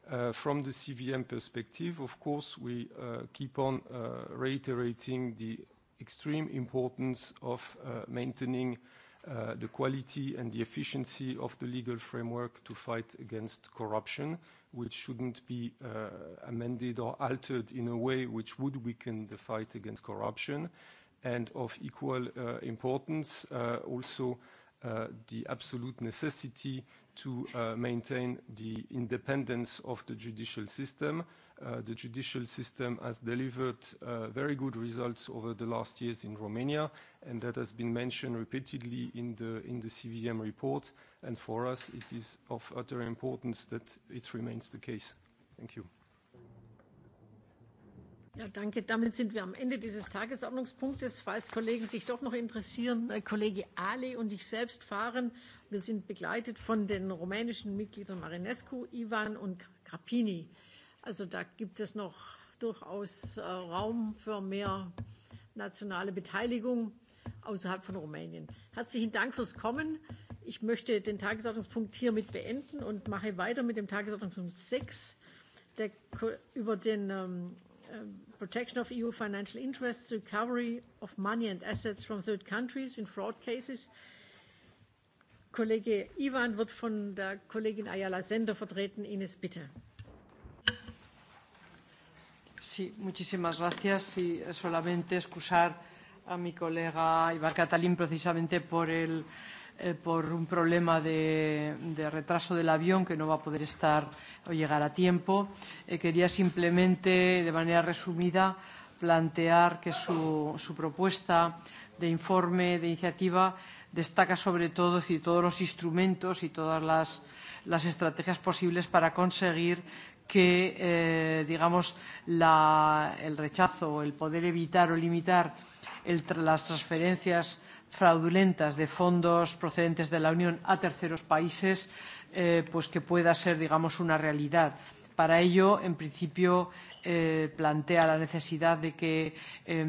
Uh, from the CVM perspective, of course, we uh, keep on uh, reiterating the extreme importance of uh, maintaining uh, the quality and the efficiency of the legal framework to fight against corruption, which shouldn't be uh, amended or altered in a way which would weaken the fight against corruption. And of equal importance, also the absolute necessity to maintain the independence of the judicial system, Uh, the judicial system has delivered uh, very good results over the last years in Romania, and that has been mentioned repeatedly in the, in the CVM report. And for us, it is of utter importance that it remains the case. Thank you. Ja, danke. Damit sind wir am Ende dieses Tagesordnungspunktes. Falls Kollegen sich doch noch interessieren, äh, Kollege Ali und ich selbst fahren. Wir sind begleitet von den rumänischen Mitgliedern Marinescu, Ivan und Grappini. Also da gibt es noch durchaus äh, Raum für mehr nationale Beteiligung außerhalb von Rumänien. Herzlichen Dank fürs Kommen. Ich möchte den Tagesordnungspunkt hiermit beenden und mache weiter mit dem Tagesordnungspunkt 6 der, über den ähm, äh, Protection of EU Financial Interests, Recovery of Money and Assets from Third Countries in Fraud Cases. Kollege Ivan wird von der Kollegin Ayala Sender vertreten. Ines, bitte. Sí, muchísimas gracias y solamente excusar a mi colega Ibar Catalín precisamente por, el, eh, por un problema de, de retraso del avión que no va a poder estar o llegar a tiempo. Eh, quería simplemente, de manera resumida, plantear que su, su propuesta de informe de iniciativa destaca sobre todo decir, todos los instrumentos y todas las, las estrategias posibles para conseguir que, eh, digamos, la, el rechazo, el poder evitar o limitar el, las transferencias fraudulentas de fondos procedentes de la Unión a terceros países, eh, pues que pueda ser, digamos, una realidad. Para ello, en principio, eh, plantea la necesidad de que eh,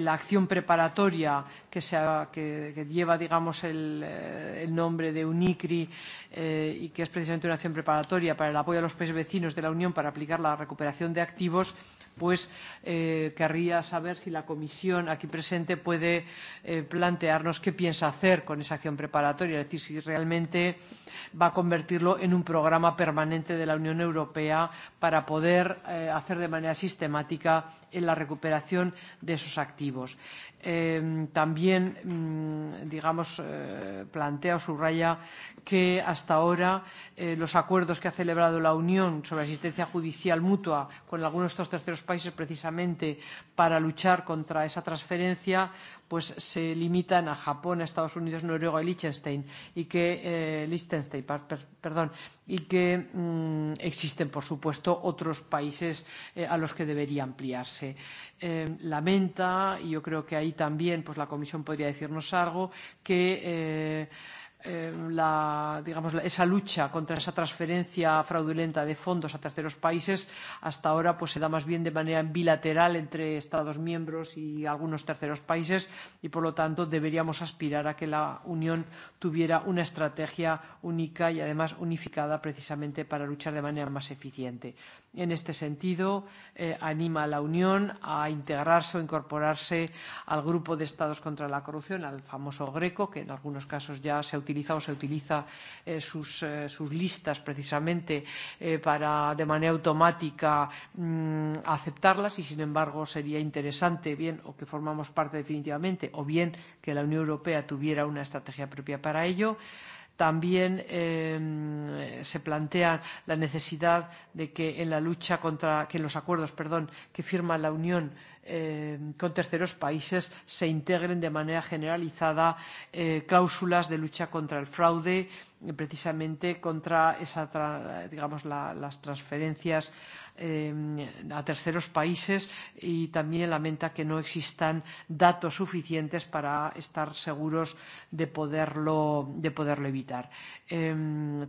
la acción preparatoria que, se que, que lleva, digamos, el, eh, el nombre de UNICRI eh, y que es precisamente una acción preparatoria para el apoyo a los países vecinos de la Unión para aplicar la recuperación de activos, pues eh, querría saber si la comisión aquí presente puede eh, plantearnos qué piensa hacer con esa acción preparatoria, es decir, si realmente va a convertirlo en un programa permanente de la Unión Europea para poder eh, hacer de manera sistemática en la recuperación de esos activos. Eh, también, mm, digamos, eh, plantea o subraya que hasta ahora eh, los acuerdos que ha celebrado la Unión sobre asistencia judicial mutua con algunos de estos terceros países precisamente para luchar contra esa transferencia, pues se limitan a Japón, a Estados Unidos, Noruega y Liechtenstein y que eh, Liechtenstein, per, per, perdón, y que mmm, existen por supuesto otros países eh, a los que debería ampliarse. Eh, lamenta y yo creo que ahí también pues la Comisión podría decirnos algo que eh, Eh, la, digamos, esa lucha contra esa transferencia fraudulenta de fondos a terceros países hasta ahora pues, se da más bien de manera bilateral entre Estados miembros y algunos terceros países y, por lo tanto, deberíamos aspirar a que la Unión tuviera una estrategia única y, además, unificada precisamente para luchar de manera más eficiente. En este sentido, eh, anima a la Unión a integrarse o incorporarse al Grupo de Estados contra la Corrupción, al famoso GRECO, que en algunos casos ya se ha utilizado o se utiliza eh, sus, eh, sus listas precisamente eh, para de manera automática mmm, aceptarlas y, sin embargo, sería interesante bien o que formamos parte definitivamente o bien que la Unión Europea tuviera una estrategia propia para ello. También eh, se plantea la necesidad de que en la lucha contra que en los acuerdos perdón, que firma la Unión eh, con terceros países se integren de manera generalizada eh, cláusulas de lucha contra el fraude, precisamente contra esa, digamos, la, las transferencias eh, a terceros países y también lamenta que no existan datos suficientes para estar seguros de poderlo, de poderlo evitar. Eh,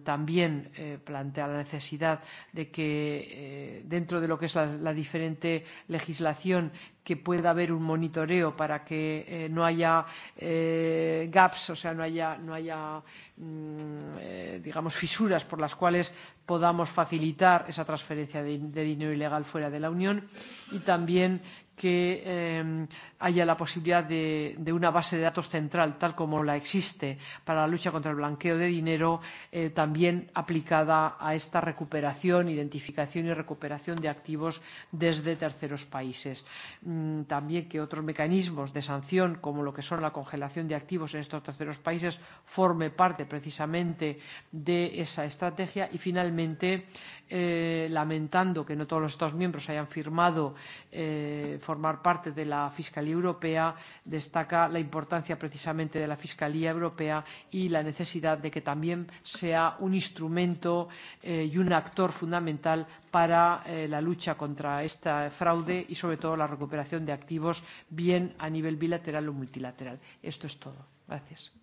también eh, plantea la necesidad de que eh, dentro de lo que es la, la diferente legislación que pueda haber un monitoreo para que eh, no haya eh, gaps, o sea, no haya, no haya mm, eh, digamos, fisuras por las cuales podamos facilitar esa transferencia de, de dinero ilegal fuera de la Unión y también que eh, haya la posibilidad de, de una base de datos central, tal como la existe para la lucha contra el blanqueo de dinero, eh, también aplicada a esta recuperación, identificación y recuperación de activos desde terceros países. Mm, también que otros mecanismos de sanción, como lo que son la congelación de activos en estos terceros países, forme parte precisamente de esa estrategia. Y finalmente, eh, lamentando que no todos los Estados miembros hayan firmado eh, formar parte de la Fiscalía Fiscalía Europea, destaca la importancia precisamente de la Fiscalía Europea y la necesidad de que también sea un instrumento eh, y un actor fundamental para eh, la lucha contra este fraude y, sobre todo, la recuperación de activos, bien a nivel bilateral o multilateral. Esto es todo. Gracias.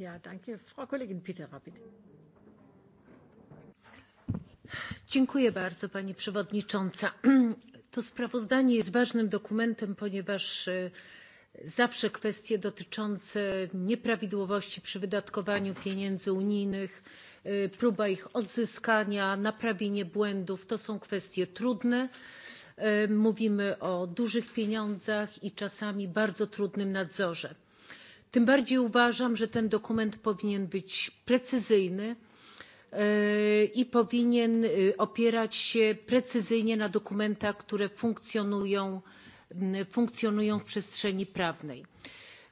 Ja, danke. Frau Kollegin Pitera, bitte. Dziękuję bardzo Pani Przewodnicząca. To sprawozdanie jest ważnym dokumentem, ponieważ zawsze kwestie dotyczące nieprawidłowości przy wydatkowaniu pieniędzy unijnych próba ich odzyskania naprawienie błędów to są kwestie trudne. mówimy o dużych pieniądzach i czasami bardzo trudnym nadzorze. tym bardziej uważam że ten dokument powinien być precyzyjny E, i powinien e, opierać się precyzyjnie na dokumentach, które funkcjonują, funkcjonują w przestrzeni prawnej.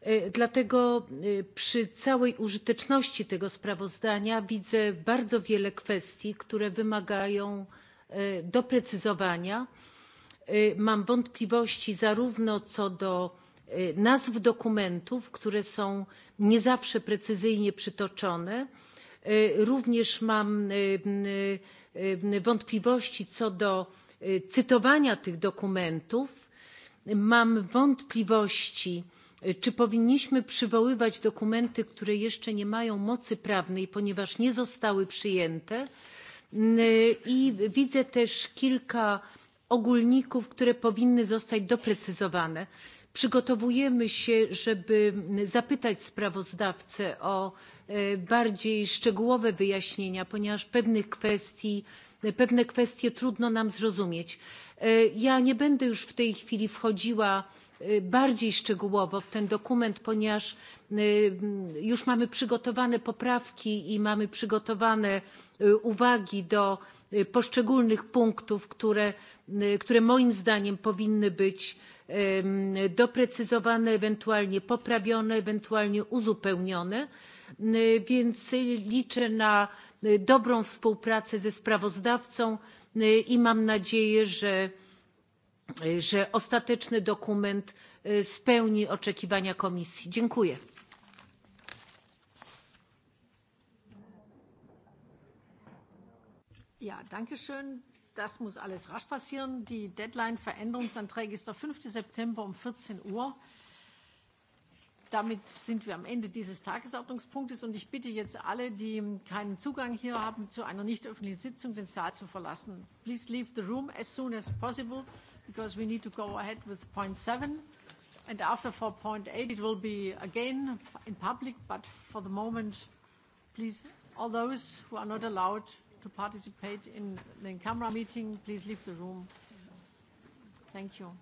E, dlatego przy całej użyteczności tego sprawozdania widzę bardzo wiele kwestii, które wymagają doprecyzowania. Mam wątpliwości zarówno co do nazw dokumentów, które są nie zawsze precyzyjnie przytoczone, E, również mam e, e, wątpliwości co do cytowania tych dokumentów mam wątpliwości czy powinniśmy przywoływać dokumenty które jeszcze nie mają mocy prawnej ponieważ nie zostały przyjęte i widzę też kilka ogólników które powinny zostać doprecyzowane. przygotowujemy się żeby zapytać sprawozdawcę o E, bardziej szczegółowe wyjaśnienia, ponieważ pewnych kwestii, e, pewne kwestie trudno nam zrozumieć. E, ja nie będę już w tej chwili wchodziła bardziej szczegółowo w ten dokument, ponieważ już mamy przygotowane poprawki i mamy przygotowane uwagi do poszczególnych punktów, które, które moim zdaniem powinny być doprecyzowane, ewentualnie poprawione, ewentualnie uzupełnione więc liczę na dobrą współpracę ze sprawozdawcą i mam nadzieję że, ostateczny dokument spełni oczekiwania komisji. dziękuję. Ja, danke schön. Das muss alles rasch passieren. Die Deadline für Änderungsanträge ist der 5. September um 14 Uhr damit sind wir am Ende dieses Tagesordnungspunktes und ich bitte jetzt alle, die keinen Zugang hier haben zu einer nicht öffentlichen Sitzung, den Saal zu verlassen. Please leave the room as soon as possible because we need to go ahead with point seven. And after 4.8 it will be again in public, but for the moment, please, all those who are not allowed to participate in the camera meeting, please leave the room. Thank you.